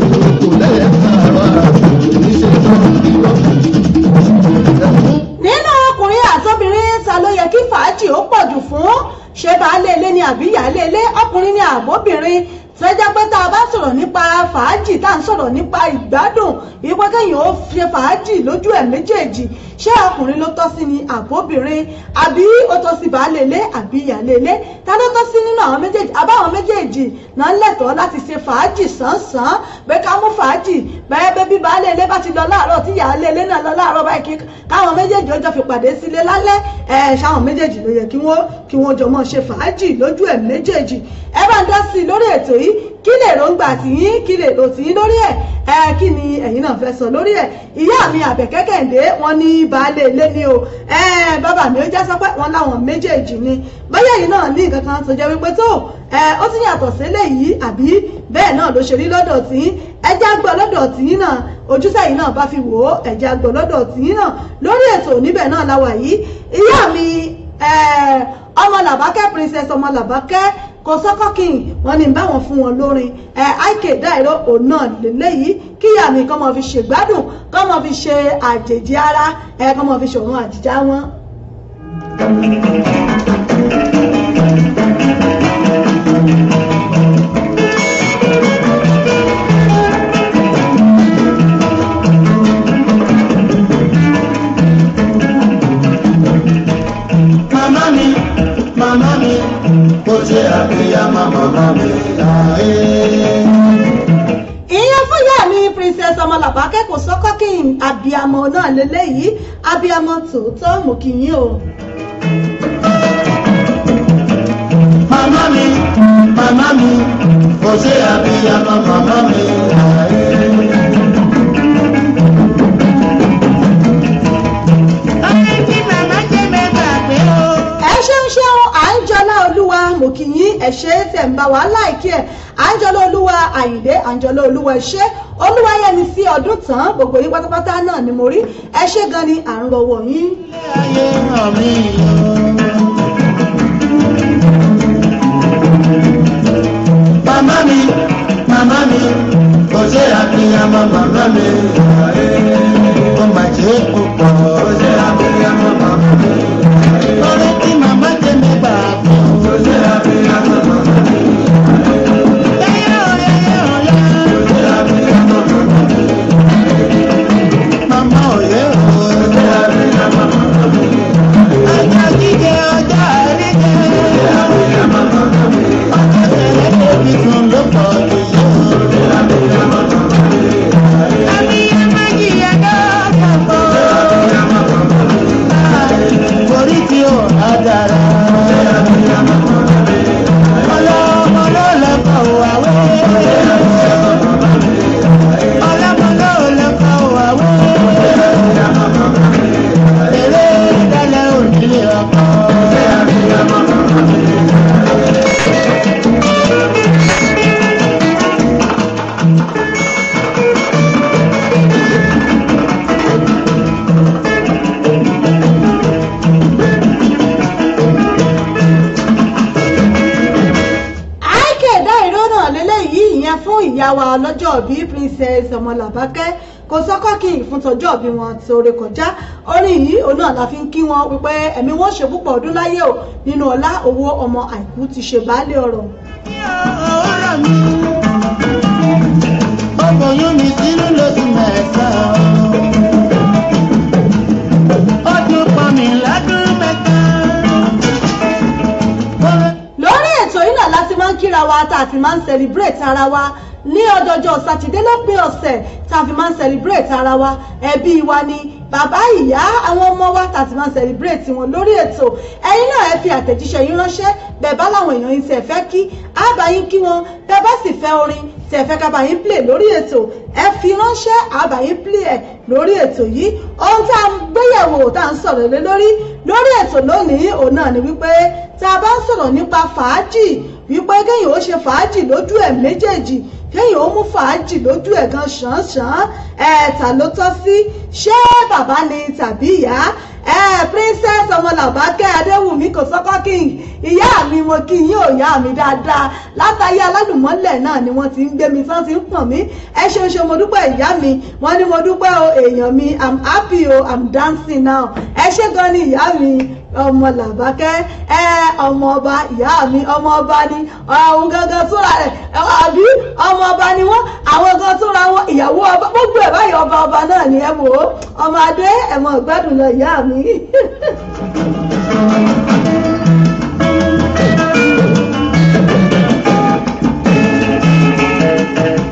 ṣé baálé ilé ni àbí ìyáálé ilé ọkùnrin ni àbóbìnrin sẹ́jẹ́ pé tá a bá sọ̀rọ̀ nípa fàájì tá à ń sọ̀rọ̀ nípa ìgbádùn ìpẹ́kẹ́yìn ó ṣe fàájì lójú ẹ̀ méjèèjì ṣé ọkùnrin ló tọ́ sí ni àbóbìnrin àbí ó tọ́ sí baálé ilé àbí ìyálé ilé ta ló tọ́ sí nínú àwọn méjèèjì àbáwọn méjèèjì náà ń lẹ́tọ̀ọ́ láti ṣe fàájì sánsan bẹ́ẹ̀ ká mú fàájì bẹ́ẹ̀ bẹ́ẹ̀ bí baálé ilé bá ti lọ láàárọ̀ tí ìyálé ilé náà lọ láàárọ̀ báyìí kí káwọn méjèèjì ó jọ fi pàdé sílé lálẹ́ ẹ̀ ṣáwọn méjèèjì ló yẹ kí wọ́n jọ mọ́ ṣe fàájì lójú ẹ̀ méjèèjì ẹ bá ń dá sí i lórí ètò yìí kí lè ròǹgbà tìyín kí lè rò tìyín lórí ẹ̀ ẹ kí ni ẹ̀yin náà fẹ́ sọ lórí ẹ̀ ìyá mi àbẹ̀kẹ́ kẹ̀ǹdé wọn ní baálé ilé ni o ẹ bàbá mi ó já sọpẹ́ wọn láwọn méjèèjì ni bóyá ẹ̀yin náà ní nǹkan kan tó jẹ́ wípé tó ẹ ó ti yàtọ̀ sílẹ̀ yìí àbí bẹ́ẹ̀ náà ló ṣe rí lọ́dọ̀ tìyín ẹjẹ́ àgbọ̀ lọ́dọ̀ tìyín náà ojúṣe yìí náà bá fi wò ó ẹjẹ́ àgbọ̀ lọ́dọ̀ tìyín náà lórí ètò níbẹ̀ náà la wà yìí ìyá mi ọmọ làbákẹ́ princess ọmọ làbákẹ́ kò sọ́kọ́ king wọ́n ní báwọn fún wọn lórin ẹ ike dáìró òun náà lélẹ́yìí kíyà mi kọ́ mọ fi ṣègbádùn kọ́ mọ fi ṣe àjèjì ara ẹ kọ́ mọ fi ṣòwò àjìjà wọn. màmá mi láyé. ìyẹn fúyà mi princess ọmọlàbá kẹ́kọ̀ọ́ sọ́kọ́kìn abiyamọ náà lélẹ́yìí abiyamọ tòótọ́ mò kí yín o. màmá mi màmá mi kò ṣe abiyamọ màmá mi olúwa mo kí yín ẹ ṣé tẹ̀ ń bá wa láìkí ẹ̀ àǹjọ́lọ́ olúwa àyìndé àǹjọ́lọ́ olúwa ẹ ṣé olúwayẹmi sí ọdún tán gbogbo yín pátápátá náà ni mo rí ẹ ṣé gan ni à ń rọwọ́ yín. màmá mi màmá mi kò ṣe àfihàn màmá mi ó mà ṣe é ṣe àfihàn. ọjọ́ bí wọn torí kọjá orin yìí òun náà la fi ń kí wọn wípé ẹ̀mí wọn ṣe púpọ̀ ọdún láyé o nínú ọlá owó ọmọ àìkú ti ṣe baálé ọ̀rọ̀. ọkọ̀ yóò mi sínú ló máa ń kíra wa tá a ti máa ń celebrate ara wa ní ọjọjọ sátidé lópin ọ̀sẹ̀ tá a fi máa ń celebrate ara wa ẹbí wa ni bàbá ìyá àwọn ọmọ wa tá a ti máa ń celebrate wọn lórí ètò ẹ̀yin náà ẹ fi àtẹ̀jíṣẹ́ yín ránṣẹ́ bẹ́ẹ̀ làwọn èèyàn yín tẹ̀ fẹ́ kí á yín kí wọn bẹ́ẹ̀ sì fẹ́ orin tẹ̀ fẹ́ ká yín play lórí ètò ẹ fi ránṣẹ́ á yín play ẹ̀ lórí ètò yìí ohun tá a ń gbéyẹ̀wò tá a ń sọ̀rọ̀ lé lórí lórí ètò lónìí òun náà ni wípé tá a bá ń sọ̀rọ̀ nípa fàájì wípé kéèyàn ó ṣe fàájì lójú ẹ̀ méjèèjì kéèyàn ó mú fàájì lójú ẹ̀ gan ṣàn-ṣàn ẹ̀ẹ̀ta ló tọ́ sí ṣé bàbá ni tàbí ìyá ẹ̀ princess ọmọlàbákẹ́ adéwùmí kòsọ́kọ́ king ìyá mi mo kí yín ò yá mi dáadáa látàyé alálùmọ́lẹ̀ náà ni wọ́n ti ń gbé mi tán ti ń pọ̀n mí ẹ ṣeun ṣe mo dúpẹ́ ìyá mi wọ́n ní mo dúpẹ́ o èèyàn mi i'm happy o i'm dancing now ẹ ṣé gan ni ìyá mi ọmọ làbákẹ́ ẹ ọmọ ọba ìyá mi ọmọ ọba ni ọ̀hún gangan fúnra rẹ̀ àbí ọmọ ọba ni wọ́n àwọn gan tó ra wọn ìyàwó ọba gbogbo ẹ̀ báyìí ọba ọba náà ni ẹ wò ó ọmọ adé ẹ̀mọ́ ìgbádùn lọ ìyá mi. thank you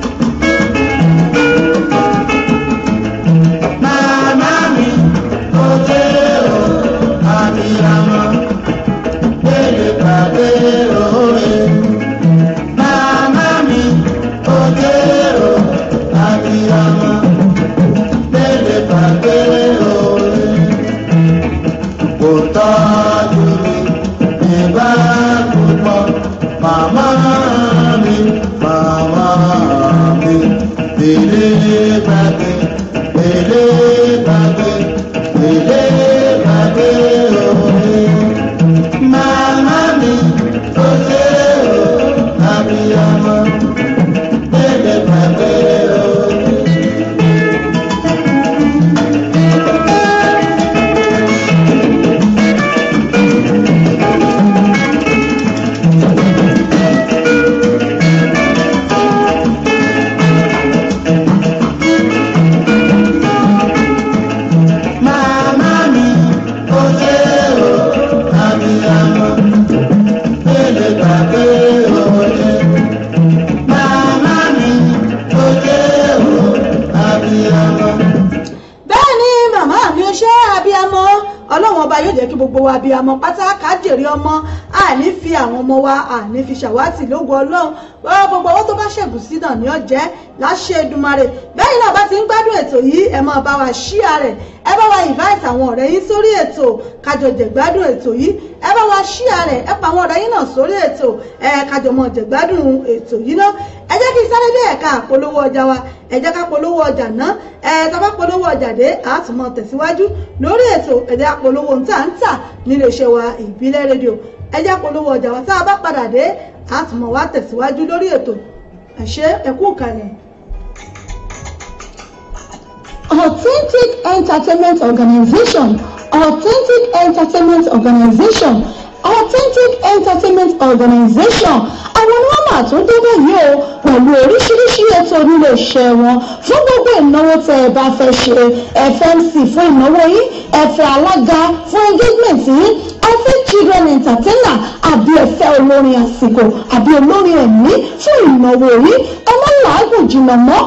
ọmọ pátá kájèrè ọmọ àní fi àwọn ọmọ wa àní fi ṣàwátì lógo ọlọ́run bọ́ọ̀ gbogbo owó tó bá ṣẹ̀gùn sí náà ni láṣẹ Èdùmàrè bẹ́ẹ̀ náà bá ti ń gbádùn ètò yìí ẹ máa bá wa ṣíà rẹ̀ ẹ bá wa invite àwọn ọ̀rẹ́ yín sórí ètò kájọ jẹ̀gbádùn ètò yìí ẹ bá wa ṣíà rẹ̀ ẹ pa àwọn ọ̀rẹ́ yín náà sórí ètò ẹ kájọ mọ̀ ètò yìí náà ẹ jẹ́ kí sáré dé ẹ̀ka àpolówó ọjà wa ẹ jẹ́ ká polówó ọjà náà ẹ tá polówó ọjà dé a tẹ̀síwájú lórí ètò ẹ àpolówó ń tà ń tà nílé iṣẹ́ wa ìbílẹ̀ rédíò ẹ jẹ́ àpolówó ọjà wa tá a bá padà dé a tún tẹ̀síwájú lórí ètò ẹ ṣé ẹ kú Authentic Entertainment Organization Authentic Entertainment Organization authentic entertainment organization àwọn ni wọ́n mà tó débẹ̀ yìí o pẹ̀lú oríṣiríṣi ètò nílé iṣẹ́ wọn fún gbogbo ìnáwó tẹ ẹ bá fẹ́ ṣe ẹ fẹ́ MC fún ìnáwó yìí ẹ alága fún engagement yìí ẹ children entertainer àbí ẹ̀fẹ́ olórin àsìkò àbí olórin ẹ̀mí fún ìnáwó yìí ẹ làágùn jùlọ mọ́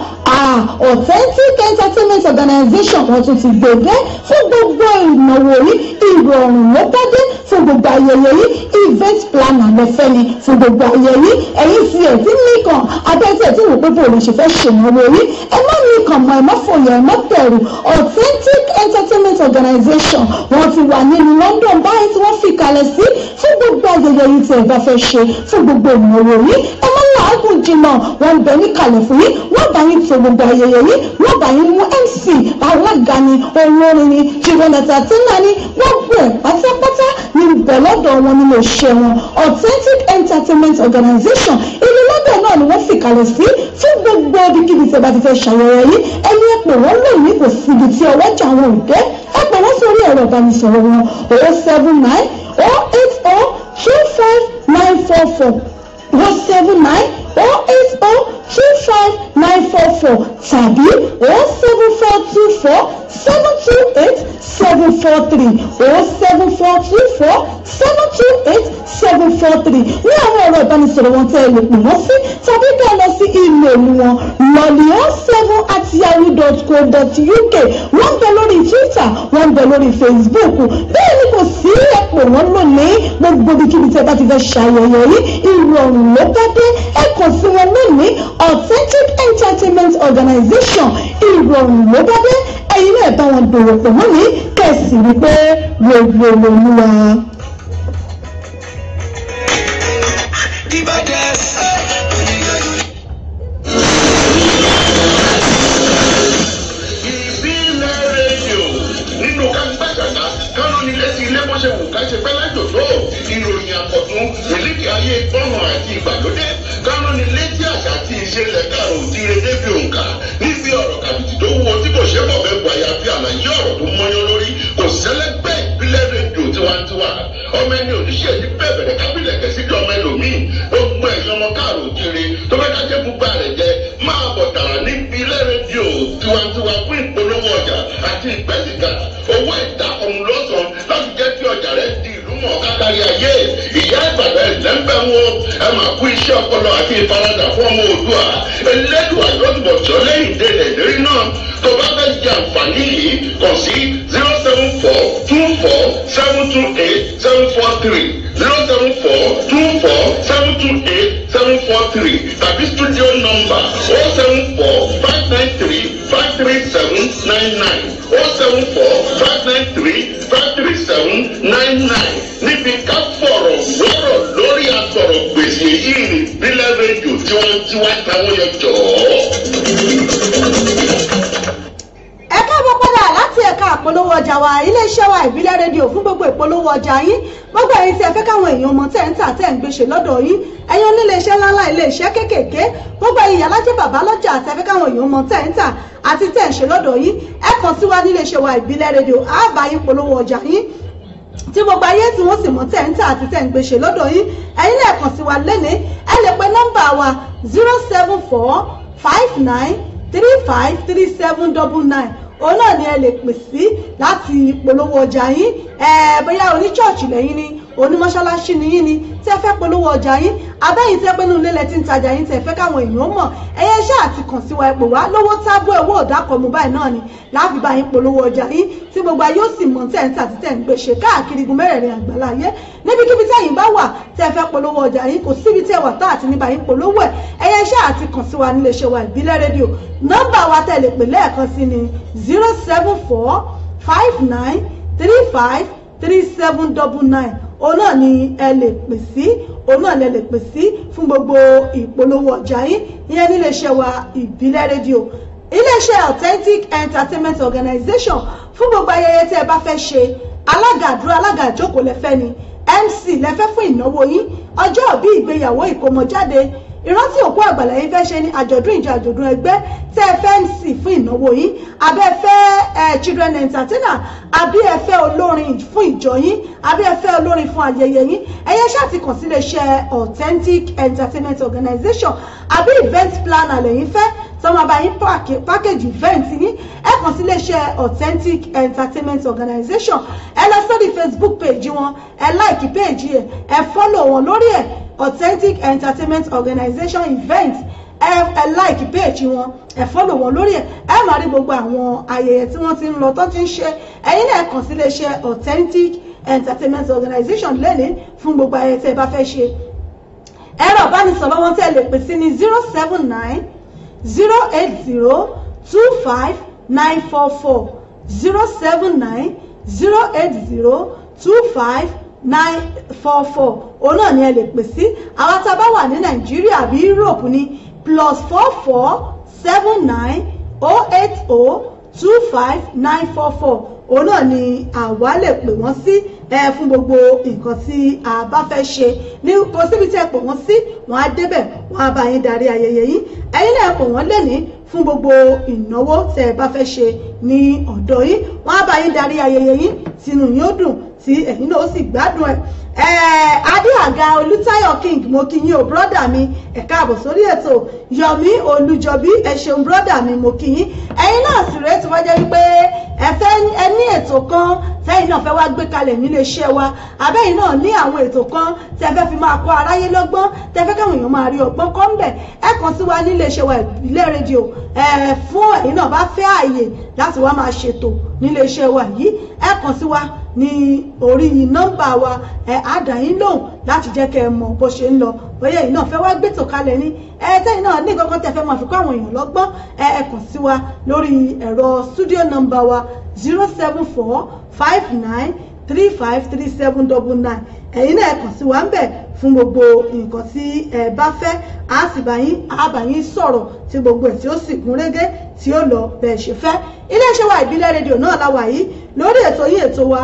authentic entertainment organization wọn tún ti gbèdé fún gbogbo ìnáwó yìí ìrọ̀rùn ló pàdé fún gbogbo ayẹyẹ yìí event planner lẹ́fẹ́ ni fún gbogbo ayẹyẹ yìí ẹ̀yin fi ẹ̀tí nìkan abẹ́tẹ̀ tí wò pé bò lè ṣe fẹ́ ṣènáwó yìí ẹ má nìkan mọ ẹ má fòyà ẹ má bẹ̀rù authentic entertainment organization wọn ti wà nínú London báyìí tí wọ́n fi kalẹ̀ kalẹ̀ sí fún gbogbo ayẹyẹ yìí tí ẹ bá fẹ́ ṣe fún gbogbo ìmọ̀ràn yìí ẹ má làágùn jìnnà wọn bẹ ní kalẹ̀ fún yìí wọ́n bá yín tó gbogbo ayẹyẹ yìí wọ́n bá yín mú MC alága ni olórin ni jìbọn àtàtúnà ni gbogbo ẹ̀ pátápátá ní bẹ̀lọ́dọ̀ wọn nínú iṣẹ́ wọn authentic entertainment organization ìlú lọ́dọ̀ náà ni wọ́n fi kalẹ̀ sí fún gbogbo ibikíbi tí ẹ bá ti fẹ́ ṣàyẹyẹ yìí ẹni ẹ pè wọ́n lóyún kò síbi tí ọwọ́jà wọn ò dé ẹ pè wọ́n sórí ẹ̀rọ ìbánisọ̀rọ̀ wọn 079 084 35944 179 oh eight oh two five nine four four tàbí oh seven four two four seven two eight seven four three oh seven four two four seven two eight seven four three ní àwọn ẹ̀rọ ìbánisọ̀rọ̀ wọn tẹ́ ẹ lè pè wọ́n sí tàbí kẹ́ ẹ lọ sí ímeèlì wọn lọ́ọ̀lì oh seven at yahoo dot co dot uk wọ́n ń bẹ lórí twitter wọ́n ń bẹ lórí facebook bẹ́ẹ̀ ni kò sí ẹ̀pọ̀ wọn lónìí gbogbo ibikíbi tí ẹ bá ti fẹ́ ṣàyẹ̀yẹ̀ yìí ìrọ̀rùn ló bá dé ẹ̀kọ́ kàn sí wọn lónìí authentic entertainment organization ìrọ̀rùn ló bá dé ẹ̀yin náà bá wọn dòwò pọ̀ mọ́ mi kẹ̀sì wípé rògbò lòlúwa. ṣe wù ká ṣe pẹ́ lájò tó ìròyìn àkọ́tún ìlédè ayé gbọ́nà àti ìgbàlódé kánúnilẹ́tì àṣà tí ìṣẹ̀lẹ̀ ti òdire débi òǹkà níbi ọ̀rọ̀ kàbìtì tó wọ tí kò ṣe bọ̀ bẹ́ẹ̀ bu àyàfi àlàyé ọ̀rọ̀ tó mọ́yán lórí kò sẹ́lẹ́gbẹ́ ìpínlẹ̀ rédíò tiwantiwa ọmọ ẹni òníṣẹ́ ní bẹ̀bẹ̀rẹ̀ kábílẹ̀ kẹ̀síkì ọmọ ẹlòmíì gbogbo ẹ̀yọ́mọ kàrò òdire tó fẹ́ ká jẹ́ gbogbo ìfaradà fún ọmọ òdua ẹlẹ́dùn àjọṣùbọ̀ tí lẹ́yìn dé nàìjíríà náà tó bá fẹ́ jẹ àǹfààní yìí kàn sí zero seven four two four seven two eight seven four three zero seven four two four seven two eight seven four three tàbí studio ọjà yín gbogbo ẹ̀yin tí ẹ fẹ́ káwọn èèyàn mọ̀ tẹ́ ń tà tẹ́ ń gbèsè lọ́dọ̀ yín ẹ̀yin oníléeṣẹ́ ńláńlá iléeṣẹ́ kéékèèké gbogbo ẹ̀yin alájẹ́ bàbá lọ́jà àti ẹ fẹ́ káwọn èèyàn mọ̀ tẹ́ ń tà àti tẹ́ ń ṣe lọ́dọ̀ yín ẹ kàn sí wa níléeṣẹ́ wa ìbílẹ̀ rédíò àbá yín polówó ọjà yín tí gbogbo ayé tí wọ́n sì mọ̀ tẹ́ ń tà àti tẹ́ ń gbèsè lọ́dọ̀ yín ẹ̀yin lè kàn sí wa lẹ́nìí ẹ lè pe nọ́mbà wa zero seven four five nine three five three seven double nine òun náà ni ẹ lè pè sí láti polówó ọjà yín Eh, bóyá oní chọ́ọ̀chì lẹ́yìn ni onímọ̀ṣáláṣí ni yín ni tí ẹ fẹ́ polówó ọjà yín abẹ́yìn tí ẹ pé nínú ilé lẹ ti ń tajà yín tí ẹ fẹ́ káwọn èèyàn mọ̀ ẹyẹ iṣẹ́ àti kàn sí wa ipò wá lówó tábú owó ọ̀dàkọ̀ mú báyìí náà ni láàbí bá yín polówó ọjà yín tí gbogbo ayé ó sì mọ̀ tẹ̀ ń tà títẹ̀ ń gbé ṣe káàkiri igun mẹ́rẹ̀ẹ̀rin àgbàlá ayé níbikíbi tí ẹ̀yin bá wà tí ẹ fẹ́ polówó ọjà yín kò síbi tí ẹ wà tá àti níbà yín polówó ẹ̀ ẹyẹ iṣẹ́ àti kàn sí wa nílé iṣẹ́ wa ìbílẹ̀ rédíò nọ́mbà wa tẹ̀lé pè lẹ́ẹ̀kan sí ni zero seven four five nine three five three seven double nine òun náà ni ẹ lè pè sí òun náà ni ẹ lè pè sí fún gbogbo ìpolówó ọjà yín ìyẹn níléeṣẹ́ wa ìbílẹ̀ rédíò iléeṣẹ́ authentic entertainment organization fún gbogbo ayẹyẹ tí ẹ bá fẹ́ ṣe alága àdúrà alága ìjókòó lẹ́fẹ́ ni mc lẹ́fẹ́ fún ìnáwó yín ọjọ́ ìbí ìgbéyàwó ìkómọjáde ìrántí òkú àgbàlá yín fẹ́ ṣe ní àjọ̀dún ìjọ àjọ̀dún ẹgbẹ́ tẹ́ ẹ fẹ́ ń sì fún ìnáwó yín abẹ́ fẹ́ ẹ children entertainer àbí ẹ fẹ́ olórin fún ìjọ yín àbí ẹ fẹ́ olórin fún ayẹyẹ yín ẹ̀yẹ ṣáà ti kàn sí iléeṣẹ́ authentic entertainment organization àbí event planner lẹ́yìn fẹ́ tó máa bá yín package event yín ẹ kàn sí iléeṣẹ́ authentic entertainment organization ẹ lọ sórí facebook page wọn ẹ like page yẹn ẹ follow wọn lórí ẹ authentic entertainment organization event ẹ like page wọn ẹ follow wọn lórí ẹ ẹ máa rí gbogbo àwọn ayẹyẹ tí wọ́n ti ń lọ tó ti ń ṣe ẹ̀yin náà kàn sí iléeṣẹ́ authentic entertainment organization lẹ́ni fún gbogbo ayẹyẹ tẹ́ ẹ bá fẹ́ ṣe ẹ̀rọ ìbánisọ̀rọ̀ wọn tẹ́ lè pè sí ní zero seven nine zero eight zero two five nine four four zero seven nine zero eight zero two five nine four four òun náà ni ẹ lè pè sí àwa tá a bá wà ní nàìjíríà àbí europe ní plus four four seven nine oh eight oh two five nine four four òun náà ni àwa lè pè wọ́n sí. Si ẹ fún gbogbo nǹkan tí a bá fẹ́ ṣe ní kò síbi tí ẹ pọ̀ wọ́n sí wọ́n á débẹ̀ wọ́n á bá yín darí ayẹyẹ yín ẹ̀yin náà pọ̀ wọ́n lẹ́ni fún gbogbo ìnáwó tẹ́ bá fẹ́ ṣe ní ọ̀dọ̀ yín wọ́n á bá yín darí ayẹyẹ yín tínú yín dùn tí ẹ̀yin náà ó sì gbádùn ẹ̀ adé àga olùtayọ king mo kí yín o brọ́dà mi ẹ káàbọ̀ sórí ètò yomi olùjọbí ẹ ṣeun brọ́dà mi mo kí yín ẹ̀yin náà sì rèé tí wọ́n jẹ́ wípé ẹ fẹ́ ẹ ní ètò kan tẹ́yìn náà fẹ́ wá gbé kalẹ̀ nílé iṣẹ́ wa abẹ́yìn náà ní àwọn ètò kan tẹ́ fẹ́ fi máa kọ́ aráyé lọ́gbọ́n tẹ́ fẹ́ káwọn èèyàn máa rí ọgbọ́n kọ́ ńbẹ̀ ẹ kàn sí wa nílé iṣẹ́ wa ilé rédíò ẹ fún ẹ̀yin náà bá fẹ́ ààyè láti wá máa ṣètò nílé iṣẹ́ wa yìí ẹ kàn sí wa ní orí nọ́mbà wa ẹ̀ àdáyín lòun láti jẹ́ kẹ́ ẹ mọ bó ṣe ń lọ bóyá ẹ̀yin náà fẹ́ wá gbètò kalẹ̀ ní ẹ tẹ́yìn náà ní kankan tẹ́ fẹ́ máa fi kọ́ àwọn èèyàn lọ́gbọ́n ẹ ẹ kàn sí wa lórí ẹ̀rọ studio nọ́mbà wa zero seven four five nine three five three seven double nine ẹ̀yin náà ẹ kàn sí wa ń bẹ̀ fún gbogbo nǹkan tí ẹ bá fẹ́ a sì bá yín a bá yín sọ̀rọ̀ tí gbogbo ẹ̀ tí ó sì gún régé tí ó lọ bẹ́ẹ̀ ṣe fẹ́ iléeṣẹ́ wa ìbílẹ̀ rédíò náà la yìí lórí ètò yín ètò wa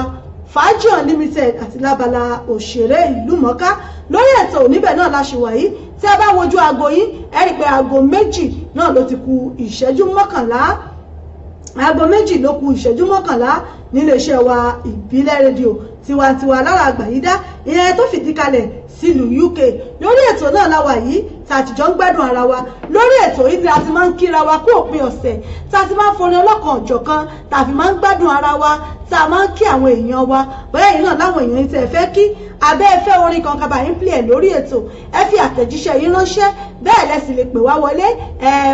fàájì unlimited àti lábala òṣèré ìlú mọ́ká lórí ètò oníbẹ̀ náà la ṣe wà yìí tí ẹ bá wojú aago yín ẹ rí i pé aago méjì náà ló ti ku ìṣẹ́jú mọ́kànlá aago méjì ló ku ìṣẹ́jú mọ́kànlá níléeṣẹ́ wa ìbílẹ̀ rédíò tiwantiwa lára àgbàyídá ìyẹn tó fìdí kalẹ̀ sílùú UK lórí ètò náà láwa yìí tá a ti jọ ń gbádùn ara wa lórí ètò yìí tá a ti máa ń kíra wa kó òpin ọ̀sẹ̀ tá a ti máa ń forin ọlọ́kan ọ̀jọ̀kan tá a fi máa ń gbádùn ara wa tá a máa ń kí àwọn èèyàn wa bóyá yìí náà láwọn èèyàn tẹ́ ẹ fẹ́ kí abẹ́ ẹ fẹ́ orin kan kaba yín plẹ̀ lórí ètò ẹ fi àtẹ̀jíṣẹ́ yín ránṣẹ́ bẹ́ẹ̀ lẹ lè pè wá wọlé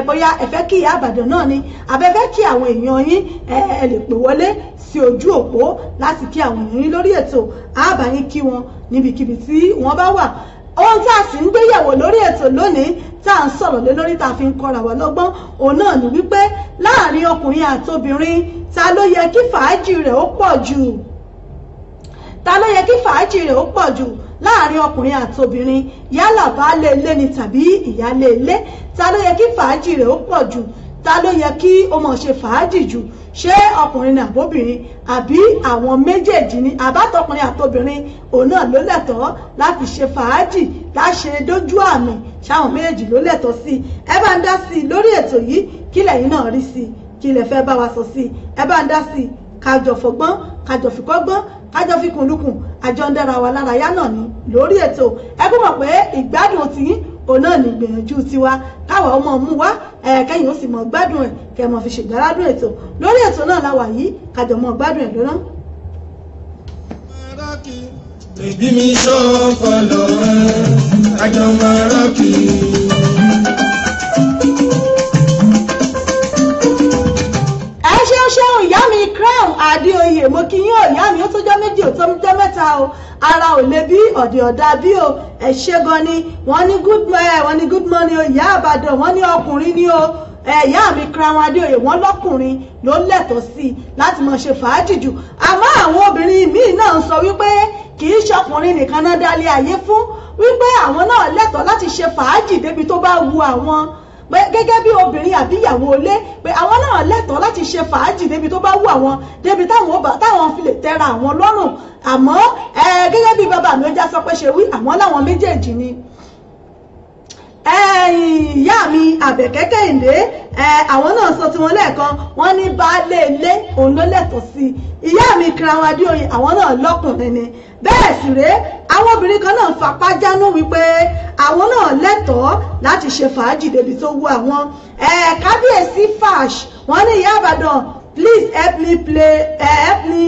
bóyá ẹ fẹ́ kí ìyá àbàdàn náà ni abẹ́ fẹ́ kí àwọn èèyàn yín ẹ lè pè wọlé sí ojú òpó láti kí àwọn èèyàn yín lórí ètò ètò àbáyé kí wọn níbikíbi tí wọ́n bá wà ohun tí a sì ń gbéyẹ̀wò lórí ètò lónìí tá à ń sọ̀rọ̀ lé lórí tá a fi ń kọ́ra wa lọ́gbọ́n òun náà ni wípé láàrin ọkùnrin àtobìnrin ta ló yẹ kí fàájì rẹ̀ ó pọ̀ jù ta ló yẹ kí fàájì rẹ̀ ó pọ̀ jù láàrin ọkùnrin àtobìnrin yálà baálé ilé ni tàbí ìyálé ilé ta ló yẹ kí fàájì rẹ̀ ó pọ̀ jù ta ló yẹ kí ó mọ̀ ṣe fàájì jù ṣé ọkùnrin ni àbóbìnrin àbí àwọn méjèèjì ni àbátọkùnrin àtobìnrin òun náà ló lẹ́tọ̀ọ́ láti ṣe fàájì láṣẹ dójú àmì ṣáwọn méjèèjì ló lẹ́tọ̀ọ́ sí i ẹ bá ń dá sí i lórí ètò yìí kí lẹ́yìn náà rí sí i kí lẹ fẹ́ bá wa sọ sí i ẹ bá ń dá sí i kájọ fọgbọ́n kájọ fikọ́gbọ́n kájọ fikùnlukùn àjọ ń dára wa lárayá náà ni lórí ètò ẹ gbọ́dọ̀ pé ìgbádùn tiyín òun náà ní ìgbìyànjú tiwa káwa ọmọ mú wá kẹ́yìn ó sì mọ̀ gbádùn ẹ̀ kẹ́ mọ̀ fi ṣègbàládùn ètò lórí ètò náà la wà yìí kájọ mọ̀ gbádùn ẹ̀ lóná. Bèbí mi ṣọ́ọ̀fọ̀ lọ́wọ́, àjọ máa rọ́ọ̀kì. ṣeun ìyá mi crown adéoyè mo kí yín ìyá mi ó tó jẹ́ méjì ó tó jẹ́ mẹ́ta o ara ò lè bí ọ̀dẹ̀ ọ̀dà bí o ẹ̀ ṣe gan ni wọ́n ní good eh, wọ́n ní good morning o ìyá àbàdàn wọ́n ní ọkùnrin ni o ẹ̀yà eh, mi Crown Adéoyè wọ́n lọ́kùnrin ló lẹ́tọ̀ọ́ sí i láti máa ṣe fàájì jù àmọ́ àwọn obìnrin míì náà sọ wípé kì í ṣọkùnrin nìkan náà dálé ayé fún wípé àwọn náà lẹ́tọ̀ọ́ láti ṣe fàájì débi tó bá wu àwọn pé gẹ́gẹ́ bí obìnrin àbí ìyàwó ilé pé àwọn náà lẹ́tọ̀ọ́ láti ṣe fàájì débi tó bá wù àwọn débi táwọn bá táwọn fi lè tẹ́ra àwọn lọ́rùn àmọ́ gẹ́gẹ́ bí bàbá mi ó já sọ pé ṣe wí àmọ́ láwọn méjèèjì ni ìyá mi àbẹ̀kẹ́ kẹ́hìndé àwọn náà sọ tiwọn lẹ́ẹ̀kan wọ́n ní baálé ilé òun ló lẹ́tọ̀ọ́ sí i ìyá mi kirawọn adéoyin àwọn náà lọ́kùnrin ni bẹ́ẹ̀ sì rèé àwọn obìnrin kan náà fapá jánu wípé àwọn náà lẹ́tọ̀ọ́ láti ṣe fàájì débi tó wù àwọn kábíyèsí fash wọ́n ní ìyá àbàdàn please help me play uh, help me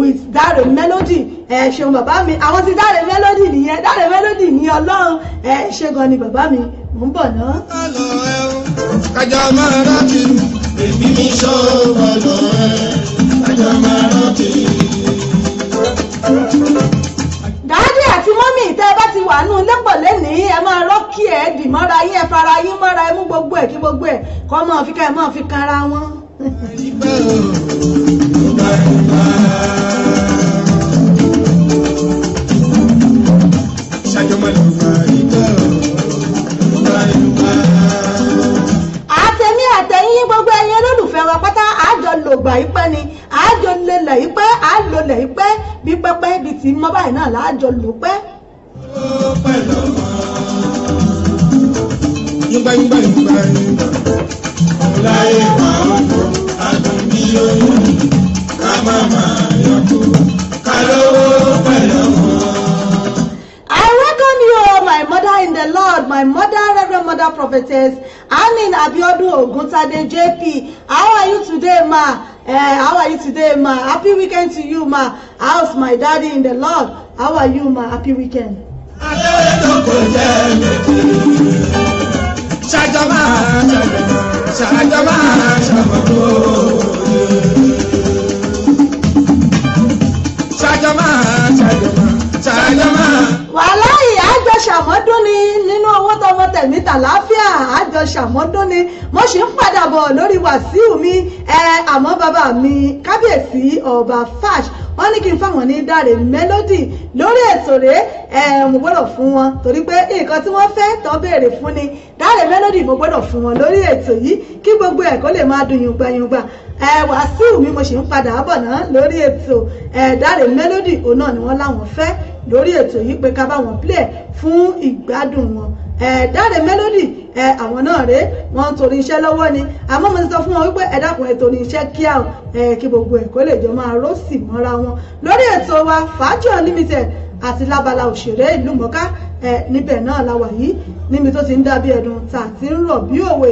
with Dare Melody ẹ ṣeun bàbá mi àwọn ti Dare Melody nìyẹn Dare Melody ní ọlọ́run ẹ ṣe gan ni bàbá mi mò ń bọ̀ náà. kájà máa rántí èmi ní sọ́ọ́ bàbá ẹ̀ kájà máa rántí dáàdì àti mọ́mì tẹ́ bá ti wà nù lẹ́pọ̀ lẹ́nìí ẹ máa rọ́ọ̀kì ẹ̀ dì mọ́ra yín ẹ fara yín mọ́ra ẹ mú gbogbo ẹ̀ kí gbogbo ẹ̀ kọ́ máa fi ká ẹ máa fi kanra wọn. àtẹ̀mí àtẹ̀yìn gbogbo ẹ̀yin olólùfẹ́ wa pátá dògbà yìí pẹ́ ni àájọ lelẹ̀ yìí pẹ́ àálòlẹ̀ yìí pẹ́ bí pẹ́pẹ́ ibi tí mọ́ báyìí náà láàjọ lò pẹ́. yígbàyígbà yígbà yígbà láyé pàrọ̀ kó àgbẹ̀bí oyún ká má má yọkú ká lówó pẹ̀lú wọn my mother in the Lord, my mother, Reverend Mother Prophetess, Annie Abiodun Oguntade JP. How are you today, ma? Uh, how are you today, ma? Happy weekend to you, ma. How's my daddy in the Lord? How are you, ma? Happy weekend. ṣàjọba ṣàjọba ṣàjọba ṣàjọba ṣàjọba. wàhálà ṣàmọ́dúnni nínú owó tọmọ tẹ̀mí tàlàáfíà àjọ ṣàmọ́dúnni mo ṣì ń padà bọ̀ lórí wàsíù mi ẹ àmọ́ bàbá mi kábíyèsí ọba fash wọ́n ní kí n fáwọn ní dáre mélódì lórí ètò rẹ̀ ẹ mo gbọ́dọ̀ fún wọn torí pé nǹkan tí wọ́n fẹ́ tán béèrè fún ni dáre mélódì mo gbọ́dọ̀ fún wọn lórí ètò yìí kí gbogbo ẹ̀ kó lè máa dùn yùngbàyùngbà ẹ wàásù mi mo sì ń padà bọ̀ náà lórí ètò ẹ̀ẹ́dáre mélòdì òun náà ni wọ́n láwọn fẹ́ lórí ètò yìí pé ká bá wọn play fún ìgbádùn wọn ẹ̀ẹ́dáre mélòdì ẹ àwọn náà rèé wọn ń torí iṣẹ́ lọ́wọ́ ni àmọ́ mo ti sọ fún wọn wípé ẹ dákun ẹ torí iṣẹ́ kíá o ẹ kí gbogbo ẹ̀ kó lè jọ máa ró sì mọ́ra wọn lórí ètò wa fàájì unlimited àti lábala òṣèré ìlú mọ́ká ẹ níbẹ̀ náà la wà yìí níbi tó ti ń dàbí ẹ̀dùn tà ti ń rọ̀ bí òwe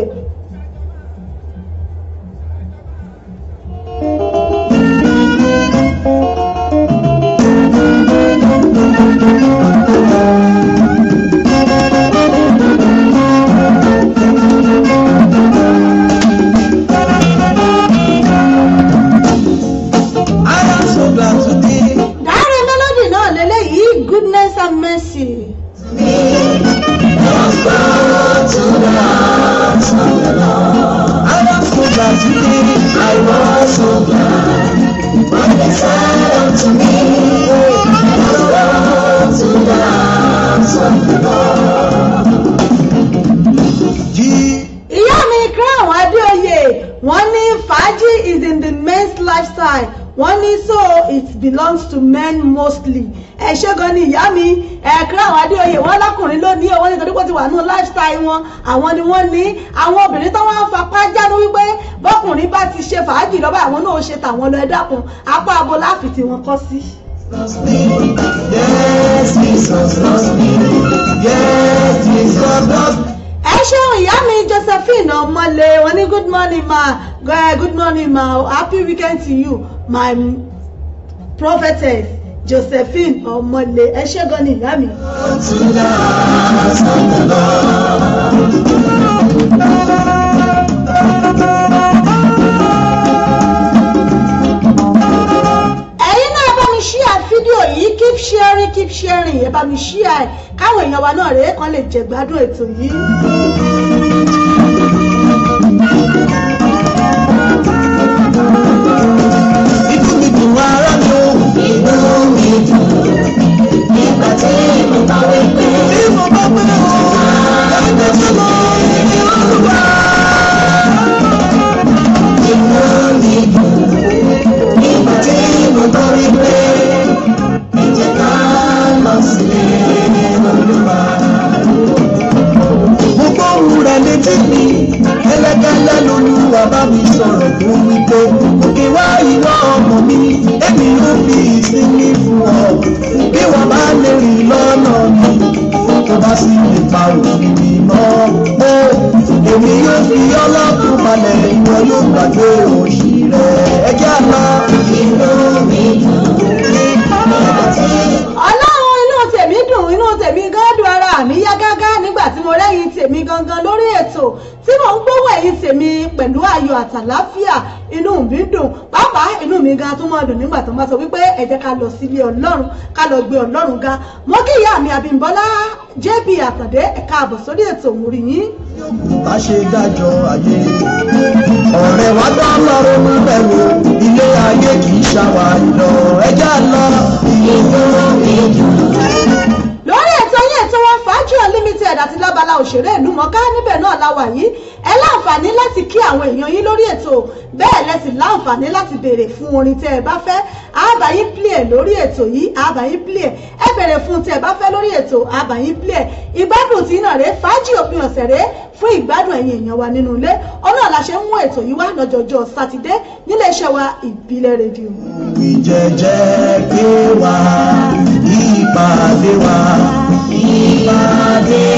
belongs to men mostly ẹ ṣé gan ni ìyá mi ẹ̀ẹ́kẹ́ àwọn adéoyè wọn lákùnrin ló ní owó nítorí pé ó ti wà nínú lifestyle wọn àwọn ni wọ́n ní àwọn obìnrin tó wọ́n ń fapá jáde wípé fàájì lọ́ba àwọn náà ṣe tàwọn lọ ẹ dákun apá abo láàfin tí wọ́n kọ́ sí. Lost me, yes, Jesus, lost me, yes, Jesus, lost me ẹ ṣeun ìyá mi josephine ọmọlé wọn ní good morning ma eh, good morning ma happy weekend to you my prophetess josephine ọmọlé ẹ ṣe gan ni ìyá mi. Thank you. fídíò yìí keep sharing keep sharing ẹ bá mi share ẹ káwọn èèyàn wa náà rèé kan lè jẹ̀gbádùn ètò yìí. inú mi dùn ara mi o. inú mi létí mi ẹlẹ́gẹ́lẹ́ lolúwa bá mi sọ̀rọ̀ fún mi pé òkè wá ìwọ ọmọ mi èmi ń fi ìsinmi fún ọ bí wọ́n bá lè rìn lọ́nà mi tó bá sì lè pa òfin mi mọ́ pé èmi yóò fi ọlọ́dún palẹ̀ ìwọ yóò gbàgbé òṣì rẹ̀ ẹjẹ́ àná. inú mi dùn ní ọmọ tí. ọlọ́run inú tèmi dùn inú tèmi gán dùn ara mi yá gá mo rẹ́yìn tèmi gangan lórí ètò tí mò ń gbówó ẹ̀yìn tèmi pẹ̀lú ayọ̀ àtàláfíà inú mi dùn pàápàá inú mi gan tó máa dùn nígbà tó máa sọ wípé ẹ jẹ́ ká lọ sílé ọlọ́run ká lọ gbé ọlọ́run ga mo kí ìyá mi àbímbọ́lá jẹ́bi àtàndé ẹ̀ka àbọ̀ sórí ètò òmùrì yín. ká ṣe dájọ́ ayé ọ̀rẹ́ wa dá lọ́rọ́ mú bẹ̀rù ilé ayé kì í ṣàwà ìlọ ẹjẹ́ lọ ìlú ìlú ẹ̀dá ti lábala òṣèré ìlú mọ̀ká níbẹ̀ náà la wà yìí ẹ láǹfààní láti kí àwọn èèyàn yín lórí ètò bẹ́ẹ̀ lẹ sì láǹfààní láti béèrè fún orin tẹ́ ẹ bá fẹ́ àbáyín plẹ̀ lórí ètò yìí àbáyín plẹ̀ ẹ béèrè fún tẹ́ ẹ bá fẹ́ lórí ètò àbáyín plẹ̀ ìgbádùn tí náà rèé fàájì òpin ọ̀sẹ̀ rèé fún ìgbádùn ẹ̀yin èèyàn wa nínú ilé ọ̀nà àlàṣe ń mú ètò yìí wá lọ́jọ́jọ́ sátidé níléeṣẹ́ wa ìbílẹ̀ rédíò. ìjẹ́jẹ́ gbé wa ìpàdé wa. Badhe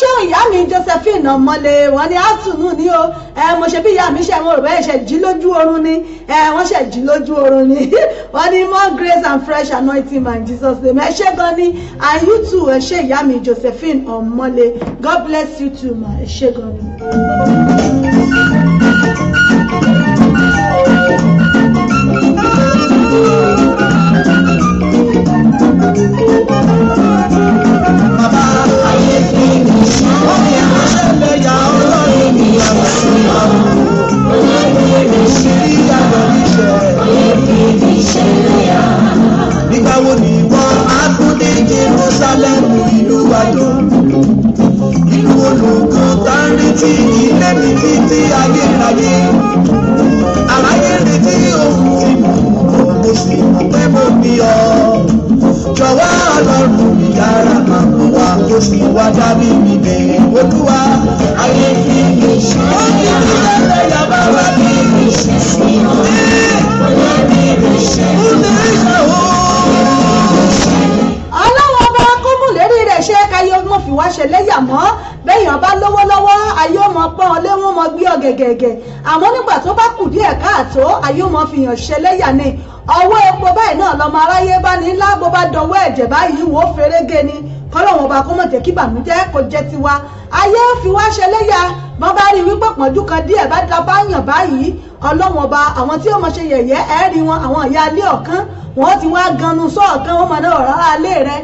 ṣé ìyá mi Josephine ọmọlẹ wọn ni àtúnú ni o ẹ mo ṣe bí ìyá mi ṣe wọn rò bẹ́ẹ̀ ṣe jí lójú oorun ni ẹ wọ́n ṣe jí lójú oorun ni wọ́n ní more grace and fresh anointing man Jesus name ẹ ṣé gan ni and you too ẹ ṣé ìyá mi Josephine ọmọlẹ God bless you too ma ẹ ṣé gan ni. thank you Nígbàwo ni wọ́n á tún dé wá dá mi nìbẹ̀. Olúwa. gẹ̀gẹ̀gẹ̀ àmọ́ nígbà tó bá kù díẹ̀ káàtó ayé mọ́ fi hàn ṣẹlẹ́yà ni ọwọ́ epo báyìí náà lọ́mọ aráyé bá ní ńlá bó bá dọwọ́ ẹ̀jẹ̀ báyìí wò ó ferege ni kọ́lọ́wọ́n ọba kó mọ̀ jẹ́ kí bànújẹ́ kò jẹ́ tiwa ayé fi wá ṣẹlẹ́yà bọ́ bá rí wípé pọ̀njú kan díẹ̀ bá da báyàn báyìí ọlọ́wọ́n ọba àwọn tí ó mọ̀ ṣe yẹ̀yẹ́ ẹ̀rí wọn àwọn ìyá alẹ́ ọ̀kan wọ́n ti wá ganu sọ́ọ̀kan wọ́n mọ̀ náà rárá alẹ́ rẹ̀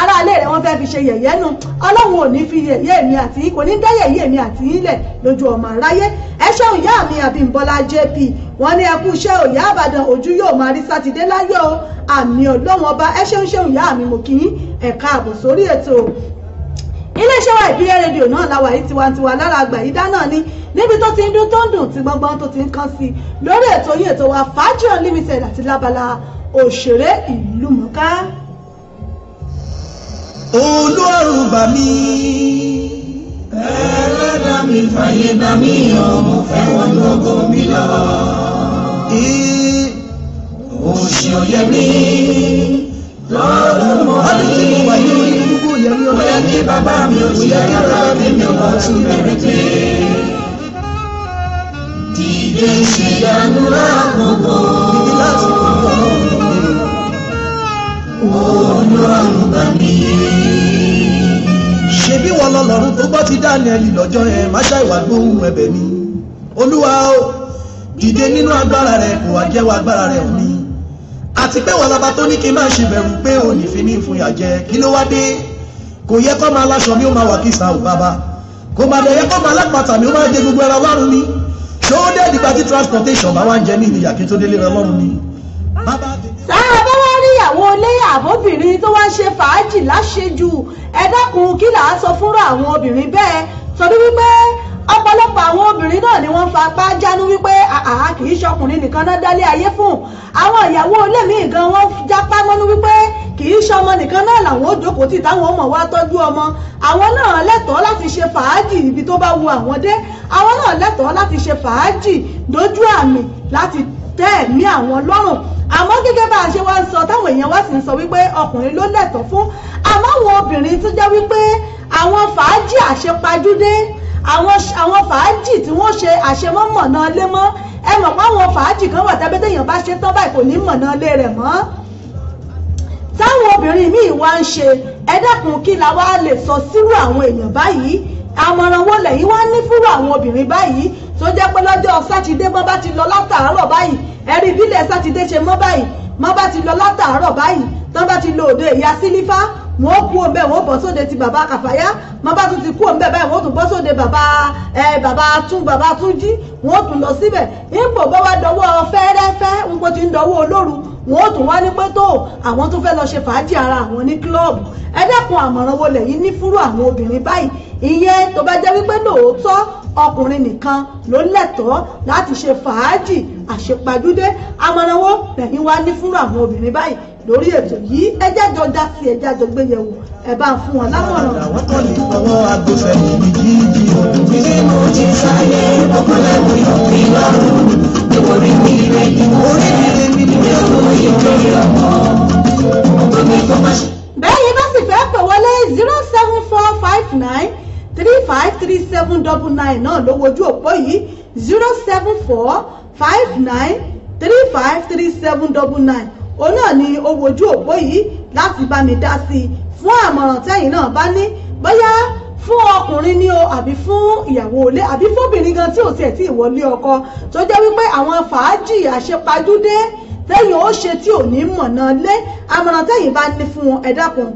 ará ilé rẹ wọn fẹ́ fi ṣe yẹ̀yẹ́ nu ọlọ́run ò ní fi yẹ̀yẹ́ mi àti kò ní dá mi àti ilẹ̀ lójú ọmọ aráyé ẹ ṣeun mi mi àbímbọ́lá jp wọ́n ní ẹkú iṣẹ́ òyà àbàdàn ojú yóò máa rí sátidé láyọ̀ o àmì ọlọ́wọ́n ọba ẹ ṣeun ṣeun ìyá mi mo kì í ẹ̀ka àbò sórí ètò iléeṣẹ́ wa ìbílẹ̀ rédíò náà làwà yìí tiwantiwa lára àgbà yìí dáná ni níbi tó ti ń dún tó ń dùn tí gbọ́ngbọ́n tó ti ń kán sí i lórí ètò yìí ètò wa fàájì unlimited àti lábala òṣèré ìlú mọ̀ká. olú ọ̀run bà mí. ẹlẹ́dàá mi fàyè dá mi fẹ́ wọn lógo mi lọ. òṣì òye mi mọ́ mi bóyá ní bàbá mi ò yẹ yàrá mi mi ò wọ́n tún bẹ̀rẹ̀ pé. dìde ṣèyanu láàbùkù. dìde ṣe bí wọn lọ lọ́rùn tó gbọ́ ti Dáníẹ́lì lọ́jọ́ yẹn má ṣàìwá gbóhùn ẹ̀bẹ̀ mi olúwa o dìde nínú agbára rẹ kò wá jẹ́wọ́ agbára rẹ ò ní àti pé wọn lọba tó ní kí n máa ṣe bẹ̀rù pé ò fi ní ìfúnyà jẹ kí ló wá dé kò yẹ kó máa láṣọ mi ó máa wà kí sa ò bàbá kò máa bẹ̀ yẹ kó máa lápàtà mi ó máa jẹ gbogbo ẹran lọ́rùn mi ṣó dé ìdìgbà transportation bá wá ń jẹ mí ìyà kí tó délé ẹran lọ́rùn mi. bàbá ìyàwó ilé àbóbìnrin tó wá ṣe fàájì láṣejù ẹ dákun kí là á sọ fúnra àwọn obìnrin bẹ́ẹ̀ torí wípé ọ̀pọ̀lọpọ̀ àwọn obìnrin náà ni wọ́n fa apá jánu wípé àhà kì í ṣọkùnrin nìkan náà dálé ayé fún àwọn ìyàwó ilé mi gan wọ́n jápá mọ́nú wípé kì í ṣọmọ nìkan náà làwọn òjòkó tí táwọn ọmọ wa tọ́jú ọmọ àwọn náà lẹ́tọ̀ọ́ láti ṣe fàájì ibi tó bá wu àwọn dé àwọn náà lẹ́tọ̀ọ́ láti ṣe fàájì dójú àmì láti tẹ́ ẹ̀mí àwọn lọ́rùn àmọ́ gẹ́gẹ́ bá a ṣe wá ń sọ táwọn èèyàn wá sì ń sọ wípé ọkùnrin ló lẹ́tọ̀ọ́ fún àmọ́ àwọn obìnrin tó jẹ́ wípé àwọn fàájì àṣepajúdé àwọn fàájì tí wọ́n ṣe àṣemọ́mọ̀nà lé mọ́ ẹ mọ̀ pé àwọn fàájì kan wà tàbí téèyàn bá ṣe tán báyìí kò ní mọ̀nà lé rẹ̀ mọ́ táwọn obìnrin míì wá ń ṣe ẹ kí la wá lè sọ sírú àwọn èèyàn báyìí àmọ̀ràn wo lẹ́yìn wá ní fúrú àwọn obìnrin báyìí tó jẹ́ pé lọ́jọ́ sátidé mọ́ bá ti lọ látàárọ̀ báyìí ẹ̀rí ìbílẹ̀ sátidé ṣe mọ́ báyìí mọ́ bá ti lọ látàárọ̀ báyìí tán bá ti lo òde ìyá sílífà wọn ó kú òǹbẹ wọn ó sóde ti baba kàfáyá má bá tún ti kú òǹbẹ báyìí wọn ó tún bọ́ sóde baba ẹ baba tún bàbá tún jí wọn ó tún lọ síbẹ̀ ipò bá wá dọwọ́ fẹ́ẹ́rẹ́fẹ́ n kò ti ń dọwọ́ olóru wọn ó tún wá ní pé àwọn tó fẹ́ lọ ṣe fàájì ara àwọn ní kílọ̀bù ẹ dẹ́kun àmọ̀ràn wo lẹ́yìn ní fúrú àwọn obìnrin báyìí ìyẹn tó bá jẹ́ wípé lóòótọ́ ọkùnrin nìkan ló lẹ́tọ̀ọ́ láti ṣe fàájì àṣepajúdé àmọ̀ràn wo lẹ́yìn wá ní fúrú àwọn obìnrin báyìí lórí ètò yìí ẹjẹ́ jọ dá sí ẹjẹ́ jọ gbé yẹ̀wò ẹ bá fún wọn lámọ̀ràn. bẹ́ẹ̀ yìí bá sì fẹ́ pè wọlé zero seven four five nine three five three seven double nine náà ló wojú òpó yìí zero seven four five nine three five three seven double nine òun náà ni ó wojú òpó yìí láti bá mi dá sí i fún àmọ̀ràn tẹ́yìn náà bá ní bóyá fún ọkùnrin ni o àbí fún ìyàwó ilé àbí fóbìnrin gan tí ò tiẹ̀ tí ìwọlé ọkọ tó jẹ́ wípé àwọn fàájì àṣepajúdé tẹ́yìn ó ṣe tí ò ní mọ̀nà lé àmọ̀ràn tẹ́yìn bá ní fún wọn ẹ dákun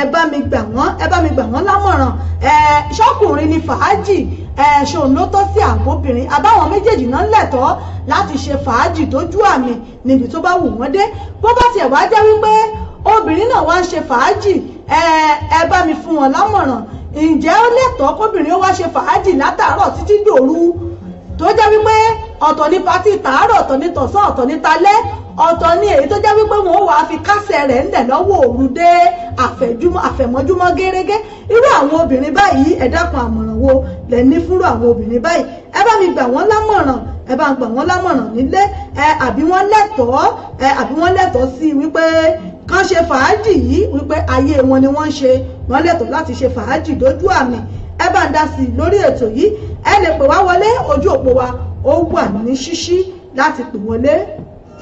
ẹ bá mi gbà wọ́n ẹ bá mi gbà wọ́n lámọ̀ràn ẹ ṣọ́kùnrin ni fàájì ẹ̀ṣọ́ ló tọ́ sí àǹkóbìnrin àbáwọn méjèèjì náà lẹ́tọ̀ọ́ láti ṣe fàájì tójú àmì níbi tó bá wù wọ́n dé bó bá tiẹ̀ wá jẹ́ wípé obìnrin náà wá ń ṣe fàájì ẹ bá mi fún wọn lámọ̀ràn ǹjẹ́ ó lẹ́tọ̀ọ́ kóbìnrin ó wá ṣe fàájì látàárọ̀ títí dòru tó jẹ́ wípé ọ̀tọ̀ ní patí tàárọ̀ ọ̀tọ̀ ní tọ̀sán ọ̀tọ̀ ní talẹ́ ọ̀tọ̀ ni èyí tó jẹ́ wípé wọ́n wàá fi kásẹ̀ rẹ̀ ńlẹ̀ lọ́wọ́ òru dé àfẹ̀mọ́júmọ́ gẹ́gẹ́ irú àwọn obìnrin báyìí ẹ dákun àmọ̀ràn wo lẹ̀ ní fúnrú àwọn obìnrin báyìí ẹ bá mi gbà wọ́n lámọ̀ràn ẹ bá ń gbà wọ́n lámọ̀ràn nílé ẹ àbí wọ́n lẹ́tọ̀ọ́ ẹ àbí wọ́n lẹ́tọ̀ọ́ sí wípé kán ṣe fàájì yìí wípé ayé wọn ni wọ́n ń ṣe wọ́n lẹ́tọ̀ọ́ láti ṣe fàájì dójú àmì ẹ bá ń dá sí i lórí ètò yìí ẹ lè pè wá wọlé ojú òpó wa ó wà ní ṣíṣí láti pè wọlé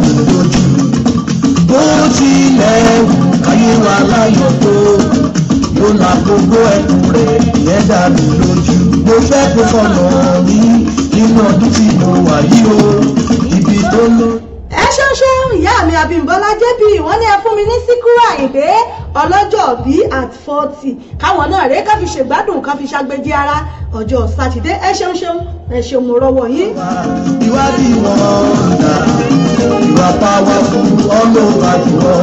mi lójú bó tilẹ̀ káyé wa láyọ̀ tó mo là gbogbo ẹkùn rẹ̀ yẹn dá mi lójú mo fẹ́ kó fọ̀nà mi nínú ọdún tí mo wà yìí o ibi tó lọ. ẹ ṣoṣo ìyá mi Abímbọ́lá jẹ́bi wọ́n ní ẹ fún mi ní síkúrú àyìnbé ọlọ́jọ́ bíi at forty káwọn náà rèé ká fi ṣègbádùn ká fi ṣàgbéjì ara ọjọ́ sátidé ẹ ṣeun ṣeun ẹ ṣeun mo rọwọ́ yín. ìwà bí wọ́n dà ìwà pàwọ́ fún ọlọ́run àjùwọ̀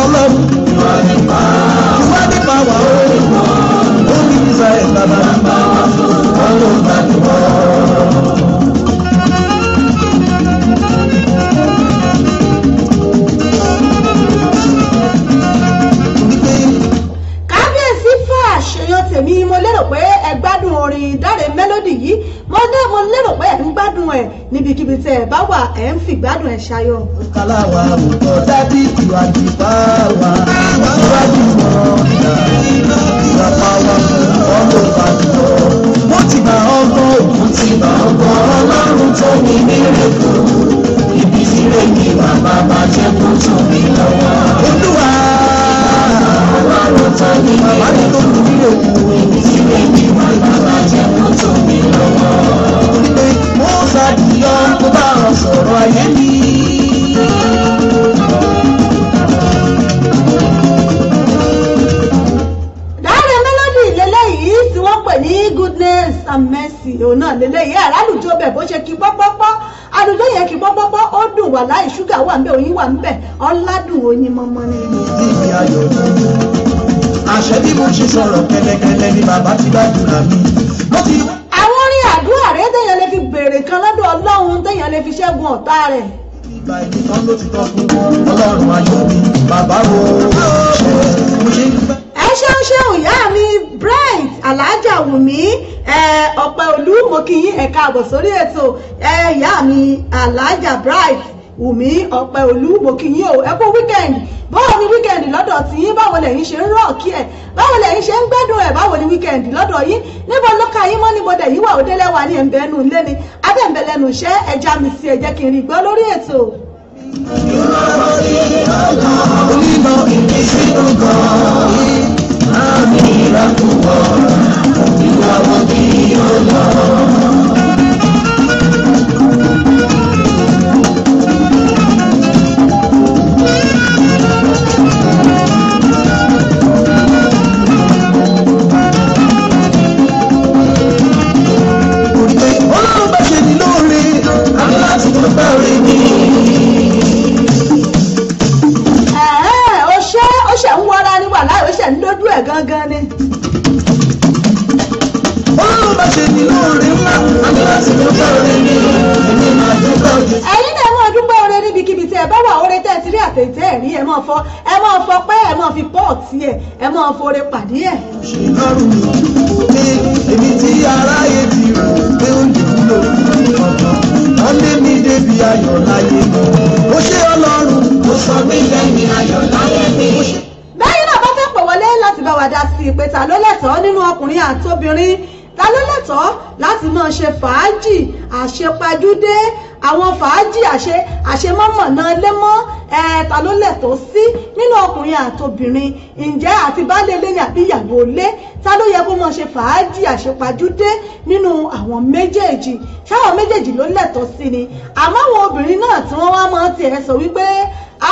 ọlọ́run ìwà nípa ìwà nípa wà ó ní wọ́n ó ní israẹli bàbá ọlọ́run àjùwọ̀. tèmi mo lérò pé ẹ gbádùn orin Dáre Melody yìí mo dé mo lérò pé ẹ ń gbádùn ẹ níbikíbi tẹ ẹ bá wà ẹ ń fìgbádùn ẹ ṣayọ. kàláwà mo tọ́ dábì ìwà jìbá wa níwájú mọ́ ìyàpá wa ọmọ ìbàdàn wọ́n ti bá ọgbọ́n òkú ti bá ọgbọ́n ọlọ́run tó ní mílíọ̀nù. ṣe sọ̀rọ̀ kẹlẹkẹlẹ ni bàbá ti gbàdúrà mi. àwọn orin àdúrà rẹ téèyàn lè fi béèrè kan lọ́dọ̀ ọlọ́run téèyàn lè fi ṣẹ́gun ọ̀tá rẹ̀. ìgbà ìdíkan ló ti tọ́ fún ọlọ́run ayọ̀ mi bàbá wo ẹ ṣeun ṣeun ìyá mi bright alájà wùmí ọpẹ́ olú mo kí yín ẹ̀ka àbọ̀ sórí ètò ìyá mi alájà bright wùmí ọpẹ́ olú mo kí yín o ẹ weekend báwo ni wíkẹ́ndì lọ́dọ̀ tí yín báwo lẹ̀yin ṣe ń rọ̀ọ̀kì ẹ̀ báwo lẹ̀yin ṣe ń gbẹ́dùn ẹ̀ báwo ni wíkẹ́ndì lọ́dọ̀ yín níbo ló ka yín mọ́ dẹ̀ ní ilé ni abẹ́ǹbẹ̀ lẹ́nu iṣẹ́ ẹja mi sí ẹ̀jẹ̀ kí n rí gbọ́ lórí ètò. Àmì ọlọ́run. ẹ̀yin náà máa dúpẹ́ oore níbikíbi tí ẹ bá wà oore tẹ́ ẹ ti rí àtẹ̀tẹ̀ ẹ̀ rí ẹ máa fọ ẹ máa fọ pé ẹ máa fi pọ́ọ̀tì ẹ ẹ máa fọre pàdé ẹ. èmi tí aráyé ti rò pé ó lè wúlò ọ̀gbọ̀n wọ́n lé mi débi ayọ̀ láyé mi ó ṣe ọlọ́run ó sọ mí lẹ́yìn ayọ̀ láyé mi láti bá wa dá sí i pé ta ló lẹ́tọ̀ọ́ nínú ọkùnrin àtobìnrin ta ló lẹ́tọ̀ọ́ láti máa ṣe fàájì àṣepajúdé àwọn fàájì àṣe àṣemọ́mọ̀nà lémọ́ ẹ̀ẹ́ta ló lẹ̀tọ́ sí nínú ọkùnrin àtobìnrin ǹjẹ́ àti baálé ilé ni àbí ìyàwó ilé ta ló yẹ kó máa ṣe fàájì àṣepajúdé nínú àwọn méjèèjì ṣáwọn méjèèjì ló lẹ̀tọ́ sí ni àmọ́ àwọn obìnrin náà tí wọ́n wá máa tiẹ̀ sọ wípé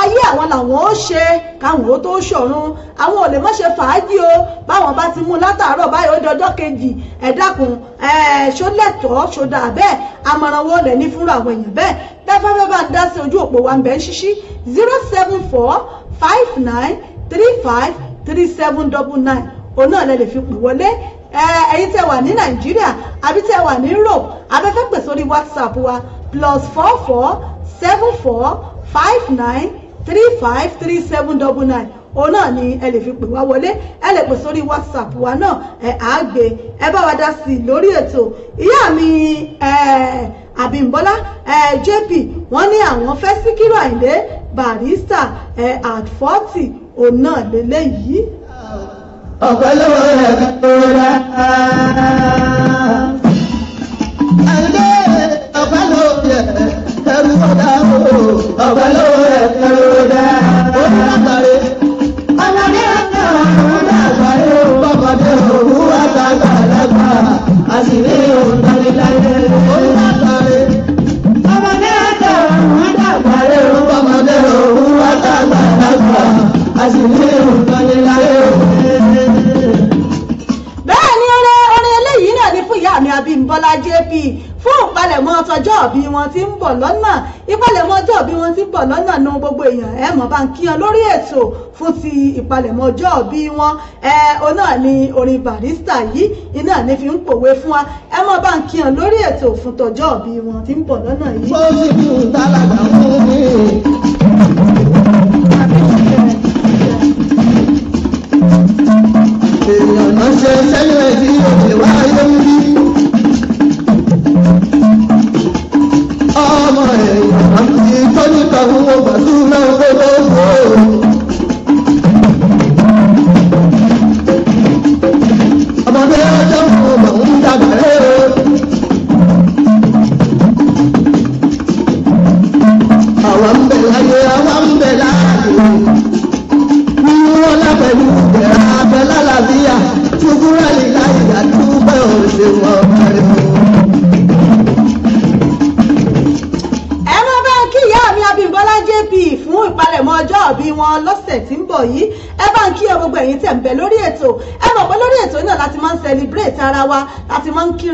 ayé àwọn làwọn ó ṣe káwọn ó tó ṣọ̀run àwọn ò lè má ṣe fàájì o báwọn bá ti mú látàárọ̀ báyìí ó dọjọ́ kejì ẹ dákun ẹ ṣó lẹ́tọ̀ọ́ ṣó ní fúnra àwọn èèyàn bẹ́ẹ̀ tẹ́fẹ́fẹ́ bá dá sí ojú òpó wa ń bẹ́ ń ṣíṣí zero seven four five nine three five three seven double nine òun náà lè fi pè wọlé ẹ̀yin tẹ́ wà ní nàìjíríà àbí tẹ́ wà ní europe abẹ́fẹ́ pè sórí whatsapp wa plus four four seven four five nine three five three seven double nine òun náà ni ẹ lè fi pè wá wọlé ẹ lè pè sórí whatsapp wa náà ẹ á gbé ẹ bá wa dá sí i lórí ètò ìyá mi àbímbọ́lá jp wọ́n ní àwọn fẹ́ síkírò àìlé barista at forty òun náà lélẹ́yìí. ọ̀pọ̀lọpọ̀ rẹ̀ kò rà á. àlẹ́ ọ̀pọ̀lọpọ̀ rẹ̀ ẹ̀rù ọ̀dà ọ̀pọ̀lọpọ̀. bọ̀ lọ́nà nu gbogbo èèyàn ẹ mọ̀ bá ń kíyan lórí ètò fún ti ìpalẹ̀mọ́ ọjọ́ bí wọn ẹ o náà ni orin barista yìí iná ní fi ń pòwe fún wa ẹ mọ̀ bá ń kíyan lórí ètò fún tọjọ́ bí wọn ti ń bọ̀ lọ́nà yìí. mo sì tún tálákà fún mi. èèyàn ló ṣe sẹ́yìn ẹ̀jẹ̀. rua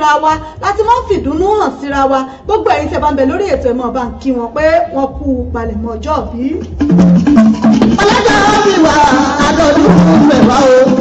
síra wa láti máa ń fìdùnnú hàn síra wa gbogbo ẹ̀yin tí ẹ bá ń bẹ lórí ètò ẹ̀ máa bá ń kí wọn pé wọ́n kú palẹ̀mọ́ ọjọ́ bí. ọlọ́jà wọn fi wà àgọ́dún fún ẹ̀fọ́ o.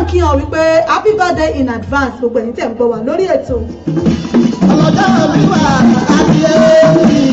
ń kí hàn wípé happy birthday in advance gbogbo ẹ̀yin tẹ̀ ń gbọ́ wa lórí ètò. ọmọdé mi wà á di ẹ́ mi.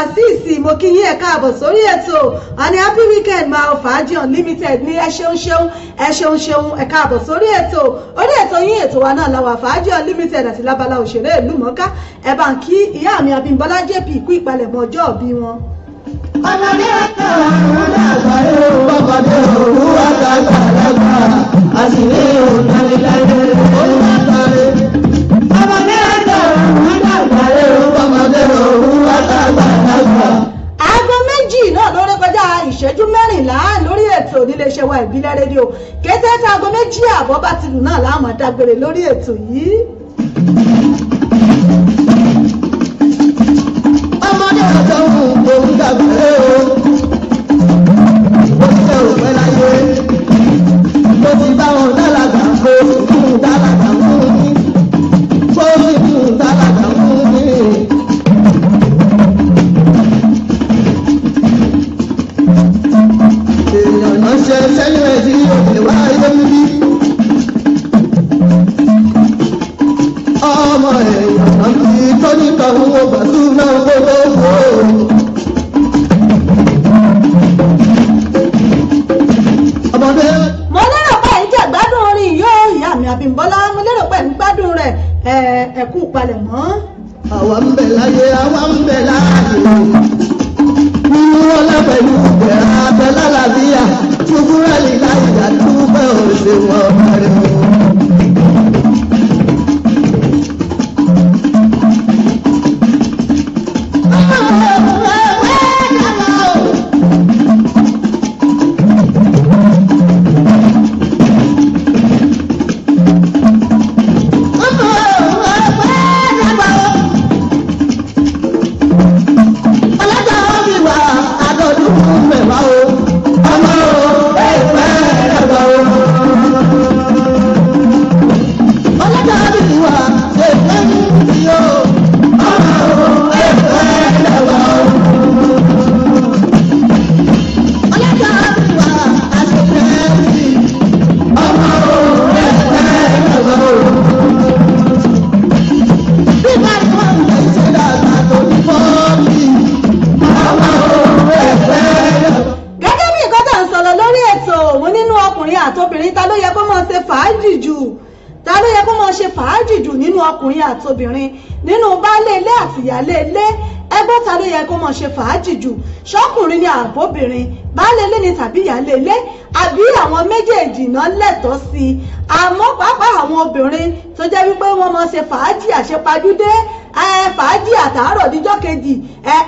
abdulazeez mo kí yín ẹ káàbọ̀ sórí ètò àní happy weekend máa ń fàájì unlimited ní ẹ ṣeun ṣeun ẹ ṣeun ṣeun ẹ káàbọ̀ sórí ètò orí ètò yín ètò wa náà làwà fàájì unlimited àti lábala òṣèré ìlú mọ́ká ẹ bá ń kí ìyá mi abímbọ́lá jp kú ìpalẹ̀mọ́ ọjọ́ òbí wọn. ọmọdé ọ̀tọ̀ àwọn àgbáyé ọmọdé òwú àgbàlagbà àṣìlè òun aago méjì náà ló ré kọjá ìṣẹ́jú mẹ́rìnlá lórí ètò níléeṣẹ́ wa ìbílẹ̀ rédíò kété tá aago méjì àbọ̀ bá ti lù náà láàmú dágbére lórí ètò yìí. ọmọdé ọjọ́ mú òun dàgbére o ó ṣe òpin láyé ó ti bá wọn dálàgbà ó ti kún un dálàgbà wọn. sẹ́nu ẹ̀ tí yóò lè wá ayé ń bí. ọmọ ẹ̀yà kan ti tọ́ nípa owó Pasuma gbogbo owó. ọmọdé. mo lérò pé ẹ̀ ń jẹ́ gbádùn orin yóò ìyá mi Àbímbọ́lá mo lérò pé ẹ̀ ń gbádùn rẹ̀ ẹ̀kú palẹ̀mọ́. àwa ń bẹ̀ láyé àwa ń bẹ̀ láàyè. wíwú wọlé pẹ̀lú ìgbéra abẹ́ lálàáfíà kúkúrẹ́ nígbà ìjà bẹ́ẹ̀ ò ṣe wọ́n bá àǹfóbìnrin baálé ilé ni tàbí ìyáálé ilé àbí àwọn méjèèjì náà lẹ́tọ̀ọ́ sí i àmọ́ pàápàá àwọn obìnrin tó jẹ́ wípé wọ́n máa ṣe fàájì àṣepajúdé fàájì àtàárọ̀ díjọ́ kejì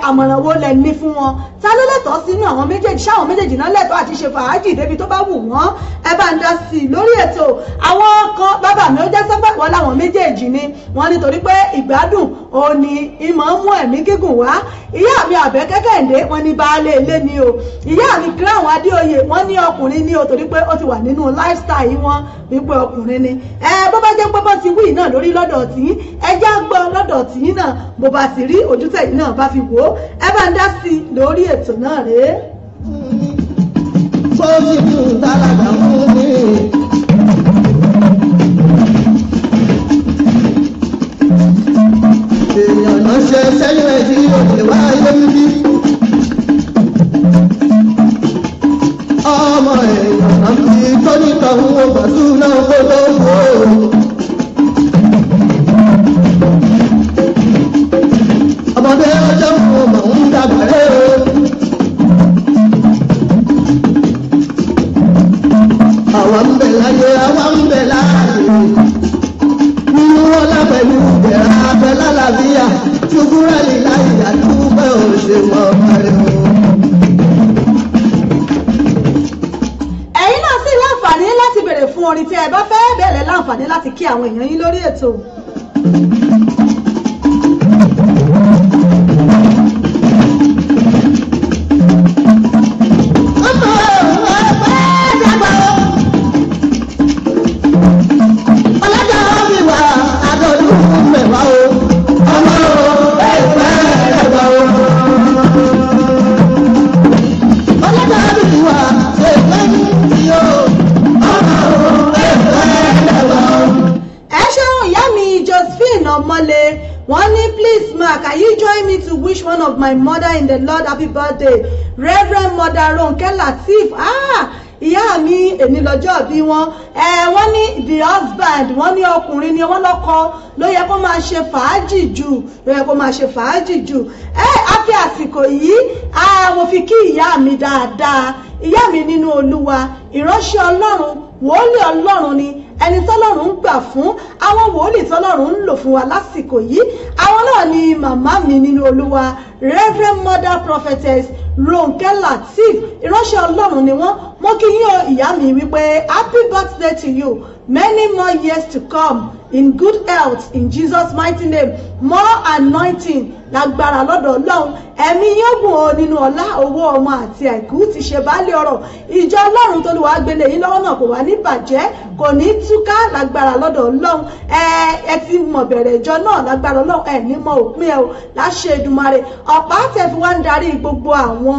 àmọ̀ràn wo lẹ ní fún wọn ta lẹ́tọ̀ọ́ sínú àwọn méjèèjì ṣáwọn méjèèjì náà lẹ́tọ̀ọ́ àti ṣe fàájì débi tó bá wù wọ́n ẹ bá ń dá sí i lórí ètò àwọn kan bàbá mi ó jẹ́ sọ́pẹ́ wọn láwọn méjèèjì ni wọ́n nítorí pé ìgbádùn òní ìmọ̀ ń mú ẹ̀mí gígùn wá ìyá mi àbẹ́kẹ́ kẹ́hìndé wọ́n ní baálé ilé ni o ìyá mi crown adéoyè wọ́n ní ọkùnrin ni o torí pé ó ti wà nínú lifestyle wọn wípé ọkùnrin ni ẹ bó bá jẹ́ pé bó ti wí náà lórí lọ́dọ̀ tí ẹ já gbọ́ lọ́dọ̀ tí náà bó bá sì rí ojútẹ̀ yìí náà bá fi wò ó ẹ bá ń dá sí i lórí ètò náà rèé. tó ti kú tálákà fún mi. láyé bí. ọmọ èèyàn àti tọ́jú tàwọn birthday reverend mother ronke lateef ah ìyá mi èmi lọ́jọ́ bí wọn ẹ wọ́n ní the husband wọ́n ní ọkùnrin ni wọ́n lọ́kọ ló yẹ kó máa ṣe fàájì jù ló yẹ kó máa ṣe fàájì jù ẹ àfi àsìkò yìí mo fi kí ìyá mi dáadáa ìyá mi nínú olúwa ìránṣẹ́ ọlọ́run wòólì ọlọ́run ni ẹni tọ́lọ́run ń gbà fún àwọn wòólì tọ́lọ́run ń lò fún wa lásìkò yìí àwọn náà ni màmá mi nínú olúwa reverend mother prophetess ronke lateef ìránṣẹ́ ọlọ́run ni wọ́n mo kí yín o ìyá mi wípé happy birthday to you many more years to come in good health in jesus mighty name more anointing lágbára lọ́dọ̀ ọlọ́run ẹ̀mí yóò gùn o nínú ọlá owó ọmọ àti àìkú ti ṣe baálé ọrọ̀ ìjọ ọlọ́run tó lù wá gbélé yín lọ́wọ́ náà kò wá ní bàjẹ́ kò ní túká lágbára lọ́dọ̀ ọlọ́run ẹ ẹ ti mọ̀ bẹ̀rẹ̀ ìjọ náà lágbára ọlọ́run ẹ ní mọ òpin ẹ o láṣẹ Èdùmàrè ọ̀pá tẹ̀ fi wá ń darí gbogbo àwọn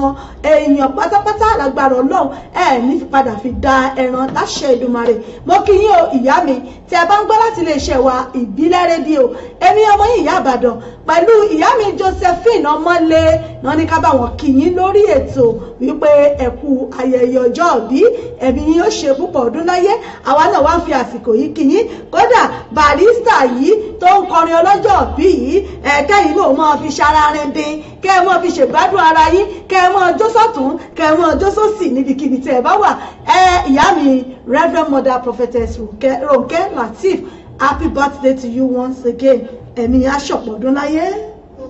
èèyàn pátápátá lágbára ọlọ́run ẹ ní padà fi da ẹran láṣẹ Èdùmàrè mo kí yín o ìyá mi tẹ bá ń gbọ́ láti lè ṣẹ̀ wá ìbílẹ̀ rédíò èmi ọmọ yìí ìyá àbàdàn pẹ̀lú ìyá mi Josephine ọmọlé wọ́n ní ká bá wọn lórí ètò wípé ẹ̀kú ayẹyẹ ọjọ́ òbí ẹ̀mí yín ó ṣe púpọ̀ ọdún láyé àwa náà wá ń fi àsìkò yìí kì kódà barista yìí tó ń kọrin ọlọ́jọ́ òbí yìí ẹ̀kẹ́yìn náà mọ́ fi ṣara rindin kẹ́ ẹ mọ́ fi ṣègbádùn ara yín kẹ́ ẹ mọ́ ọjọ́ sọ́tún kẹ́ ẹ mọ́ ọjọ́ sósì níbikíbi tẹ́ ẹ bá wà ẹ ìyá mi reverend mother prophetess Ronke Lateef happy birthday to you once again ẹ̀mí aṣọ̀pọ̀ ọdún láyé.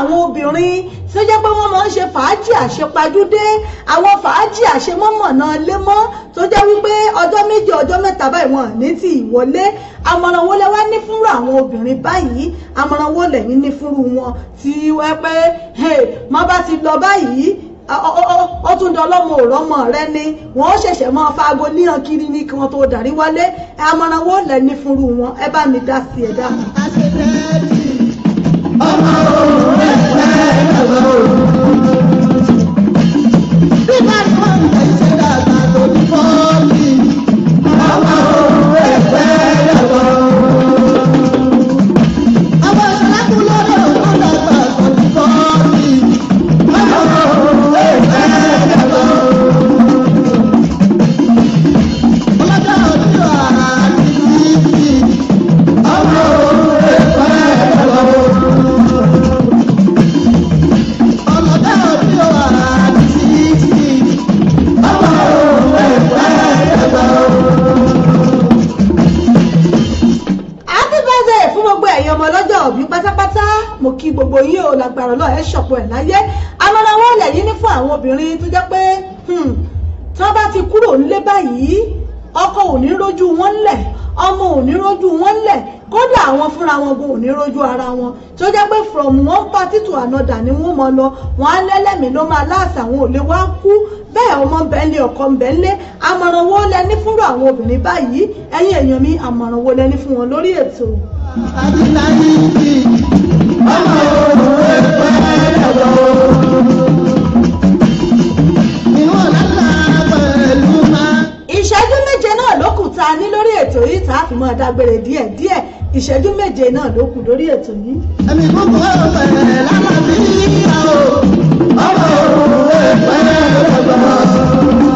àwọn obìnrin tó jẹ́ pé wọ́n máa ń ṣe fàájì àṣepajúdé àwọn fàájì àṣemọ́mọ̀nà lémọ́ tó jẹ́ wípé ọjọ́ méje ọjọ́ mẹ́ta báyìí wọn ní ti ìwọlé àmọ̀ràn wo lẹ wá ní fúnrú àwọn obìnrin báyìí àmọ̀ràn wo lẹ̀yin ní fúnrú wọn tí wẹ́ pé má bá ti lọ báyìí ó tún dán rẹ ni wọ́n ṣẹ̀ṣẹ̀ máa faago níhan kiri ní kí wọ́n tó darí wálé àmọ̀ràn wo lẹ ní fúnrú wọn ẹ bá mi dá sí ẹ dá mi. That is another wọn gbọ́ òní rójú ara wọn tó jẹ́ pé from one party to another ni wọ́n mọ lọ wọ́n á lẹ́lẹ́mìí ló máa láàṣà àwọn òlé wá kú bẹ́ẹ̀ ọmọ bẹ́ẹ̀lẹ̀ ọkọ bẹ́ẹ̀lẹ̀ àmọ̀ràn wo lẹ fúnra àwọn obìnrin báyìí ẹ̀yin èèyàn mi àmọ̀ràn wo lẹ fún wọn lórí ètò. ìṣẹ́jú méje náà ló kù ní lórí ètò yìí tá a fi máa dágbére díẹ̀díẹ̀ ìṣẹ́jú méje náà ló kù lórí ètò yìí. ẹ̀mí gbogbo ọ̀pẹ̀ lánàá bí o ọ̀pọ̀ òwò ẹ̀pẹ̀ lọ́gbọ̀n.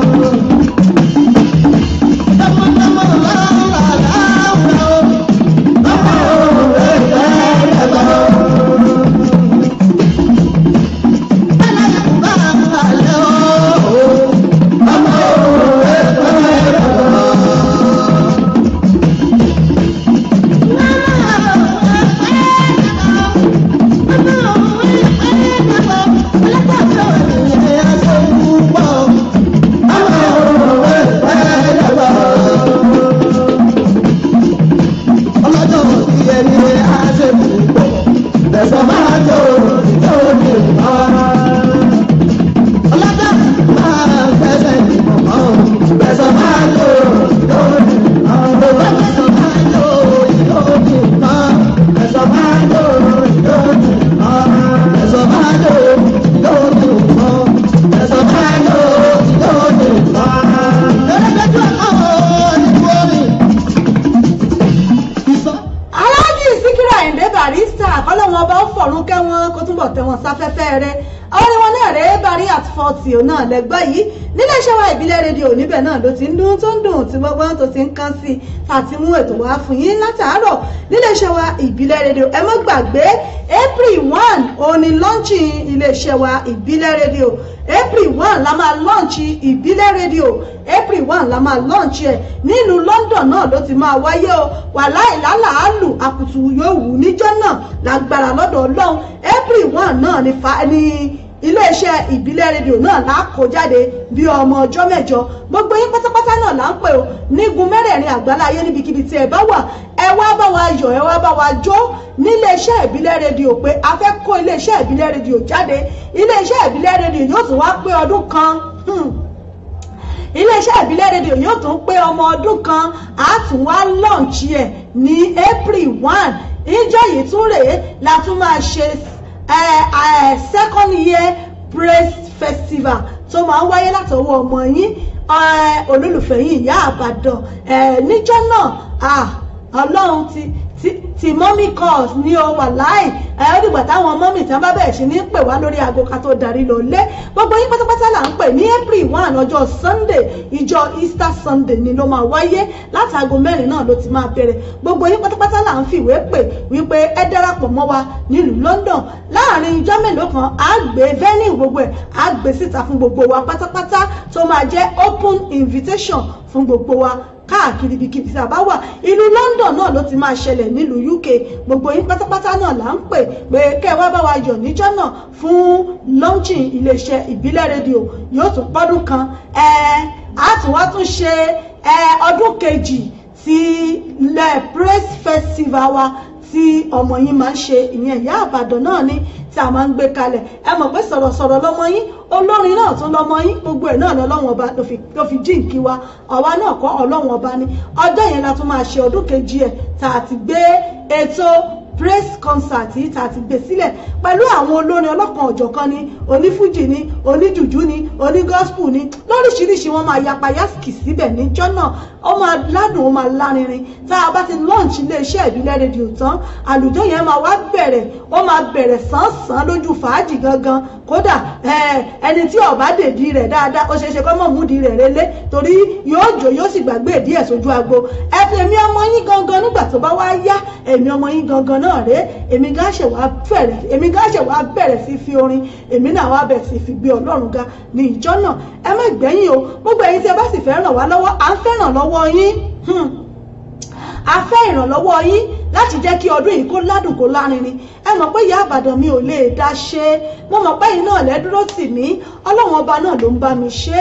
níbẹ̀ náà ló ti ń dún tó ń dùn tí gbogbo tó ti ń kan sí i àti mú ètò wá fún yín látàárọ̀ níléeṣẹ́ wa ìbílẹ̀ rédíò ẹ má gbàgbé april one òní lọ́ńchì iléeṣẹ́ wa ìbílẹ̀ rédíò april one la máa lọ́ǹchì ìbílẹ̀ rédíò april one la máa lọ́ǹchì ẹ̀ nílùú London náà ló ti máa wáyé o wàláì lálàálù àkùtù yóò wù níjọ́ náà lágbára lọ́dọ̀ Ọlọ́run april one náà ní iléeṣẹ́ ìbílẹ̀ rédíò náà là á kó jáde bí ọmọ ọjọ́ mẹ́jọ gbogbo yín pátápátá náà là ń pè ó nígun mẹ́rẹ̀ẹ̀rin àgbáláyé níbikíbi tí ẹ bá wà ẹ wá bá wa yọ̀ ẹ wá bá wa jó níléeṣẹ́ ìbílẹ̀ rédíò pé a fẹ́ kó iléeṣẹ́ ìbílẹ̀ rédíò jáde iléeṣẹ́ ìbílẹ̀ rédíò yóò tún wá pé ọdún kan hmm. iléeṣẹ́ ìbílẹ̀ rédíò yóò tún pé ọmọ ọdún kan á tún wá lọ́ọ̀nchì ẹ̀ ní April one ìjọ yìí tún rèé la tún máa ṣe Eh, eh, second year praise festival tó máa ń wáyé látọwọ́ ọmọ yín eh, olólùfẹ́ yìí ìyá àbàdàn níjọ́ náà ah, ọlọ́run ti ti mommy calls ní o wà láì ẹ ó dìgbà táwọn mọ́mí tán bá bẹ̀rẹ̀ sí ní pè wá lórí aago ká tó darí lọ lé gbogbo yín pátápátá là ń pè ní april one ọjọ́ sunday ìjọ easter sunday ni ló máa wáyé láti aago mẹ́rin náà ló ti máa bẹ̀rẹ̀ gbogbo yín pátápátá là ń fìwé pè wípé ẹ darapọ̀ mọ́ wa nílùú london láàrin ijọ́ mélòó kan á gbé bẹ́ẹ̀ni gbogbo ẹ̀ á gbé síta fún gbogbo wa pátápátá tó máa jẹ́ open invitation fún gbogbo wa káàkiri ibikíbi tá a bá wà ìlú London náà ló ti máa ṣẹlẹ̀ nílùú UK gbogbo yín pátápátá náà là ń pè pé kẹ́ ẹ wá bá wa yọ̀ níjọ́ náà fún launching iléeṣẹ́ ìbílẹ̀ rédíò yóò tún pọ́dún kan a tún wá tún ṣe ọdún kejì ti le press festival wa tí ọmọ yín máa ń ṣe ìyẹn ìyá àbàdàn náà ni tí a máa ń gbé kalẹ̀ ẹ mọ̀ pé sọ̀rọ̀sọ̀rọ̀ lọ́mọ yín olórin náà tún lọ́mọ yín gbogbo ẹ̀ náà lọ́wọ́n ọba ló fi jíǹkí wa àwa náà kọ́ ọlọ́wọ́n ọba ni ọjọ́ yẹn la tún máa ṣe ọdún kejì ẹ̀ tá a ti gbé ètò praise concert yìí tá a ti gbé sílẹ̀ pẹ̀lú àwọn olórin ọlọ́kan ọ̀jọ̀kan ni onífújì ni oníjùjú ni onígọ́spù ni lóríṣiríṣi wọn máa yapa yásìkì síbẹ̀ níjọ́ náà ó máa ládùn ó máa lárinrin tá a bá ti launch iléeṣẹ́ ìbílẹ̀ rédíò tán àlùjọ yẹn máa wá bẹ̀rẹ̀ ó máa bẹ̀rẹ̀ sánsan lójú fàájì gangan kódà ẹni tí ọba dèdí rẹ̀ dáadáa ó ṣeéṣe kọ́ mọ̀ múdi rẹ̀ relé torí yóò jò yóò sì gbàgbé ìdí ẹ̀ sójú agbo ẹ̀fẹ̀ mi ọmọ yín gangan nígbà tó bá wá yá ẹ̀mí ọmọ yín gangan náà rèé èmi gá ṣẹ̀ wá bẹ̀rẹ̀ èmi gá ṣẹ̀ wá bẹ̀rẹ̀ sí fi orin èmi náà wá bẹ̀rẹ̀ sí fi gbé ọlọ́run ga ní ìjọ náà ẹ má gbẹ̀yìn o gbogbo ẹ̀yin tí ẹ bá sì fẹ́ ràn wá lọ́wọ́ à ń fẹ́ ràn lọ́wọ́ yín hmm. a fẹ́ ìrànlọ́wọ́ yín láti jẹ́ kí ọdún yìí kó ládùn kó lárinrin ẹ mọ̀ pé ìyá àbàdàn mi ò lè dá ṣe mo mọ̀ pé yín náà lẹ́ dúró tì mí ọlọ́run ọba náà ló ń bá mi ṣe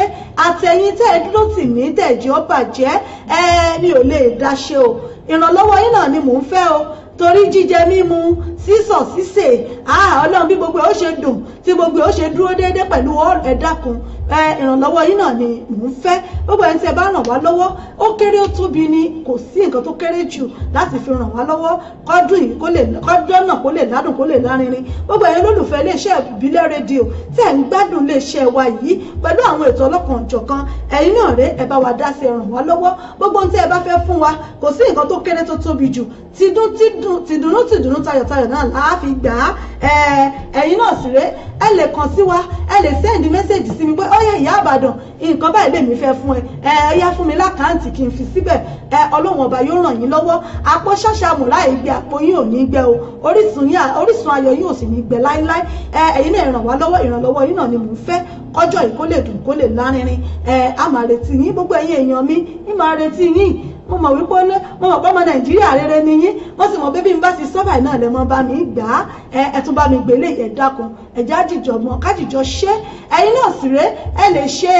àtẹ̀yìn tẹ́ ẹ dúró tì mí tẹ̀jì ó bàjẹ́ ẹ mi ò lè dá ṣe o ìrànlọ́wọ́ yín náà ni mò ń fẹ́ o torí jíjẹ mímu sísọ sísè ah, ọlọ́run bí gbogbo ẹ̀ ó ṣe dùn tí gbogbo ẹ̀ ó ṣe dúró déédéé pẹ̀lú ẹ̀dákun ìrànlọ́wọ́ yín náà ni mò ń fẹ́ gbogbo ẹni tí ẹ bá ràn wá lọ́wọ́ ó kéré ó tóbi ni kò sí nǹkan tó kéré jù láti fi ràn wá lọ́wọ́ kọ́dún yìí kó lè kọ́dún náà kó lè ládùn kó lè lárinrin gbogbo ẹ̀yin olólùfẹ́ iléeṣẹ́ ìbílẹ̀ rédíò tẹ̀ ń gbádùn iléeṣẹ́ wa yìí pẹ̀lú àwọn ètò ọlọ́kan ọ̀jọ̀kan ẹ̀yin náà rẹ ẹ bá wa dá sí ẹ ràn wá lọ́wọ́ gbogbo ohun tí ẹ bá fẹ́ fún wa kò sí nǹkan tó kéré tó tóbi jù tìdùnnú tìdùnnú tayọ̀tayọ̀ náà là á fi gbà á ẹ̀yin náà sì ré ẹ lè kàn sí wa ẹ lè sẹ́ndì mẹ́sẹ̀gì sí mi pé ọyẹ ìyá àbàdàn nǹkan báyìí lèmi fẹ́ fún ẹ ẹ yá fún mi lákàntì kí n fi síbẹ̀ ẹ ọlọ́wọ́n ọba yóò ràn yín lọ́wọ́ àpò ṣàṣàmù láì gbé àpò yín ò ní gbẹ o orísun ayọ̀ yín ò sì ní gbẹ láíláí ẹ ẹ̀yin náà ràn wá lọ́wọ́ ìrànlọ́wọ́ yín náà ni mò ń fẹ́ kọjọ́ yìí kó lè dùn kó lè lárinrin ẹ a mo mọ̀ wípé ó lé mo mọ̀ pé ọmọ nàìjíríà rere ni yín wọ́n sì mọ̀ pé bí n bá ti sọ́bà náà lè mọ bá mi gbà á ẹ tún bá mi gbélé yẹn dákun ẹ̀já dìjọ mọ́ kájíjọ ṣe ẹ̀yin náà sì ré ẹ lè ṣe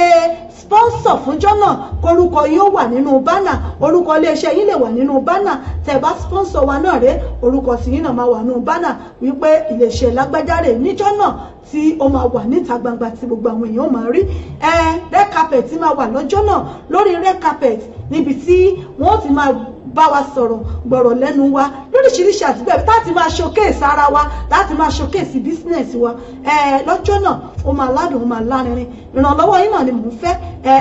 sponsor fúnjọ́ náà korúkọ yóò wà nínú bánà orúkọ iléeṣẹ́ yín lè wà nínú bánà tẹ̀ bá sponsor wa náà ré orúkọ sí yín náà máa wà nínú bánà wípé iléeṣẹ́ lágbájá rè níjọ́ náà tí ó máa wà níta gbangba tí gbogbo àwọn èèyàn máa rí ẹ red carpet máa wà lọ́jọ́ náà lórí red carpet níbi tí wọ́n ti máa bá wa sọ̀rọ̀ gbọ̀rọ̀ lẹ́nu wa lóríṣiríṣi àtìgbà tá ti máa showcase ara wa láti máa showcase business wa lọ́jọ́ náà ó máa ládùn ó máa lárinrin ìrànlọ́wọ́ yín náà ni mò ń fẹ́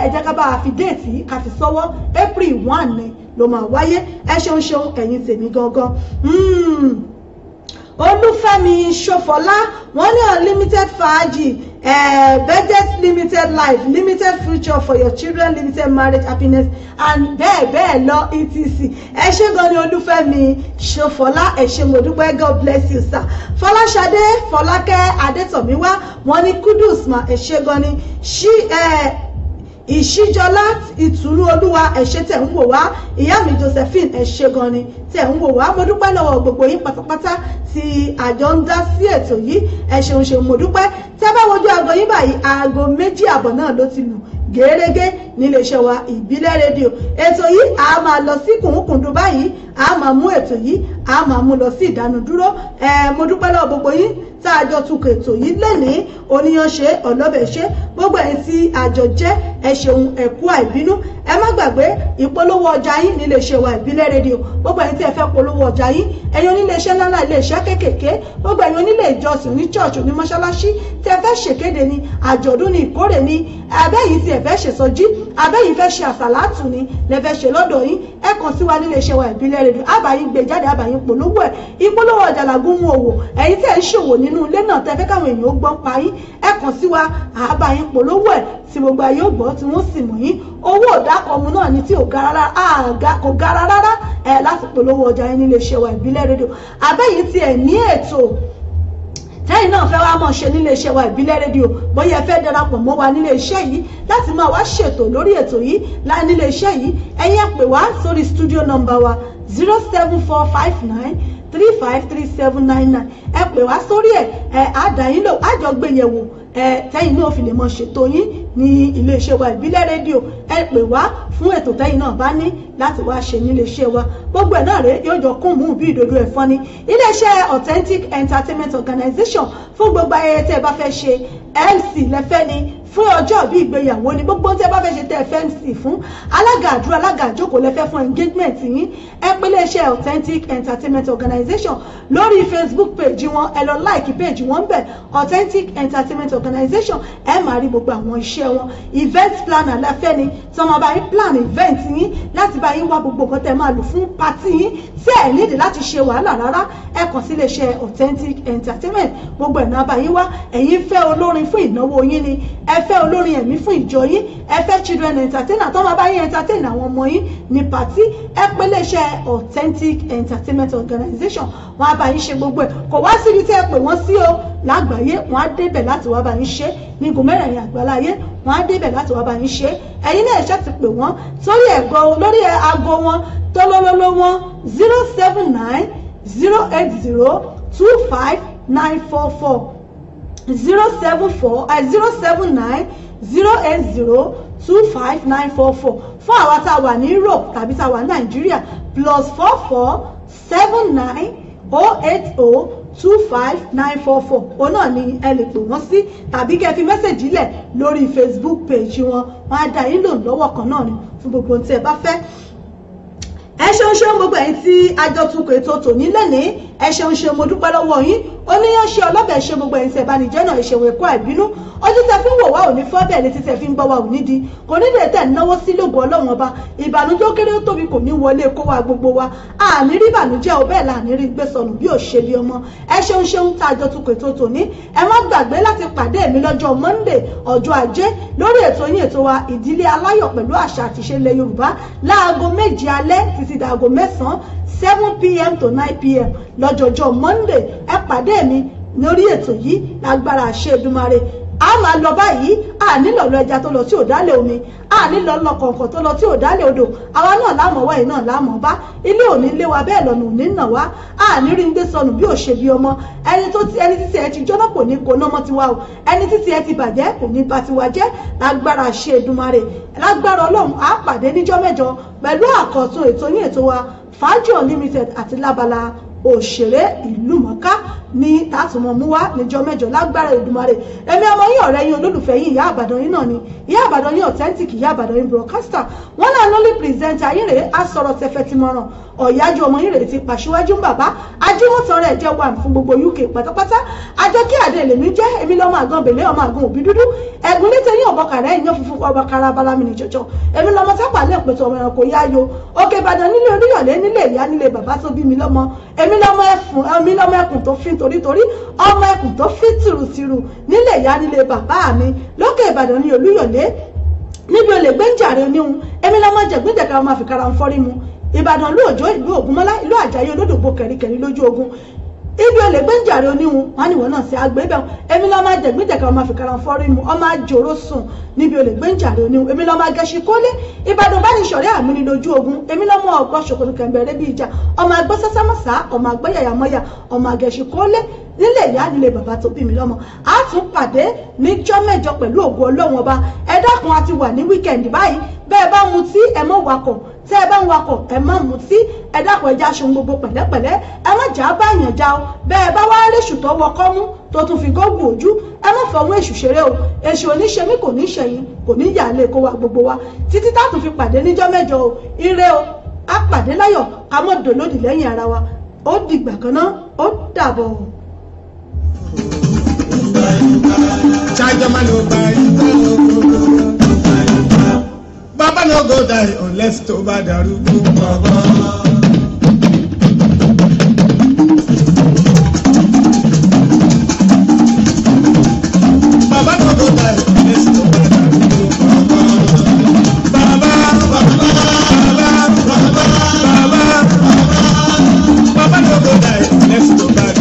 ẹ jẹ́ ká bá a fi déètì ká fi sọ́wọ́ April one ló máa wáyé ẹ ṣeun ṣeun ẹ̀yin tèmi gangan. Hmm olúfẹ́mi ṣọfọlá wọ́n ní unlimited fàájì eh, budget limited life limited future for your children limited marriage happiness and bẹ́ẹ̀ bẹ́ẹ̀ lọ etc ẹ ṣé gan ni olúfẹ́mi ṣọfọlá ẹ ṣé mo dúpẹ́ god bless you sir fọláṣadé fọlákẹ́ adétọ̀míwá wọ́n ní kudus ma ẹ ṣé gan ni ṣí ẹ. Uh, eh, ìṣíjọlá ìtùnú olúwa ẹ ṣé tẹ̀ ń wò wá ìyá mi josephine ẹ ṣé gan ni tẹ̀ ń wò wá mo dúpẹ́ lọ́wọ́ gbogbo yín pátápátá tí àjọ ń dá sí ètò yìí ẹ ṣeun ṣeun mo dúpẹ́ tẹ́ bá wojú aago yín báyìí aago méjì àbọ̀ náà ló ti lù gẹ́gẹ́ níléeṣẹ́ wa ìbílẹ̀ rédíò ètò yìí a máa lọ sí kùnkùndùn báyìí a máa mú ètò yìí a máa mú lọ sí ìdánudúró ẹ mo dúpẹ́ lọ́wọ́ gbogbo yín tá a jọ tukọ̀ ètò yìí lẹ́ni oníyanṣe ọ̀nàbẹ̀ṣe gbogbo ẹ̀ tí àjọ jẹ́ ẹ ṣeun ẹ̀kú àìbínú ẹ má gbàgbé ìpolówó ọjà yín ní iléeṣẹ́ wa ìbílẹ̀ rédíò gbogbo ẹ̀yin tí ẹ fẹ́ polówó ọjà yín ẹ̀yin oníléeṣẹ́ ńláńlá iléeṣẹ́ kéékèèké gbogbo ẹ̀yin onílé ìjọsìn ní chọ́ọ̀chù ní mọ́ṣáláṣí tí ẹ fẹ́ ṣèkéde ni àjọ̀dún ni ìkórè ni abẹ́yìn tí ẹ fẹ́ ṣèsọjí abẹ́yìn fẹ́ ṣe àsàlátù ni lẹ fẹ́ ṣe lọ́dọ̀ yín ẹ kàn sí wa ní iléeṣẹ́ wa ìbílẹ̀ rédíò àbáyín gbé jáde àbáyín polówó ẹ̀ ìpolówó ọjà làgùn mú òwò ẹ̀yin tí nínú ilé náà tẹ́ fẹ́ káwọn èèyàn ó gbọ́ pa yín ẹ kàn sí wa àbá yín polówó ẹ̀ tí gbogbo ayé ó gbọ́ tí wọ́n sì mọ̀ yín owó òdàkọ̀mu náà ni tí ò gara rárá ẹ̀ láti polówó ọjà yín nílé iṣẹ́ wa ìbílẹ̀ rédíò àbẹ́yìn tí ẹ̀ ní ètò lẹ́yìn náà fẹ́ wá máa ṣe nílé iṣẹ́ wa ìbílẹ̀ rédíò bóyá ẹ fẹ́ darapọ̀ mọ́ wa nílé iṣẹ́ yìí láti máa wá ṣètò lórí ètò yìí lá nílé iṣẹ́ yìí ẹ̀yin pè wá sórí studio number wa zero seven four five nine three five three seven nine nine ẹ pè wá sórí ẹ̀ ẹ̀ àdáyínlò àjọgbéyẹ̀wò ẹ̀ tẹ́yìn náà fi lè mọ̀ ṣètò yín ní iléeṣẹ́ wa ìbílẹ̀ rédíò ẹ pè wá fún ètò tẹ́yìn náà bá ní láti wá ṣe níléeṣẹ́ wa gbogbo ẹ̀ náà rèé yóò jọ kún mú bí ìdodo ẹ̀fọn ni iléeṣẹ́ authentic entertainment organization fún gbogbo ayẹyẹ tẹ́ ẹ bá fẹ́ ṣe mc lẹ́fẹ́ ni fún ọjọ́ bí ìgbéyàwó ni gbogbo tẹ́ bá fẹ́ ṣe tẹ́ fẹ́ ń sì fún alága àdúrà alága àjókòó lẹ́fẹ́ fún engagement yín ẹ pé iléeṣẹ́ authentic entertainment organization lórí facebook page wọn ẹ lọ like page wọn bẹ̀ authentic entertainment organization ẹ máa rí gbogbo àwọn iṣẹ́ iṣẹ́ wọn event planner lẹ́fẹ́ ni tí wọ́n máa bá yín plan event yín láti bá yín wá gbogbo nǹkan tẹ́ máa lò fún pati yín tí ẹ̀ nídìí láti ṣe wàhálà rárá ẹ kàn sí iléeṣẹ́ authentic entertainment gbogbo ẹ̀ náà bá yín wá ẹ̀yin fẹ́ olórin fún ìnáwó yín ni ẹ fẹ́ olórin ẹ̀mí fún ìjọ yín ẹ fẹ́ children entertainer tó máa bá yín entertain àwọn ọmọ yín ní pati ẹ pé iléeṣẹ́ authentic entertainment organization wọn á bá yín ṣe gbogbo ẹ̀ kò wá síbi tí ẹ pè wọ́n sí o lágbàáyé wọn á débẹ̀ láti wá bá yín ṣe ní gòmẹ́rẹ̀ àgbáláyé wọ́n á débẹ̀ láti wá bá yín ṣe ẹ̀yin náà ṣe ti pè wọ́n torí ẹ̀gọ́ lórí aago wọn tólólóló wọn zero seven nine zero eight zero two five nine four four zero seven four zero seven nine zero eight zero two five nine four four fún àwa tá a wà ní Europe tàbí tá a wà ní Nàìjíríà plus four four seven nine oh eight oh two five nine four four òun náà ni ẹ lè pè wọ́n sí tàbí kẹ́ fi mẹ́sẹ̀jì lẹ̀ lórí Facebook page wọn wọn á dá yín lò lọ́wọ́ kan náà ni fún gbogbo ohun tí ẹ bá fẹ́ ẹ ṣeun ṣeun gbogbo ẹ̀yin tí ajọ tukọ̀ ètò tòní lẹ́ni ẹ ṣeun ṣeun mo dúpẹ́ lọ́wọ́ yín oníyanṣẹ́ ọlọ́bẹ̀ ṣe gbogbo ẹ̀yin tí ẹ bá ní jẹ́ náà ẹ ṣeun ẹ̀kọ́ àìbínú ojú tẹ fi ń wò wá òní fọ́ bẹ́ẹ̀ létí tẹ fi ń gbọ́ wá òní di kò ní lè tẹ̀ náwó sí lóògùn ọlọ́run ọba ìbànújẹ́ ó kéré ó tóbi kò ní wọlé kó wa gbogbo wa àní rí ìbànújẹ́ ọ bẹ́ẹ̀ láàní rí gbé sọnù bí òṣèlú ọmọ ẹ ṣeun ṣeun tá a jọ tukọ̀ ètò tòní ẹ má gbàgbé láti pàdé mi lọ́jọ́ Monday ọjọ́ ajé lórí ètò yín ètò wa ìdílé aláyọ̀ pẹ̀lú àṣà àtìṣe ilẹ̀ Yorùbá láago méje alẹ́ ti títí dago mẹ́sàn-án seven pm to nine pm lọ́jọ́jọ́ monday ẹ pàdé mi lórí ètò yìí lágbára àṣẹ Èdùmàrè a máa lọ báyìí a nílò lọ ẹja tó lọ tí ò omi a nílò lọ kọ̀ọ̀kan tó lọ tí ò dálé odò àwa náà lámọ̀ wá iná lámọ̀ bá ilé òní lé wa bẹ́ẹ̀ lọ́nà òní nà wá a ní rí gbé sọnù bí òṣèlú ọmọ ẹni tó ti ẹni títí ẹ ti jóná kò ní kóná mọ́ tiwa o ẹni títí ẹ ti bàjẹ́ kò ní ba tiwa jẹ́ lágbára ṣe Èdùmàrè lágbára Ọlọ́run á pàdé níjọ́ mẹ́jọ pẹ̀lú àkọ́tún ètò yín ètò wa Fàájì Unlimited àti lábala òṣèré ìlú mọ̀ká ní tààtùmọ̀ mú wá níjọ́ mẹ́jọ lágbára Èdùmàrè èmi ọmọ yín ọ̀rẹ́ yín olólùfẹ́ yín ìyá àbàdàn yín náà ni ìyá àbàdàn yín authentic ìyá àbàdàn yín broadcaster wọn náà lọ́lí pírẹsẹ̀ntà yín rèé asọ̀rọ̀ tẹfẹ̀tìmọ̀ràn ọ̀yájú ọmọ yín rèé ti pàṣíwájú ń bàbá ajíwòtọ́ rẹ̀ jẹ́ wà fún gbogbo UK pátápátá ajẹ́ kí àdé lèmi jẹ́ èmi lọ́mọ àgàn bèlè ọmọ àgàn òbí dúdú ẹ̀gún níta yín ọ̀bọ̀kàrẹ́ ìyàn funfun ọ̀bọ̀kàrà abalami ní jọjọ èmi lọ́mọ sápàlẹ̀ pẹ̀tọ̀ ọmọ ẹranko yáyo òkè Ìbàdàn nílé oníyọ̀lé nílé ìyá nílé bàbá tó bí torí torí ọmọ ẹkùn tó fi tìrùtìrù nílẹ̀ ìyá nílé bàbá mi lókè ìbàdàn ní olúyọ̀lé níbi olè gbẹ́ǹjàre oníhun èmi lọ́mọ jẹ̀gbẹ́jẹ̀kẹ́ ọmọ àfikàrà ń fọ́rí mu ìbàdàn ìlú òjò ìlú ògúnmọ́lá ìlú àjàyè olódògbò kẹ̀ríkẹ̀rí lójú ogun ibi olè gbé ń jàre oníhun wọn ni wọn náà ṣe àgbẹ̀ bẹ́ẹ̀ èmi lọ́ọ́ máa jẹ̀gbẹ́ jẹ̀ka ọmọ àfikàrà fọ́rí mu ọmọ àjòrò sùn níbi olè gbé ń jàre oníhun èmi lọ́ọ́ máa gẹṣin kólé ìbàdàn bá ní ìṣọ̀rẹ́ àmì ní lójú ogun èmi lọ́ọ́ mọ ọgbọ́n ṣòkòtò kẹ̀mbẹ̀rẹ̀ bí ìjà ọmọ àgbẹ̀ sásámọ́sá ọmọ àgbẹ̀ yàyàmọ́yà ọmọ àgẹ̀ṣin kólé nílé ìyá nílé bàbá mi lọ́mọ a tún pàdé níjọ́ mẹ́jọ pẹ̀lú ògo Ọlọ́run ọba ẹ dákun a ti wà bẹ́ẹ̀ bá mutí ẹ má wakọ̀ tẹ́ ẹ bá ń wakọ̀ ẹ má mutí ẹ dákọ̀ ẹ já aṣọ gbogbo pẹ̀lẹ́pẹ̀lẹ́ ẹ má jà á bá èèyàn já o bẹ́ẹ̀ bá wá réṣù tó wọkọ́ mú tó tún fi gógùn ojú ẹ má fọwọ́n èṣù ṣeré o èṣù oníṣẹ́mí kò ní ṣẹ̀yìn kò ní yà á lè kó wa gbogbo wa títí tá a tún fi pàdé níjọ́ mẹ́jọ o ire o á pàdé láyọ̀ ká mọ̀ dòlódì lẹ́yìn ara wa ó dìgbà kan náà ó dàbọ̀ o. Chajamalo, bye, bye, bye. Baba no go die unless tó bá darúgbó Baba no go die unless tó bá darúgbó bàbá. Bàbá bàbá bàbá bàbá bàbá no go die unless tó